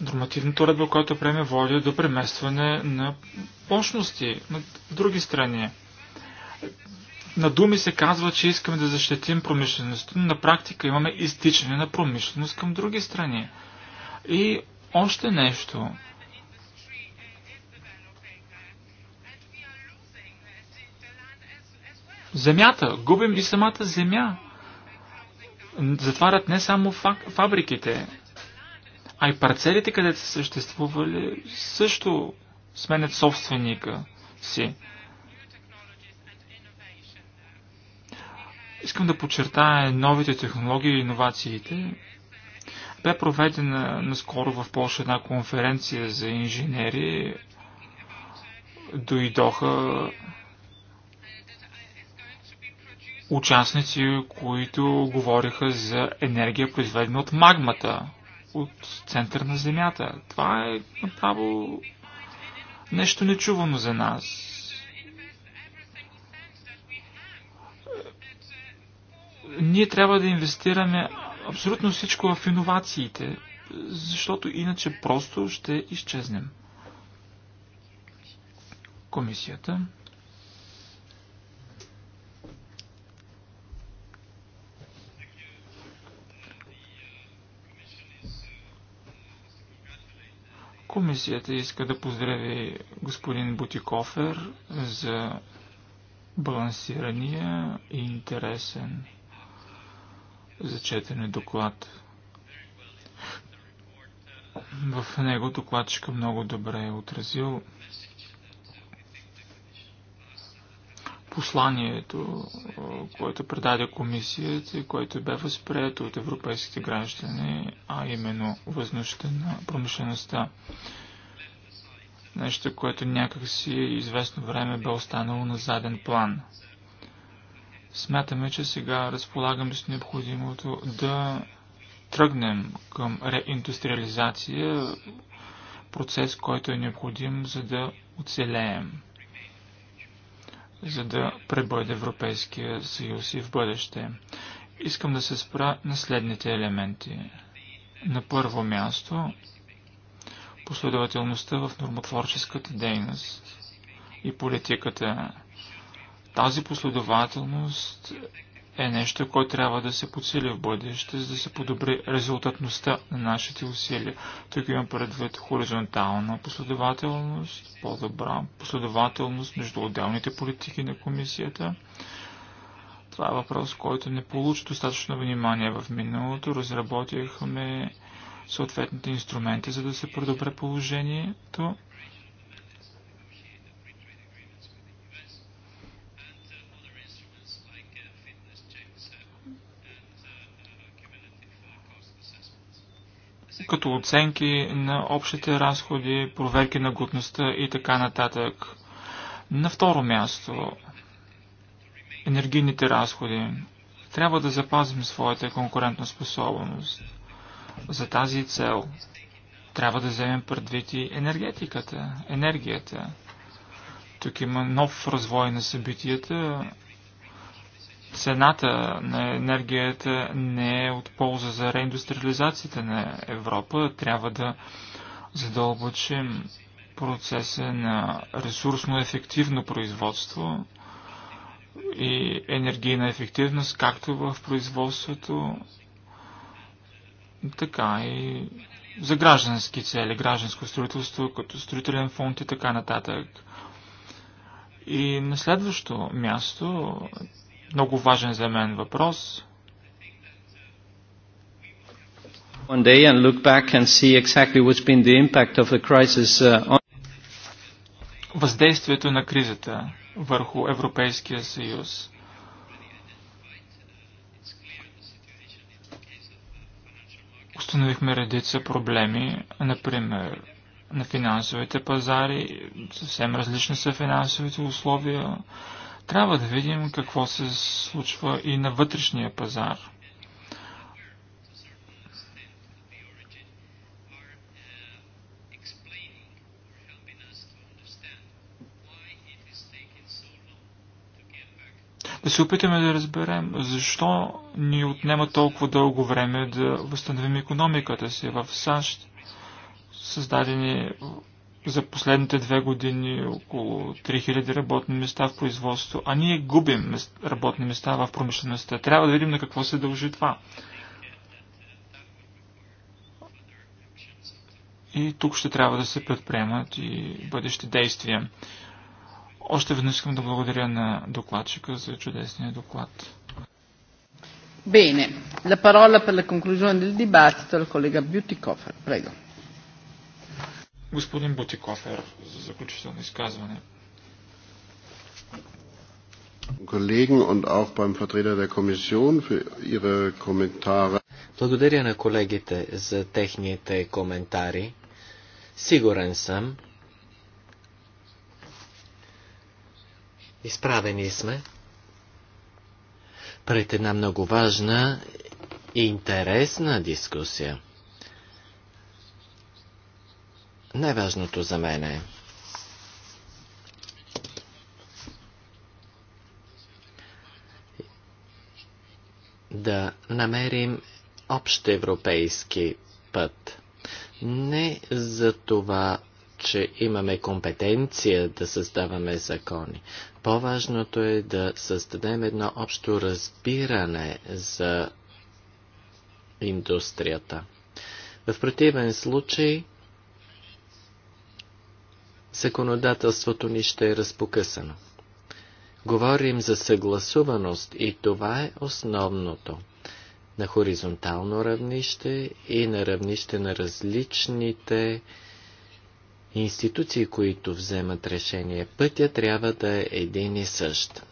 Нормативната уредба, която преме води до преместване на почности на други страни. На думи се казва, че искаме да защитим промишлеността, но на практика имаме изтичане на промишленост към други страни. И още нещо – земята. Губим и самата земя. Затварят не само фабриките, а и парцелите, където са съществували, също сменят собственика си. Искам да подчертая новите технологии и иновациите. Бе проведена наскоро в Польша една конференция за инженери. Дойдоха участници, които говориха за енергия, произведена от магмата, от център на Земята. Това е направо нещо нечувано за нас. Ние трябва да инвестираме абсолютно всичко в иновациите, защото иначе просто ще изчезнем. Комисията. Комисията иска да поздрави господин Бутикофер за балансирания и интересен за четене доклад. В него докладчика много добре е отразил посланието, което предаде комисията и което бе възприето от европейските граждани, а именно възнощта на промишлеността. Нещо, което някакси е известно време бе останало на заден план. Смятаме, че сега разполагаме с необходимото да тръгнем към реиндустриализация, процес, който е необходим, за да оцелеем за да пребъде Европейския съюз и в бъдеще. Искам да се спра на следните елементи. На първо място последователността в нормотворческата дейност и политиката. Тази последователност е нещо, което трябва да се подсили в бъдеще, за да се подобри резултатността на нашите усилия. Тук имам предвид хоризонтална последователност, по-добра последователност между отделните политики на комисията. Това е въпрос, който не получи достатъчно внимание в миналото. Разработихме съответните инструменти, за да се подобре положението. като оценки на общите разходи, проверки на годността и така нататък. На второ място, енергийните разходи. Трябва да запазим своята конкурентна способност. За тази цел трябва да вземем предвид и енергетиката, енергията. Тук има нов развой на събитията, цената на енергията не е от полза за реиндустриализацията на Европа. Трябва да задълбочим процеса на ресурсно ефективно производство и енергийна ефективност, както в производството, така и за граждански цели, гражданско строителство, като строителен фонд и така нататък. И на следващо място много важен за мен въпрос. Uh, въздействието на кризата върху Европейския съюз. Установихме редица проблеми, например на финансовите пазари, съвсем различни са финансовите условия трябва да видим какво се случва и на вътрешния пазар. Да се опитаме да разберем защо ни отнема толкова дълго време да възстановим економиката си в САЩ. Създадени за последните две години около 3000 работни места в производство, а ние губим работни места в промишлеността. Трябва да видим на какво се дължи това. И тук ще трябва да се предприемат и бъдещи действия. Още веднъж искам да благодаря на докладчика за чудесния доклад. Bene, la parola per la conclusione del dibattito al collega Coffer, Prego. Господин Бутикофер за заключително изказване. Колеги и auch beim Vertreter der Kommission für ihre Kommentare. Благодаря на колегите за техните коментари. Сигурен съм. Изправени сме пред една много важна и интересна дискусия. Най-важното за мен е да намерим общ европейски път. Не за това, че имаме компетенция да създаваме закони. По-важното е да създадем едно общо разбиране за индустрията. В противен случай законодателството ни ще е разпокъсано. Говорим за съгласуваност и това е основното. На хоризонтално равнище и на равнище на различните институции, които вземат решение. Пътя трябва да е един и същ.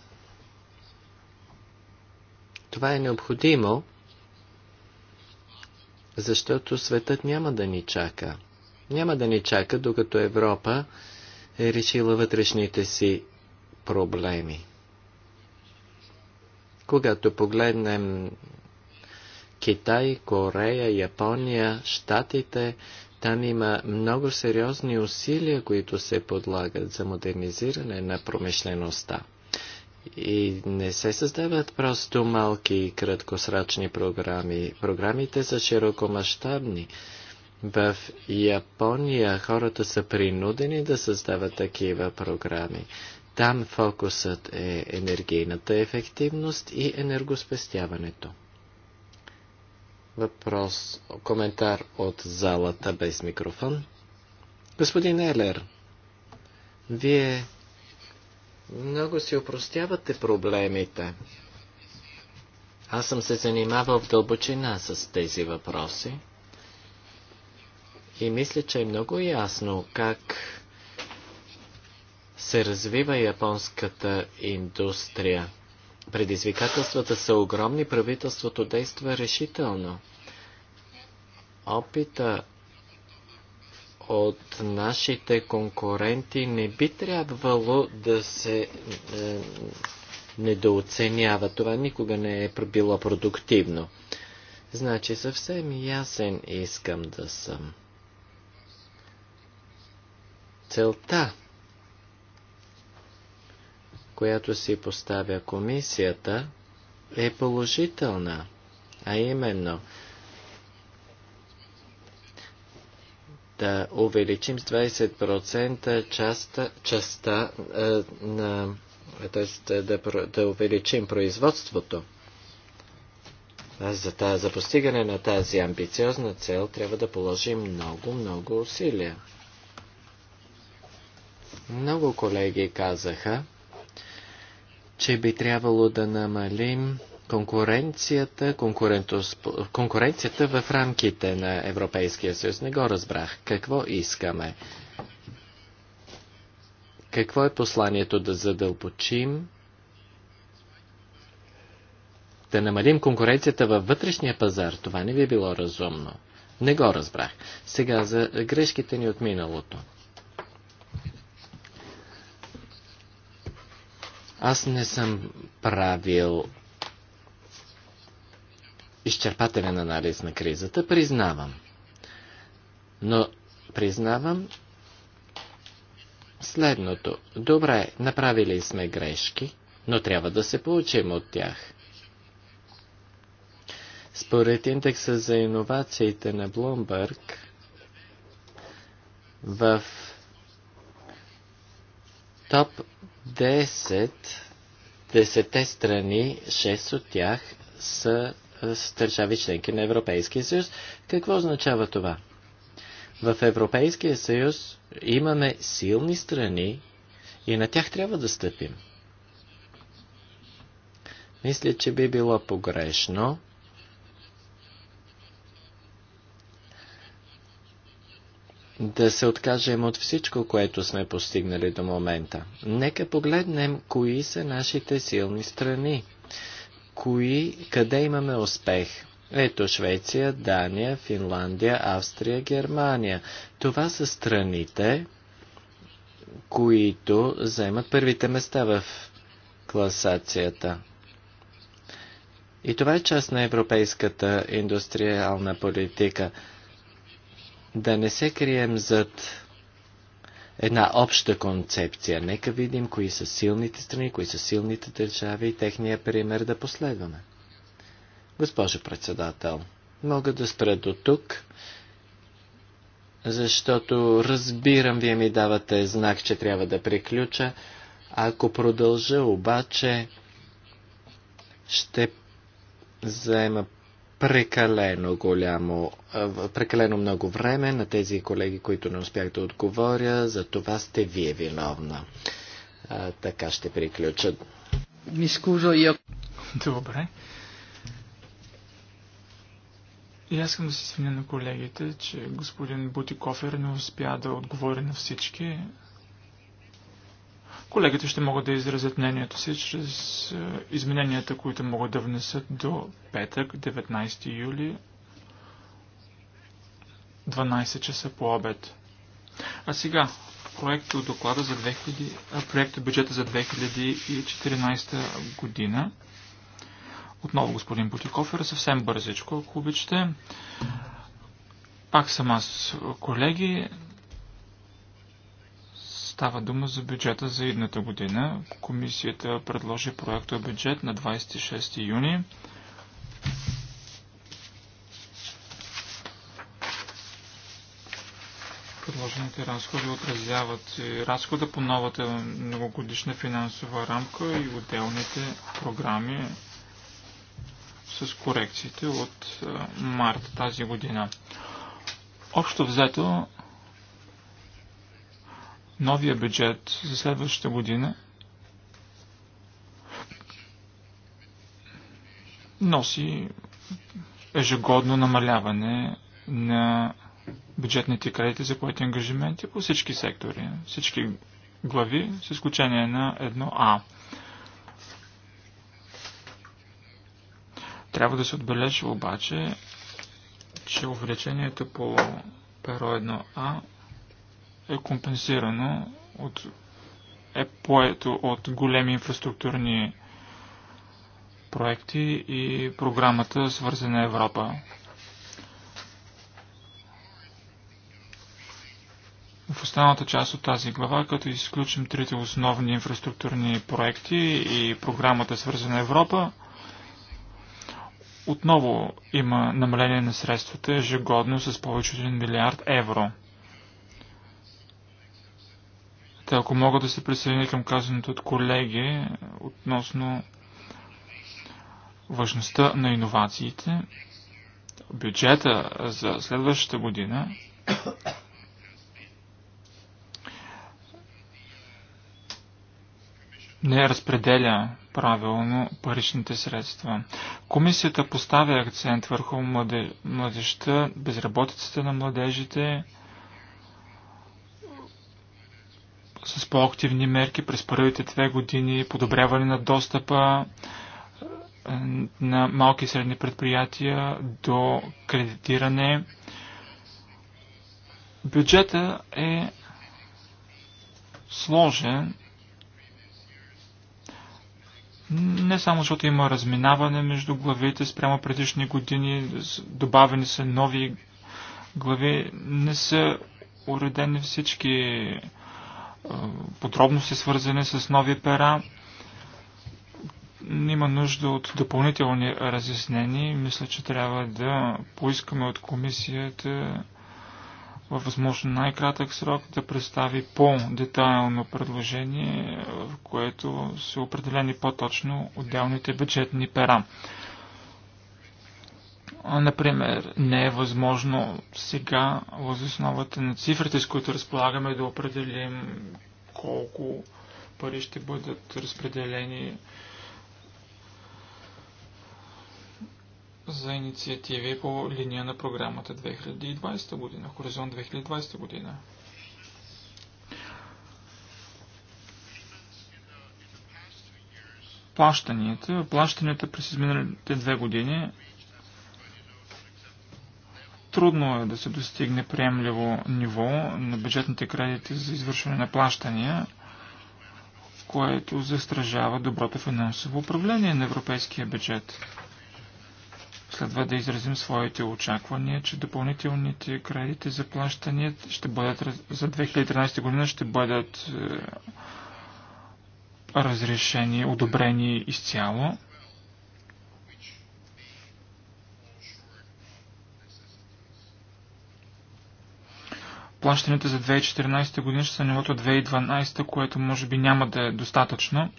Това е необходимо, защото светът няма да ни чака. Няма да ни чака, докато Европа е решила вътрешните си проблеми. Когато погледнем Китай, Корея, Япония, Штатите, там има много сериозни усилия, които се подлагат за модернизиране на промишлеността. И не се създават просто малки и краткосрачни програми. Програмите са широкомащабни. В Япония хората са принудени да създават такива програми. Там фокусът е енергийната ефективност и енергоспестяването. Въпрос, коментар от залата без микрофон. Господин Елер, вие много си опростявате проблемите. Аз съм се занимавал в дълбочина с тези въпроси. И мисля, че е много ясно как се развива японската индустрия. Предизвикателствата са огромни, правителството действа решително. Опита от нашите конкуренти не би трябвало да се е, недооценява. Това никога не е било продуктивно. Значи съвсем ясен искам да съм целта, която си поставя комисията, е положителна, а именно да увеличим с 20% частта, частта е, на, т.е. Да, да увеличим производството. За, за постигане на тази амбициозна цел трябва да положим много, много усилия. Много колеги казаха, че би трябвало да намалим конкуренцията, конкуренцията в рамките на Европейския съюз. Не го разбрах. Какво искаме? Какво е посланието да задълбочим? Да намалим конкуренцията във вътрешния пазар. Това не би било разумно. Не го разбрах. Сега за грешките ни от миналото. Аз не съм правил изчерпателен анализ на кризата, признавам. Но признавам следното. Добре, направили сме грешки, но трябва да се получим от тях. Според индекса за иновациите на Bloomberg, в топ 10, 10 страни, 6 от тях са с държави членки на Европейския съюз. Какво означава това? В Европейския съюз имаме силни страни и на тях трябва да стъпим. Мисля, че би било погрешно да се откажем от всичко, което сме постигнали до момента. Нека погледнем кои са нашите силни страни, кои, къде имаме успех. Ето Швеция, Дания, Финландия, Австрия, Германия. Това са страните, които заемат първите места в класацията. И това е част на европейската индустриална политика – да не се крием зад една обща концепция. Нека видим кои са силните страни, кои са силните държави и техния пример да последваме. Госпожо председател, мога да спра до тук, защото разбирам, вие ми давате знак, че трябва да приключа. Ако продължа обаче, ще заема прекалено голямо, прекалено много време на тези колеги, които не успях да отговоря. За това сте вие виновна. А, така ще приключа. Ми скужа я. Добре. И аз искам да се свиня на колегите, че господин Бутикофер не успя да отговори на всички, Колегите ще могат да изразят мнението си чрез е, измененията, които могат да внесат до петък, 19 юли, 12 часа по обед. А сега, проект от доклада за 2000, проект бюджета за 2014 година. Отново господин Бутиков, е съвсем бързичко, ако обичате. Пак съм аз, колеги. Става дума за бюджета за едната година. Комисията предложи проекта бюджет на 26 юни. Предложените разходи отразяват и разхода по новата многогодишна финансова рамка и отделните програми с корекциите от март тази година. Общо взето новия бюджет за следващата година носи ежегодно намаляване на бюджетните кредити за поети ангажименти по всички сектори, всички глави, с изключение на едно А. Трябва да се отбележи обаче, че увеличението по перо 1А е компенсирано от е поето от големи инфраструктурни проекти и програмата Свързана Европа. В останалата част от тази глава, като изключим трите основни инфраструктурни проекти и програмата Свързана Европа, отново има намаление на средствата ежегодно с повече от 1 милиард евро – Та ако мога да се присъединя към казаното от колеги относно важността на иновациите, бюджета за следващата година не разпределя правилно паричните средства. Комисията поставя акцент върху младеща, безработицата на младежите, с по-активни мерки през първите две години, подобряване на достъпа е, на малки и средни предприятия до кредитиране. Бюджета е сложен, не само защото има разминаване между главите спрямо предишни години, добавени са нови глави, не са уредени всички подробности свързани с нови пера. Има нужда от допълнителни разяснения. Мисля, че трябва да поискаме от комисията във възможно най-кратък срок да представи по-детайлно предложение, в което са определени по-точно отделните бюджетни пера. Например, не е възможно сега, въз основата на цифрите, с които разполагаме, да определим колко пари ще бъдат разпределени за инициативи по линия на програмата 2020 година, Хоризонт 2020 година. Плащанията, плащанията през изминалите две години Трудно е да се достигне приемливо ниво на бюджетните кредити за извършване на плащания, което застражава доброто финансово управление на европейския бюджет. Следва да изразим своите очаквания, че допълнителните кредити за плащания ще бъдат, за 2013 година ще бъдат е, разрешени, одобрени изцяло. плащаните за 2014 година ще са нивото 2012, което може би няма да е достатъчно.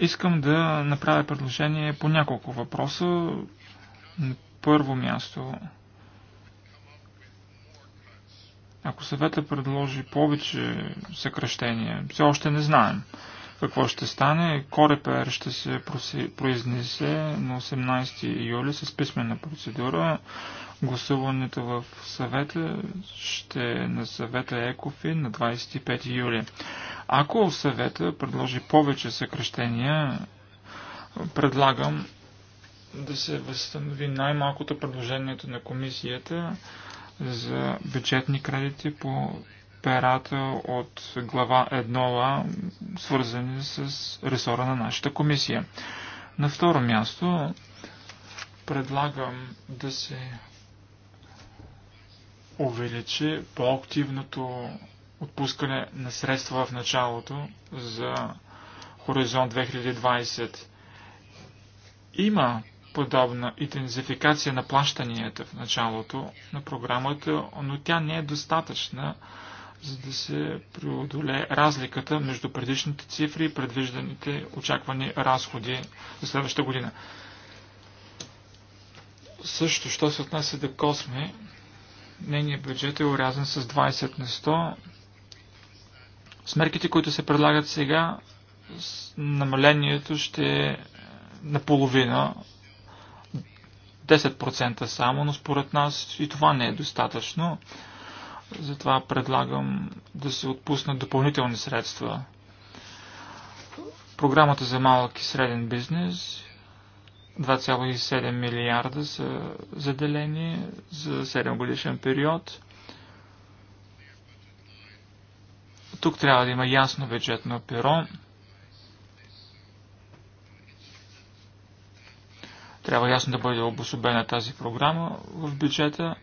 Искам да направя предложение по няколко въпроса. На първо място, ако съвета предложи повече съкръщения, все още не знаем какво ще стане? Корепер ще се произнесе на 18 юли с писмена процедура. Гласуването в съвета ще е на съвета ЕКОФИН на 25 юли. Ако съвета предложи повече съкрещения, предлагам да се възстанови най-малкото предложението на комисията за бюджетни кредити по перата от глава 1а, свързани с ресора на нашата комисия. На второ място предлагам да се увеличи по-активното отпускане на средства в началото за Хоризонт 2020. Има подобна интензификация на плащанията в началото на програмата, но тя не е достатъчна за да се преодолее разликата между предишните цифри и предвижданите очаквани разходи за следващата година. Също, що се отнася до Косме, нейният бюджет е урязан с 20 на 100. Смерките, които се предлагат сега, намалението ще е наполовина, 10% само, но според нас и това не е достатъчно. Затова предлагам да се отпуснат допълнителни средства. Програмата за малък и среден бизнес 2,7 милиарда са заделени за 7 годишен период. Тук трябва да има ясно бюджетно перо. Трябва ясно да бъде обособена тази програма в бюджета.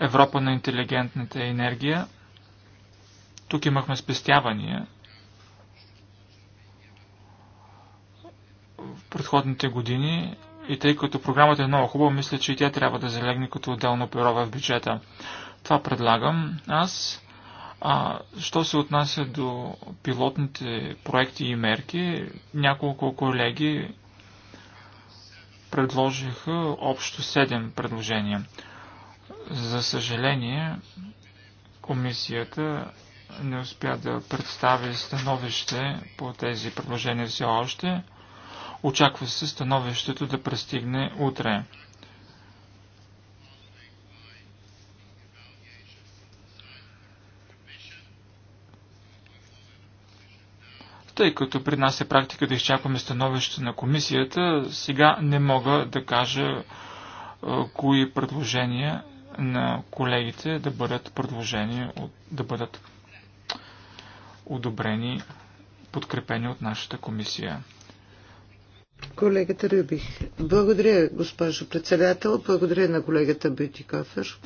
Европа на интелигентната енергия. Тук имахме спестявания в предходните години и тъй като програмата е много хубава, мисля, че и тя трябва да залегне като отделно перо в бюджета. Това предлагам аз. А, що се отнася до пилотните проекти и мерки, няколко колеги предложиха общо 7 предложения. За съжаление, комисията не успя да представи становище по тези предложения все още. Очаква се становището да пристигне утре. Тъй като при нас е практика да изчакваме становище на комисията, сега не мога да кажа е, кои предложения на колегите да бъдат предложени, да бъдат одобрени, подкрепени от нашата комисия. Колегата Рюбих. Благодаря, госпожо председател. Благодаря на колегата Бютикофер.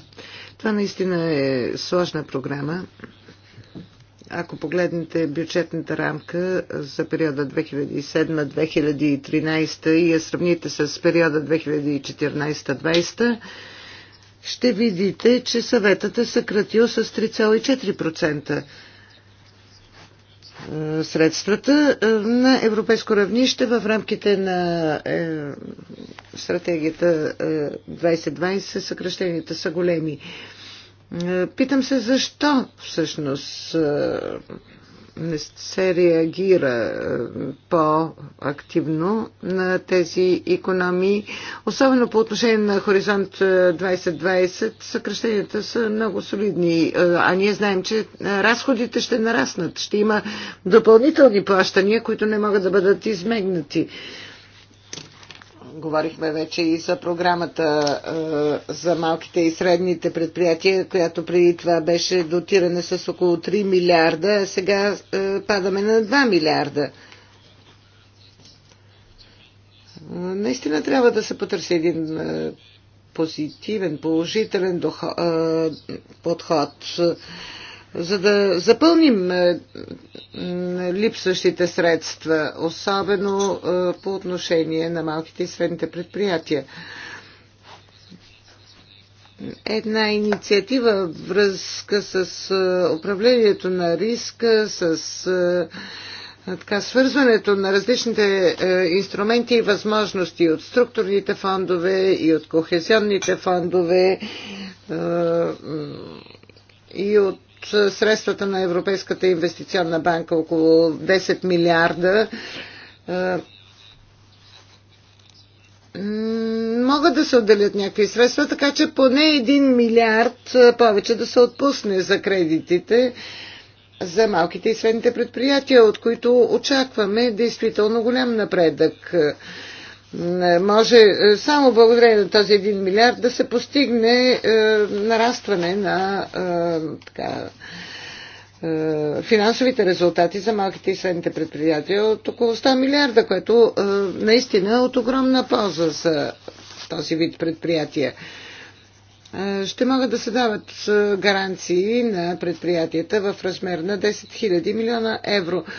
Това наистина е сложна програма. Ако погледнете бюджетната рамка за периода 2007-2013 и я сравните с периода 2014-2020, ще видите, че съветът е съкратил с 3,4% е, средствата е, на европейско равнище в рамките на е, стратегията 2020 съкръщенията са големи. Питам се защо всъщност не се реагира е, по-активно на тези економии. Особено по отношение на Хоризонт 2020 е, съкръщенията са много солидни, е, а ние знаем, че разходите ще нараснат. Ще има допълнителни плащания, които не могат да бъдат измегнати. Говорихме вече и за програмата за малките и средните предприятия, която преди това беше дотирана с около 3 милиарда, а сега падаме на 2 милиарда. Наистина трябва да се потърси един позитивен, положителен подход за да запълним е, липсващите средства, особено е, по отношение на малките и средните предприятия. Една инициатива връзка с е, управлението на риска, с така, свързването на различните инструменти и възможности от структурните фондове и от кохезионните фондове и от средствата на Европейската инвестиционна банка около 10 милиарда могат да се отделят някакви средства, така че поне 1 милиард повече да се отпусне за кредитите за малките и средните предприятия, от които очакваме действително голям напредък. Е, може е, само благодарение на този 1 милиард да се постигне е, нарастване на е, така, е, финансовите резултати за малките и средните предприятия от около 100 милиарда, което е, наистина е от огромна полза за този вид предприятия. Е, ще могат да се дават е, гаранции на предприятията в размер на 10 000 милиона евро. Е,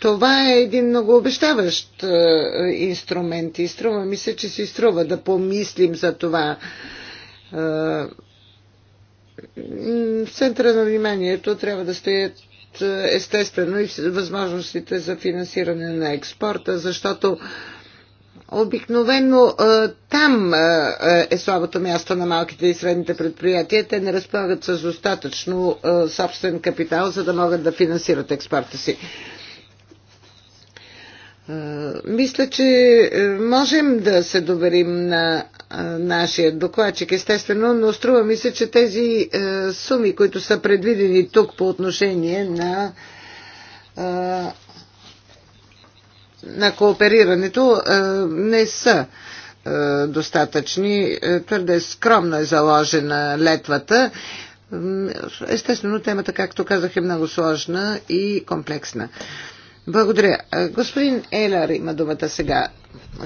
това е един много обещаващ е, инструмент и струва ми се, че си струва да помислим за това. Е, в центъра на вниманието трябва да стоят е, естествено и възможностите за финансиране на експорта, защото Обикновено там е слабото място на малките и средните предприятия. Те не разполагат с достатъчно собствен капитал, за да могат да финансират експорта си. Мисля, че можем да се доверим на нашия докладчик, естествено, но струва ми се, че тези суми, които са предвидени тук по отношение на на кооперирането е, не са е, достатъчни. Е, твърде скромно е заложена летвата. Естествено, темата, както казах, е много сложна и комплексна. Благодаря. Господин Елар има думата сега.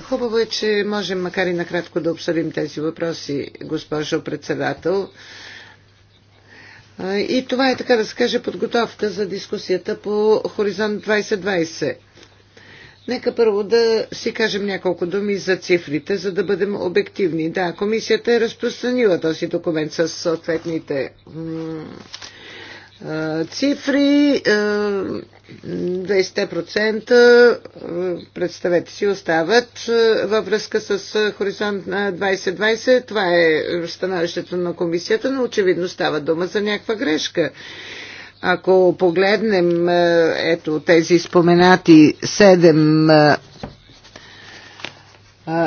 Хубаво е, че можем макар и накратко да обсъдим тези въпроси, госпожо председател. И това е, така да се каже, подготовка за дискусията по Хоризонт 2020. Нека първо да си кажем няколко думи за цифрите, за да бъдем обективни. Да, комисията е разпространила този документ с съответните цифри. 20% представете си остават във връзка с Хоризонт 2020. Това е становището на комисията, но очевидно става дума за някаква грешка. Ако погледнем е, ето тези споменати седем е,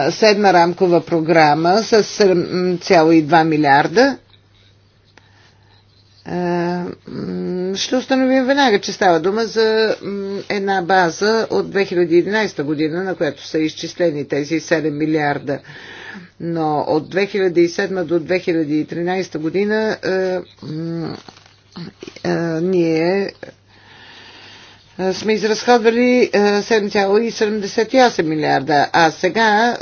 е, седма рамкова програма с 7,2 милиарда, ще установим веднага, че става дума за една база от 2011 година, на която са изчислени тези 7 милиарда. Но от 2007 до 2013 година е, ние е, сме изразходвали 7,78 е, милиарда, а сега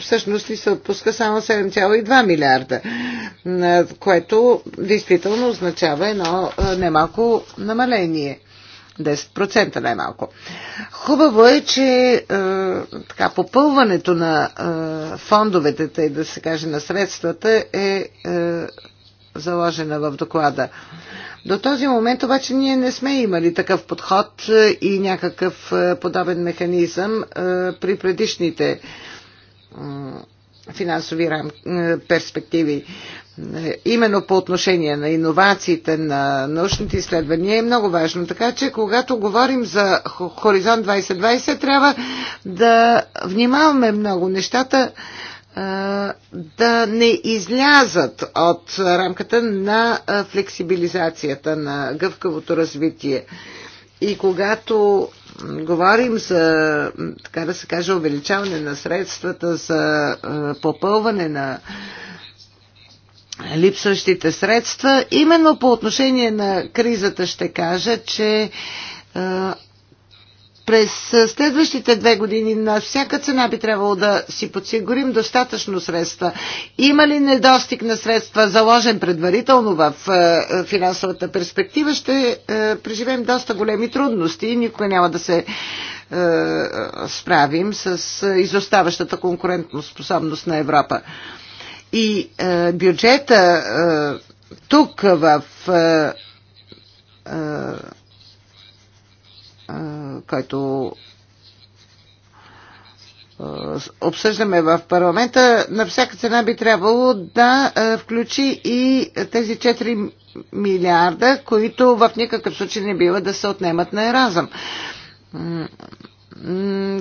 всъщност ни се отпуска само 7,2 милиарда, което действително означава едно немалко намаление. 10% най-малко. Хубаво е, че е, така, попълването на е, фондовете, тъй да се каже, на средствата е, е заложена в доклада. До този момент обаче ние не сме имали такъв подход е, и някакъв е, подобен механизъм е, при предишните финансови перспективи. Именно по отношение на иновациите, на научните изследвания е много важно. Така че, когато говорим за Хоризонт 2020, трябва да внимаваме много нещата да не излязат от рамката на флексибилизацията, на гъвкавото развитие. И когато говорим за, така да се каже, увеличаване на средствата, за попълване на липсващите средства, именно по отношение на кризата ще кажа, че през следващите две години на всяка цена би трябвало да си подсигурим достатъчно средства. Има ли недостиг на средства, заложен предварително в финансовата перспектива, ще преживеем доста големи трудности и никога няма да се справим с изоставащата конкурентоспособност на Европа. И бюджета тук в който обсъждаме в парламента, на всяка цена би трябвало да включи и тези 4 милиарда, които в никакъв случай не бива да се отнемат на Еразъм.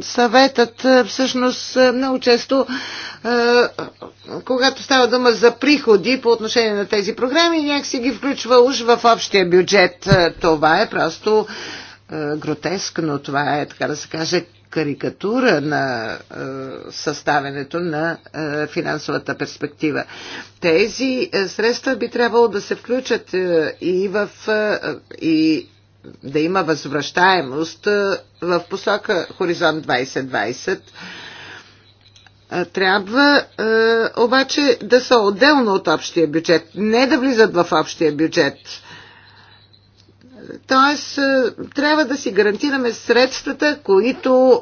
Съветът всъщност много често, когато става дума за приходи по отношение на тези програми, някакси ги включва уж в общия бюджет. Това е просто е, гротескно, това е, така да се каже, карикатура на е, съставянето на е, финансовата перспектива. Тези е, средства би трябвало да се включат е, и в е, и да има възвръщаемост е, в посока Хоризонт 2020. Е, трябва е, обаче да са отделно от общия бюджет, не да влизат в общия бюджет. Е, Тоест, е, трябва да си гарантираме средствата, които е,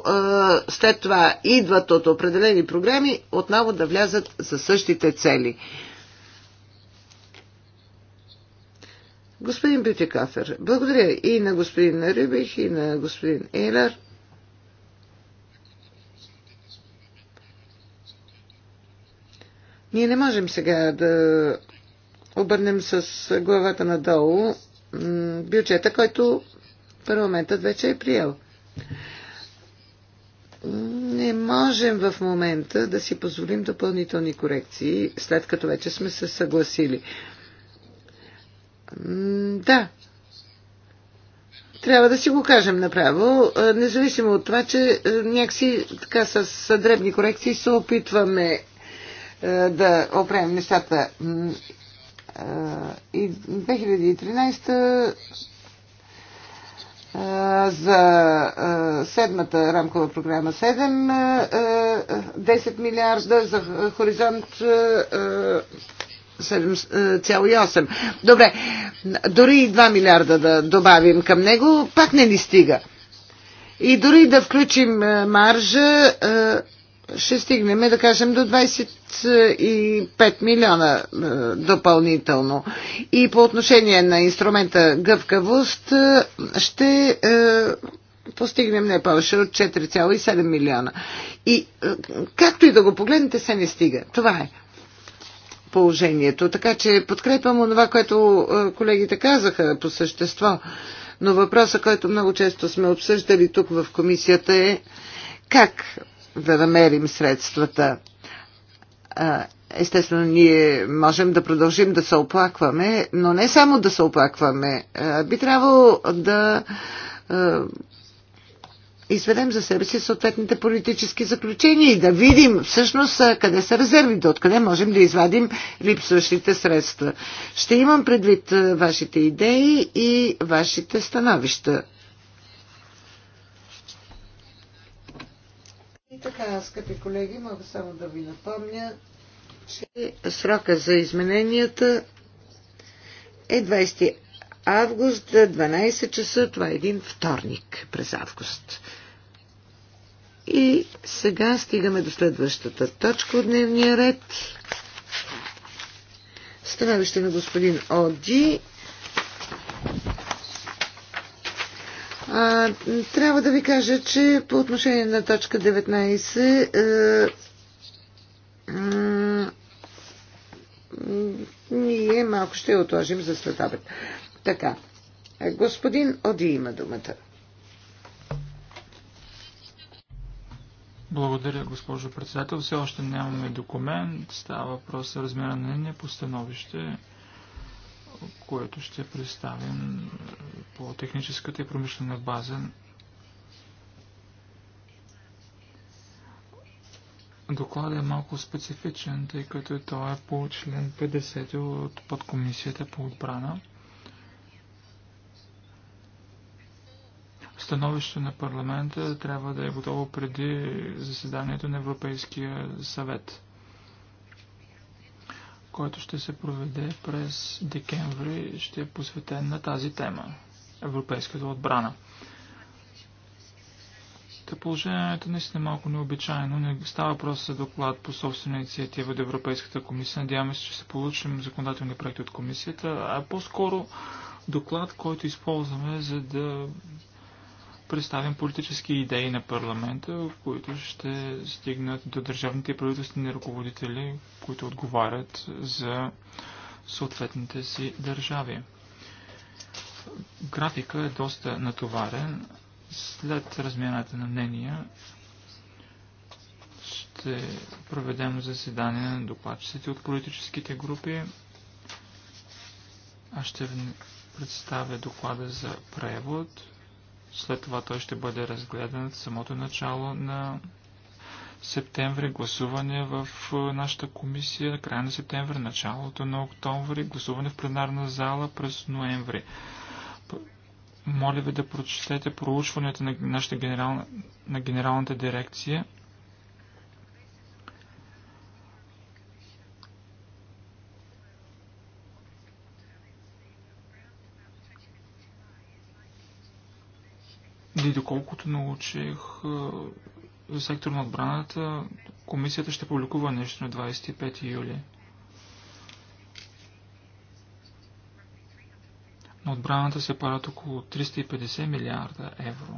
след това идват от определени програми, отново да влязат за същите цели. Господин Бютикафер, благодаря и на господин Рюбих, и на господин Ейлер. Ние не можем сега да обърнем с главата надолу бюджета, който парламентът вече е приел. Не можем в момента да си позволим допълнителни корекции, след като вече сме се съгласили. Да. Трябва да си го кажем направо, независимо от това, че някакси така с дребни корекции се опитваме да опрем нещата и 2013 за седмата рамкова програма 7 10 милиарда за хоризонт 7,8. Добре, дори и 2 милиарда да добавим към него, пак не ни стига. И дори да включим маржа, ще стигнем, да кажем, до 25 милиона е, допълнително. И по отношение на инструмента гъвкавост е, ще е, постигнем не повече от 4,7 милиона. И както и да го погледнете, се не стига. Това е положението. Така че подкрепям онова, което колегите казаха по същество. Но въпросът, който много често сме обсъждали тук в комисията е как да намерим средствата. Естествено, ние можем да продължим да се оплакваме, но не само да се оплакваме. Би трябвало да изведем за себе си съответните политически заключения и да видим всъщност къде са резервите, откъде можем да извадим липсващите средства. Ще имам предвид вашите идеи и вашите становища така, скъпи колеги, мога само да ви напомня, че срока за измененията е 20 август, 12 часа, това е един вторник през август. И сега стигаме до следващата точка от дневния ред. Становище на господин Оди А, трябва да ви кажа, че по отношение на точка 19 е, е ние малко ще отложим за следобед. Така. Господин Оди има думата. Благодаря, госпожо председател. Все още нямаме документ. Става въпрос за размера на постановище което ще представим по техническата и промишлена база. Докладът е малко специфичен, тъй като той е по член 50 от подкомисията по отбрана. Становище на парламента трябва да е готово преди заседанието на Европейския съвет който ще се проведе през декември, ще е посветен на тази тема – европейската отбрана. Та положението наистина е малко необичайно. Не става просто за доклад по собствена инициатива до Европейската комисия. Надяваме се, че ще получим законодателни проекти от комисията, а по-скоро доклад, който използваме за да представим политически идеи на парламента, които ще стигнат до държавните и правителствени ръководители, които отговарят за съответните си държави. Графика е доста натоварен. След размяната на мнения ще проведем заседание на докладчиците от политическите групи. Аз ще представя доклада за превод след това той ще бъде разгледан в самото начало на септември, гласуване в нашата комисия, края на септември, началото на октомври, гласуване в пленарна зала през ноември. Моля ви да прочетете проучването на, нашата генерална, на генералната дирекция И доколкото научих е, за сектор на отбраната, комисията ще публикува нещо на 25 юли. На отбраната се парат около 350 милиарда евро.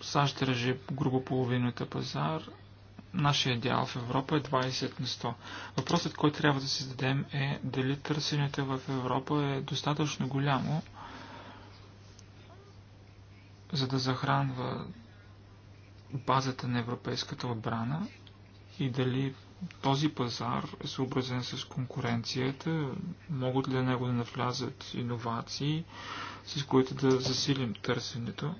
САЩ държи грубо половината пазар, нашия дял в Европа е 20 на 100. Въпросът, който трябва да си зададем е дали търсенето в Европа е достатъчно голямо, за да захранва базата на европейската отбрана и дали този пазар е съобразен с конкуренцията, могат ли на него да навлязат иновации, с които да засилим търсенето.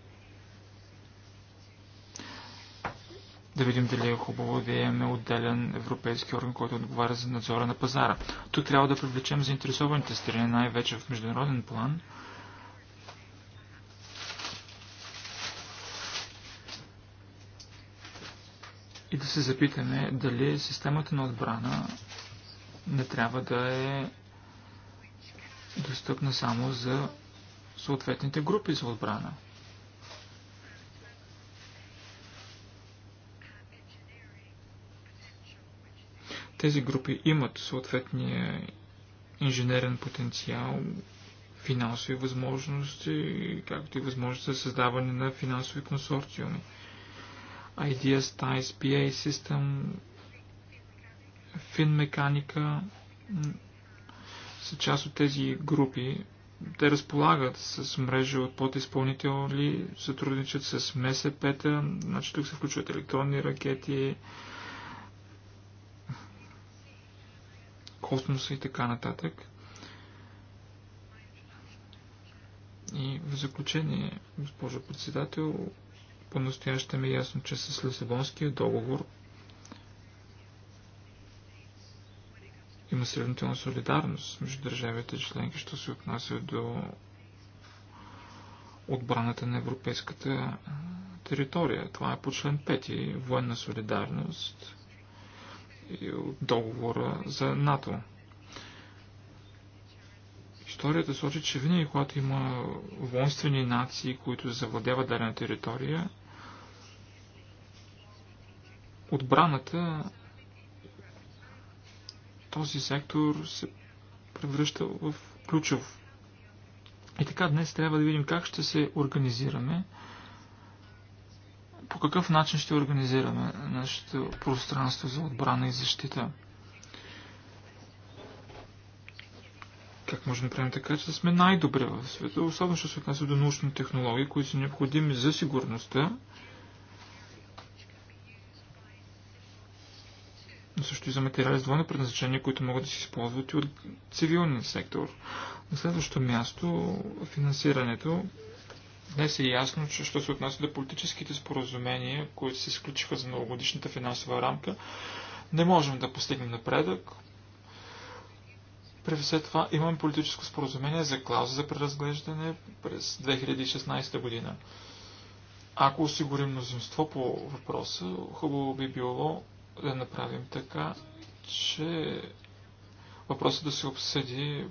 Да видим дали е хубаво да имаме отделен европейски орган, който отговаря за надзора на пазара. Тук трябва да привлечем заинтересованите страни, най-вече в международен план – да се запитаме дали системата на отбрана не трябва да е достъпна само за съответните групи за отбрана. Тези групи имат съответния инженерен потенциал, финансови възможности, както и възможност за създаване на финансови консорциуми – IDS, TICE, PA System, Mechanica са част от тези групи. Те разполагат с мрежа от подизпълнители, сътрудничат с МСП-та, значи тук се включват електронни ракети, космоса и така нататък. И в заключение, госпожо председател, по-настоящем е ясно, че с Лисабонския договор има сравнителна солидарност между държавите членки, що се отнася до отбраната на европейската територия. Това е по член 5 военна солидарност и договора за НАТО. Историята сочи, че винаги, когато има воинствени нации, които завладяват дадена територия, отбраната този сектор се превръща в ключов. И така днес трябва да видим как ще се организираме, по какъв начин ще организираме нашето пространство за отбрана и защита. Как можем да направим така, че да сме най-добре в света, особено що се отнася до научни технологии, които са необходими за сигурността но също и за материали с двойно предназначение, които могат да се използват и от цивилния сектор. На следващото място, финансирането. Днес е ясно, че що се отнася до политическите споразумения, които се изключиха за новогодишната финансова рамка, не можем да постигнем напредък. При все това имам политическо споразумение за клауза за преразглеждане през 2016 година. Ако осигурим мнозинство по въпроса, хубаво би било да направим така, че въпросът да се обсъди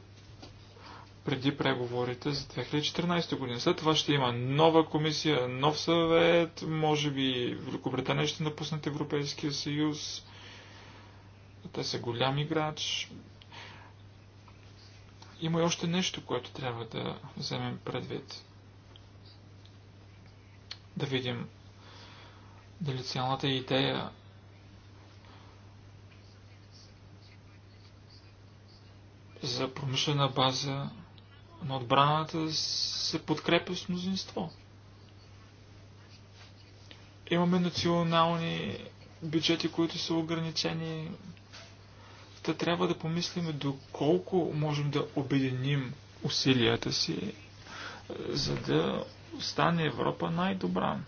преди преговорите за 2014 година. След това ще има нова комисия, нов съвет, може би Великобритания ще напуснат Европейския съюз. Те са голям играч. Има и още нещо, което трябва да вземем предвид. Да видим дали цялата идея за промишлена база на отбраната се подкрепя с мнозинство. Имаме национални бюджети, които са ограничени. Та трябва да помислим доколко можем да обединим усилията си, е, за да стане Европа най-добра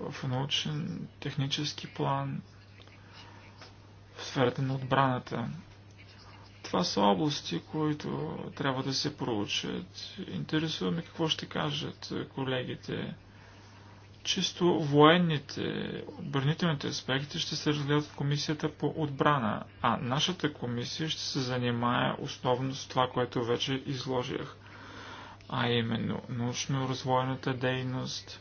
в научен, технически план, в сферата на отбраната. Това са области, които трябва да се проучат. Интересуваме какво ще кажат колегите. Чисто военните, отбранителните аспекти ще се разгледат в комисията по отбрана, а нашата комисия ще се занимае основно с това, което вече изложих, а именно научно-развойната дейност,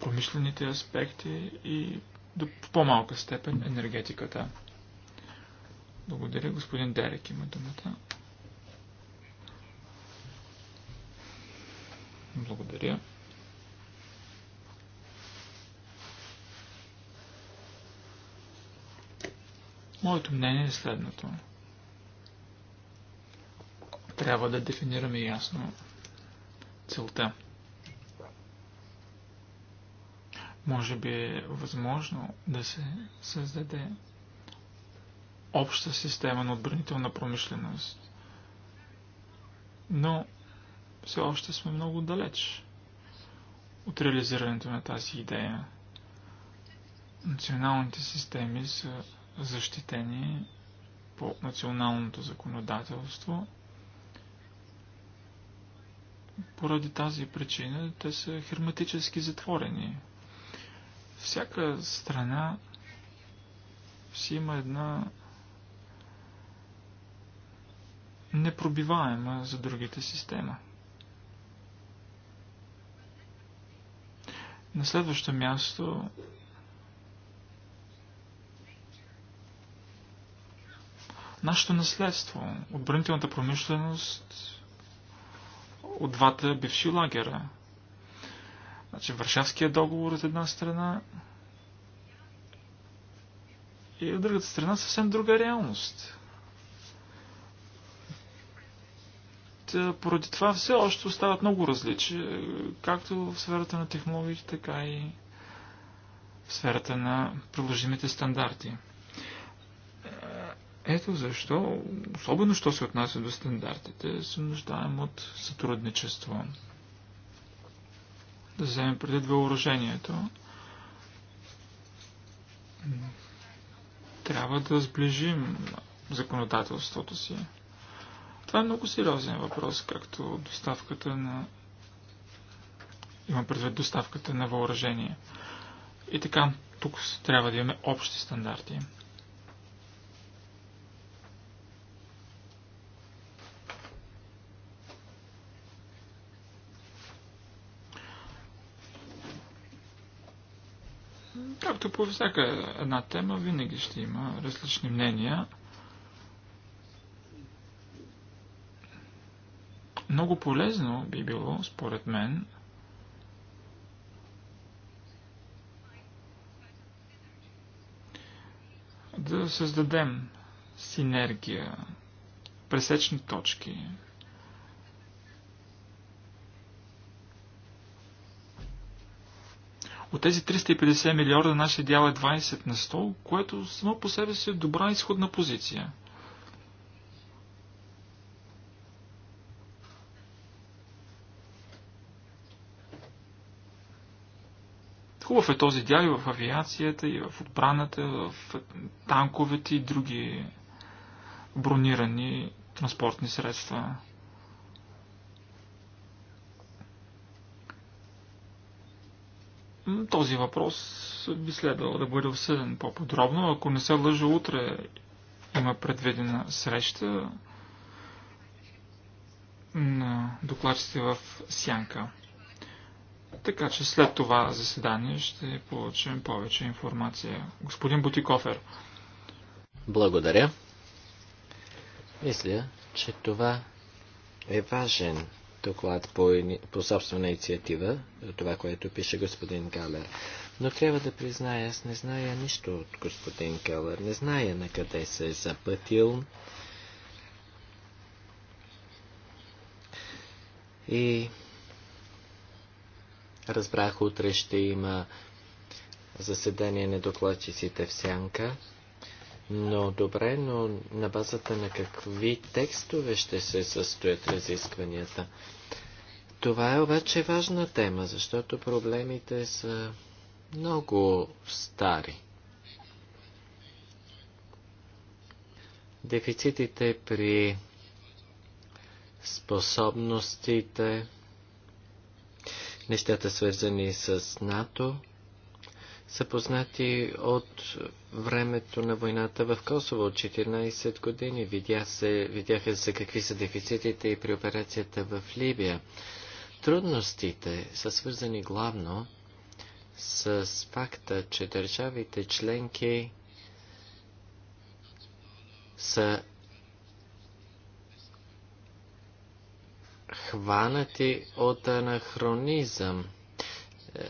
промишлените аспекти и до по-малка степен енергетиката. Благодаря. Господин Дерек има думата. Благодаря. Моето мнение е следното. Трябва да дефинираме ясно целта. Може би е възможно да се създаде обща система на отбранителна промишленост. Но все още сме много далеч от реализирането на тази идея. Националните системи са защитени по националното законодателство. Поради тази причина те са херматически затворени. Всяка страна си има една непробиваема за другите система. На следващо място нашето наследство, отбранителната промишленост от двата бивши лагера. Значи Варшавския договор от една страна и от другата страна съвсем друга реалност. Е, поради това все още остават много различия, както в сферата на технологиите, така и в сферата на приложимите стандарти. Е, ето защо, особено що се отнася до стандартите, се нуждаем от сътрудничество. Да вземем предвид въоръжението. Трябва да сближим законодателството си. Това е много сериозен въпрос, както доставката на... Имам предвид доставката на въоръжение. И така, тук трябва да имаме общи стандарти. Както по всяка една тема, винаги ще има различни мнения – Много полезно би било, според мен, да създадем синергия, пресечни точки. От тези 350 милиарда нашия дял е 20 на 100, което само по себе си е добра изходна позиция. Хубав е този дял и в авиацията, и в отбраната, в танковете и други бронирани транспортни средства. Този въпрос би следвало да бъде обсъден по-подробно. Ако не се лъжа, утре има предведена среща на докладчите в Сянка. Така че след това заседание ще получим повече информация. Господин Бутикофер. Благодаря. Мисля, че това е важен доклад по, по собствена инициатива, това, което пише господин Галер. Но трябва да призная, аз не зная нищо от господин Калер. Не зная на къде се е запътил. И Разбрах, утре ще има заседание на докладчиците в Сянка. Но добре, но на базата на какви текстове ще се състоят разискванията? Това е обаче важна тема, защото проблемите са много стари. Дефицитите при способностите нещата свързани с НАТО са познати от времето на войната в Косово от 14 години. Видя се, видяха се какви са дефицитите и при операцията в Либия. Трудностите са свързани главно с факта, че държавите членки са хванати от анахронизъм, е,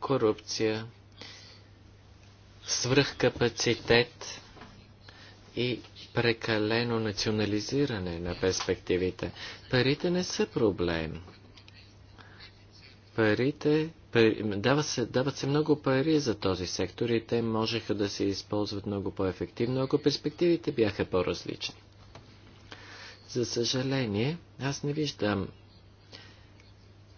корупция, свръхкапацитет и прекалено национализиране на перспективите. Парите не са проблем. Парите, дава се, дават се много пари за този сектор и те можеха да се използват много по-ефективно, ако перспективите бяха по-различни. За съжаление, аз не виждам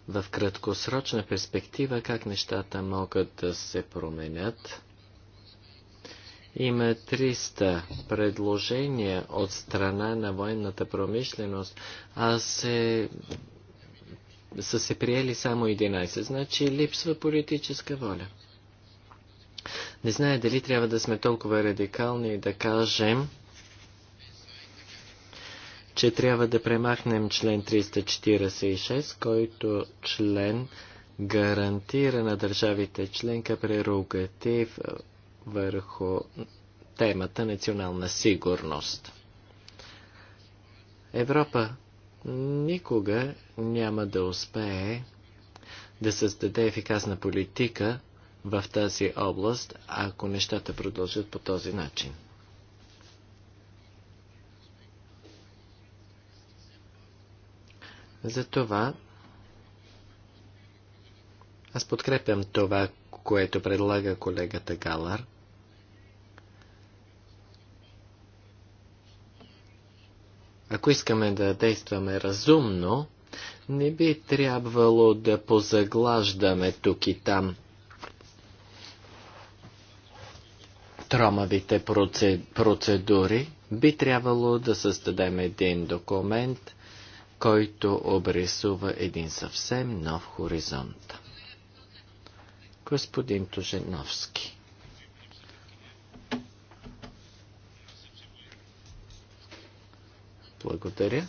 в краткосрочна перспектива как нещата могат да се променят. Има 300 предложения от страна на военната промишленост, а се са се приели само 11. Значи липсва политическа воля. Не знае дали трябва да сме толкова радикални и да кажем, че трябва да премахнем член 346, който член гарантира на държавите членка прерогатив върху темата национална сигурност. Европа никога няма да успее да създаде ефикасна политика в тази област, ако нещата продължат по този начин. Затова аз подкрепям това, което предлага колегата Галар. Ако искаме да действаме разумно, не би трябвало да позаглаждаме тук и там тромавите процедури, би трябвало да създадем един документ, който обрисува един съвсем нов хоризонт. Господин Тоженовски. Благодаря.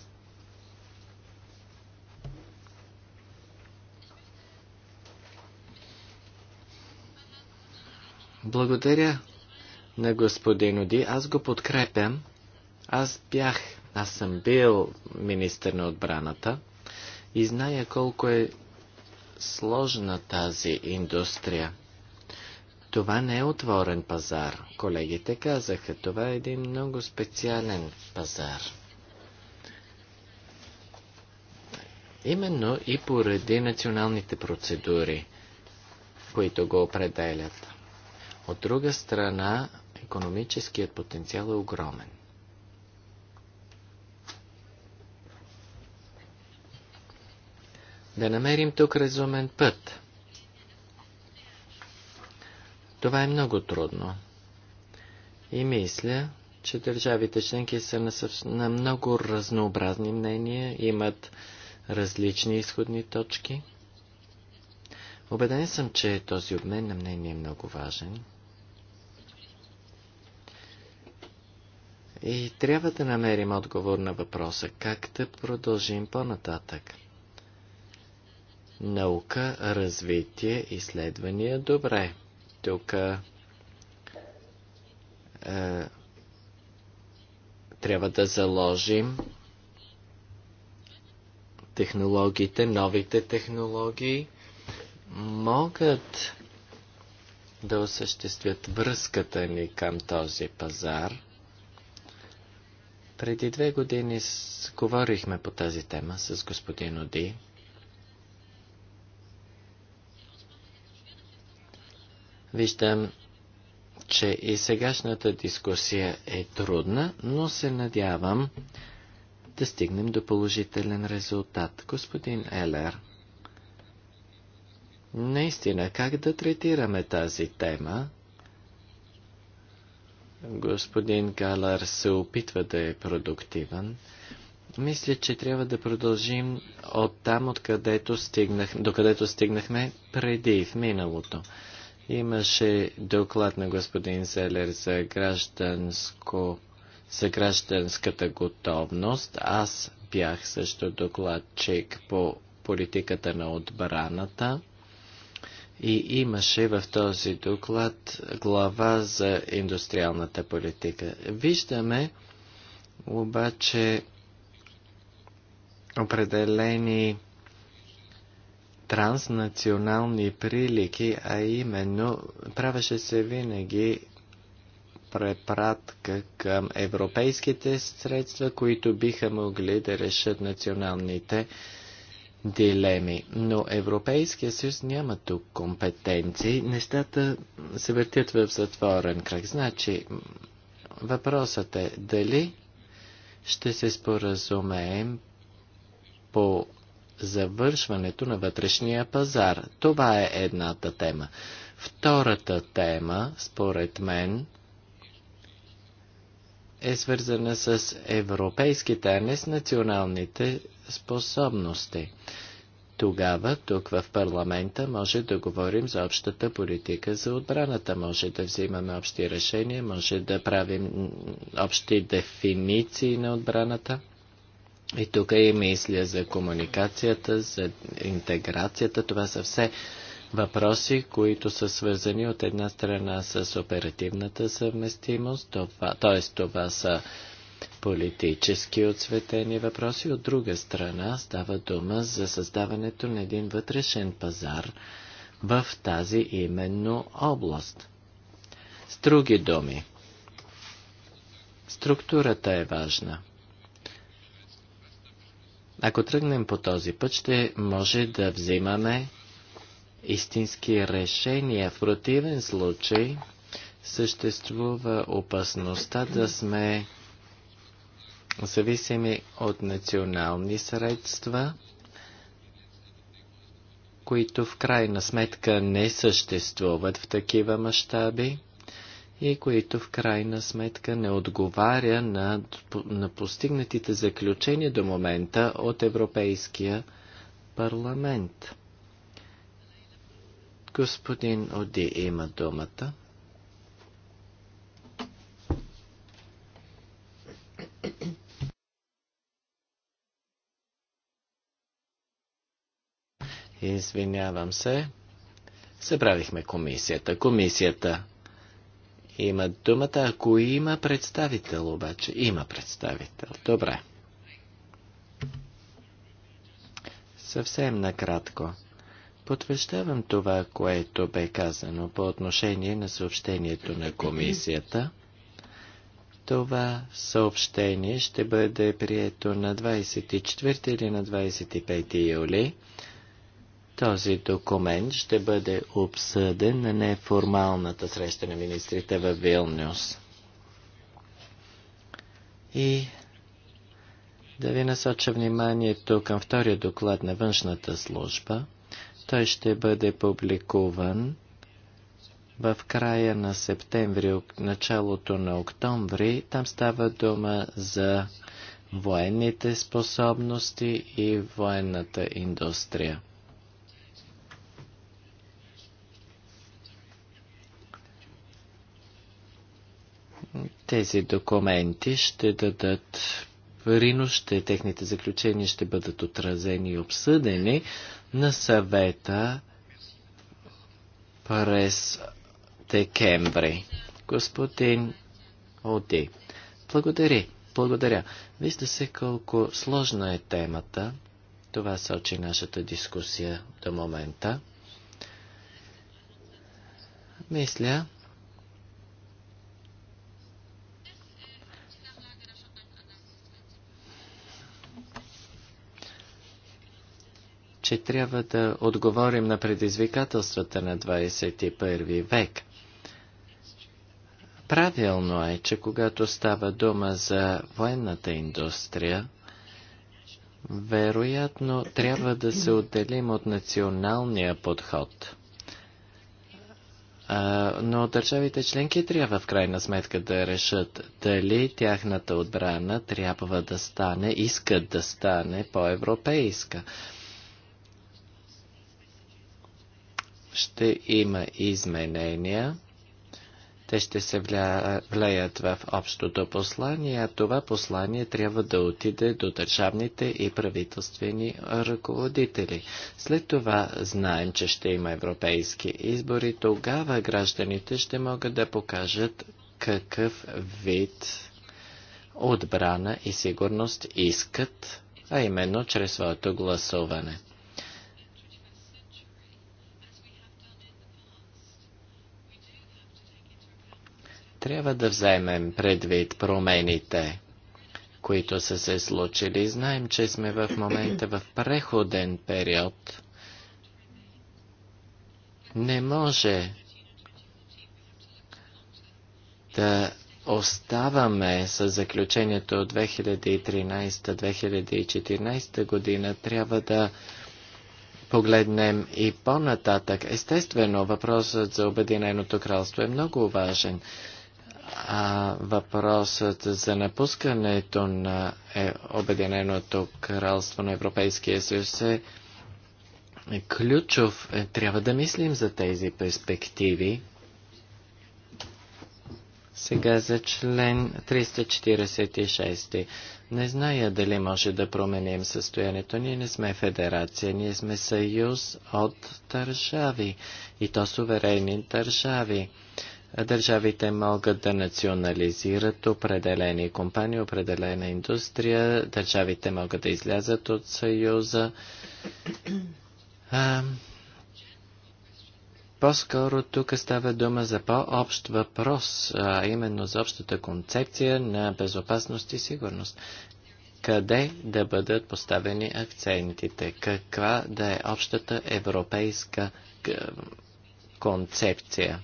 Благодаря на господин Оди. Аз го подкрепям. Аз бях аз съм бил министър на отбраната и зная колко е сложна тази индустрия. Това не е отворен пазар. Колегите казаха, това е един много специален пазар. Именно и поради националните процедури, които го определят. От друга страна, економическият потенциал е огромен. да намерим тук разумен път. Това е много трудно. И мисля, че държавите членки са на, на много разнообразни мнения, имат различни изходни точки. Обеден съм, че този обмен на мнение е много важен. И трябва да намерим отговор на въпроса как да продължим по-нататък наука, развитие, изследвания, добре. Тук е, трябва да заложим технологиите, новите технологии могат да осъществят връзката ни към този пазар. Преди две години говорихме по тази тема с господин Оди. Виждам, че и сегашната дискусия е трудна, но се надявам да стигнем до положителен резултат. Господин Елер, наистина как да третираме тази тема? Господин Галар се опитва да е продуктивен. Мисля, че трябва да продължим от там, откъдето стигнах, докъдето стигнахме преди, в миналото. Имаше доклад на господин Зелер за, гражданско, за гражданската готовност. Аз бях също докладчик по политиката на отбраната. И имаше в този доклад глава за индустриалната политика. Виждаме обаче определени транснационални прилики, а именно правеше се винаги препратка към европейските средства, които биха могли да решат националните дилеми. Но Европейския съюз няма тук компетенции. Нещата се въртят в затворен кръг. Значи, въпросът е дали ще се споразумеем по завършването на вътрешния пазар. Това е едната тема. Втората тема, според мен, е свързана с европейските, а не с националните способности. Тогава тук в парламента може да говорим за общата политика за отбраната, може да взимаме общи решения, може да правим общи дефиниции на отбраната. И тук и мисля за комуникацията, за интеграцията. Това са все въпроси, които са свързани от една страна с оперативната съвместимост, това, т.е. това са политически отсветени въпроси, от друга страна става дума за създаването на един вътрешен пазар в тази именно област. С други думи, структурата е важна. Ако тръгнем по този път, ще може да взимаме истински решения. В противен случай съществува опасността да сме зависими от национални средства, които в крайна сметка не съществуват в такива мащаби и които в крайна сметка не отговаря на, на постигнатите заключения до момента от Европейския парламент. Господин Оди има думата. Извинявам се. Събравихме комисията. Комисията има думата. Ако има представител обаче, има представител. Добре. Съвсем накратко. Подвещавам това, което бе казано по отношение на съобщението на комисията. Това съобщение ще бъде прието на 24 или на 25 юли. Този документ ще бъде обсъден на неформалната среща на министрите в Вилнюс. И да ви насоча вниманието към втория доклад на външната служба. Той ще бъде публикуван в края на септември, началото на октомври. Там става дума за военните способности и военната индустрия. Тези документи ще дадат принос, ще, техните заключения ще бъдат отразени и обсъдени на съвета през декември. Господин Оди, благодаря. Благодаря. Вижте се колко сложна е темата. Това сочи нашата дискусия до момента. Мисля, че трябва да отговорим на предизвикателствата на 21 век. Правилно е, че когато става дума за военната индустрия, вероятно трябва да се отделим от националния подход. но държавите членки трябва в крайна сметка да решат дали тяхната отбрана трябва да стане, искат да стане по-европейска. ще има изменения. Те ще се вля... влеят в общото послание, а това послание трябва да отиде до държавните и правителствени ръководители. След това знаем, че ще има европейски избори. Тогава гражданите ще могат да покажат какъв вид отбрана и сигурност искат, а именно чрез своето гласуване. трябва да вземем предвид промените, които са се случили. Знаем, че сме в момента в преходен период. Не може да оставаме с заключението от 2013-2014 година. Трябва да погледнем и по-нататък. Естествено, въпросът за Обединеното кралство е много важен а, въпросът за напускането на е, Обединеното кралство на Европейския съюз е ключов. Е, трябва да мислим за тези перспективи. Сега за член 346. Не зная дали може да променим състоянието. Ние не сме федерация, ние сме съюз от държави и то суверени държави. Държавите могат да национализират определени компании, определена индустрия. Държавите могат да излязат от Съюза. По-скоро тук става дума за по-общ въпрос, а именно за общата концепция на безопасност и сигурност. Къде да бъдат поставени акцентите? Каква да е общата европейска концепция?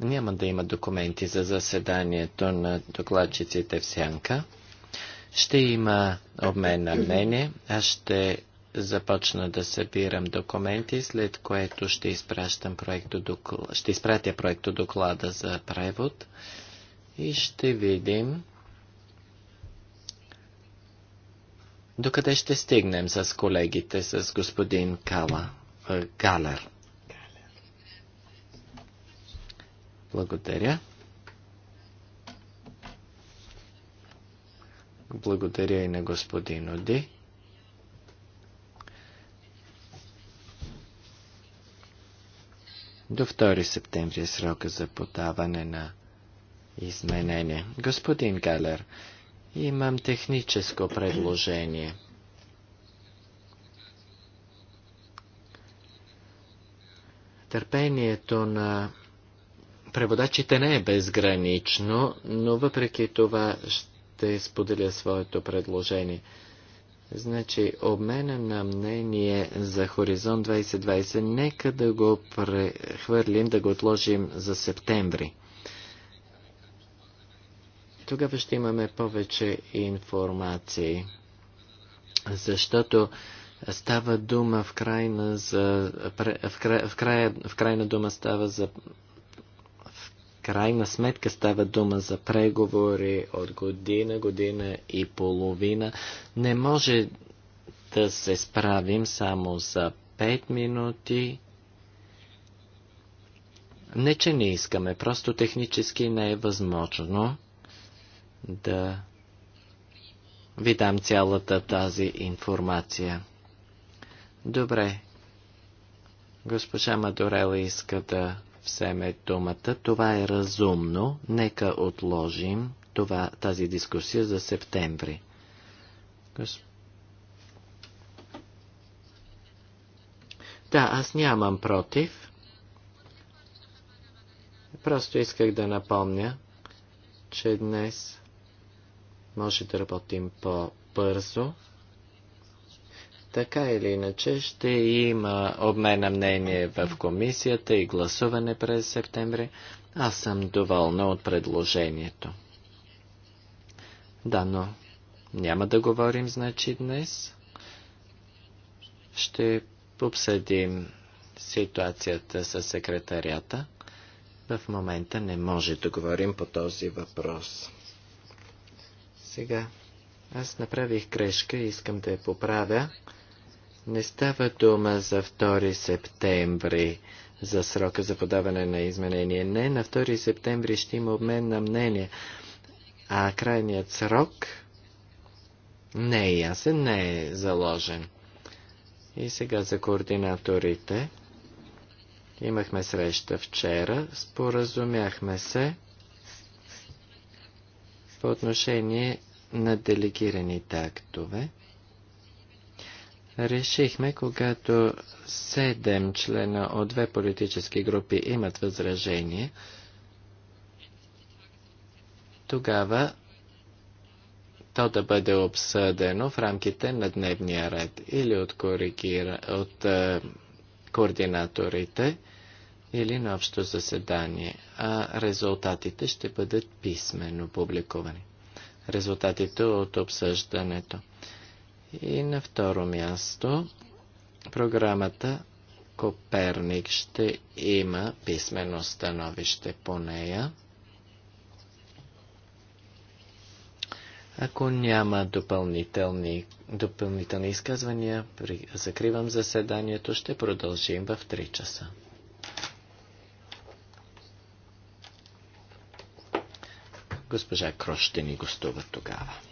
Няма да има документи за заседанието на докладчиците в Сянка. Ще има обмен на мнение. Аз ще започна да събирам документи, след което ще, изпращам проектодоклад... ще изпратя проекто доклада за превод и ще видим докъде ще стигнем с колегите, с господин Кала, Галер. Благодаря. Благодаря и на господин Оди. До 2 септември е срока за подаване на изменение. Господин Галер, имам техническо предложение. Търпението на преводачите не е безгранично, но въпреки това ще споделя своето предложение. Значи, обмена на мнение за Хоризонт 2020, нека да го прехвърлим, да го отложим за септември. Тогава ще имаме повече информации, защото става дума в крайна, за, в край, в края, в крайна дума става за крайна сметка става дума за преговори от година, година и половина. Не може да се справим само за 5 минути. Не, че не искаме, просто технически не е възможно да ви дам цялата тази информация. Добре. Госпожа Мадорела иска да вземе думата. Това е разумно. Нека отложим това, тази дискусия за септември. Госп... Да, аз нямам против. Просто исках да напомня, че днес може да работим по-бързо. Така или иначе ще има обмен на мнение в комисията и гласуване през септември. Аз съм доволна от предложението. Да, но няма да говорим, значи, днес. Ще обсъдим ситуацията с секретарията. В момента не може да говорим по този въпрос. Сега, аз направих грешка и искам да я поправя. Не става дума за 2 септември, за срока за подаване на изменение. Не, на 2 септември ще има обмен на мнение. А крайният срок не е ясен, не е заложен. И сега за координаторите. Имахме среща вчера, споразумяхме се по отношение на делегираните актове решихме, когато седем члена от две политически групи имат възражение, тогава то да бъде обсъдено в рамките на дневния ред или от, коригира, от е, координаторите или на общо заседание, а резултатите ще бъдат писменно публикувани. Резултатите от обсъждането. И на второ място, програмата Коперник ще има писмено становище по нея. Ако няма допълнителни, допълнителни изказвания, при, закривам заседанието. Ще продължим в 3 часа. Госпожа Крош ще ни гостува тогава.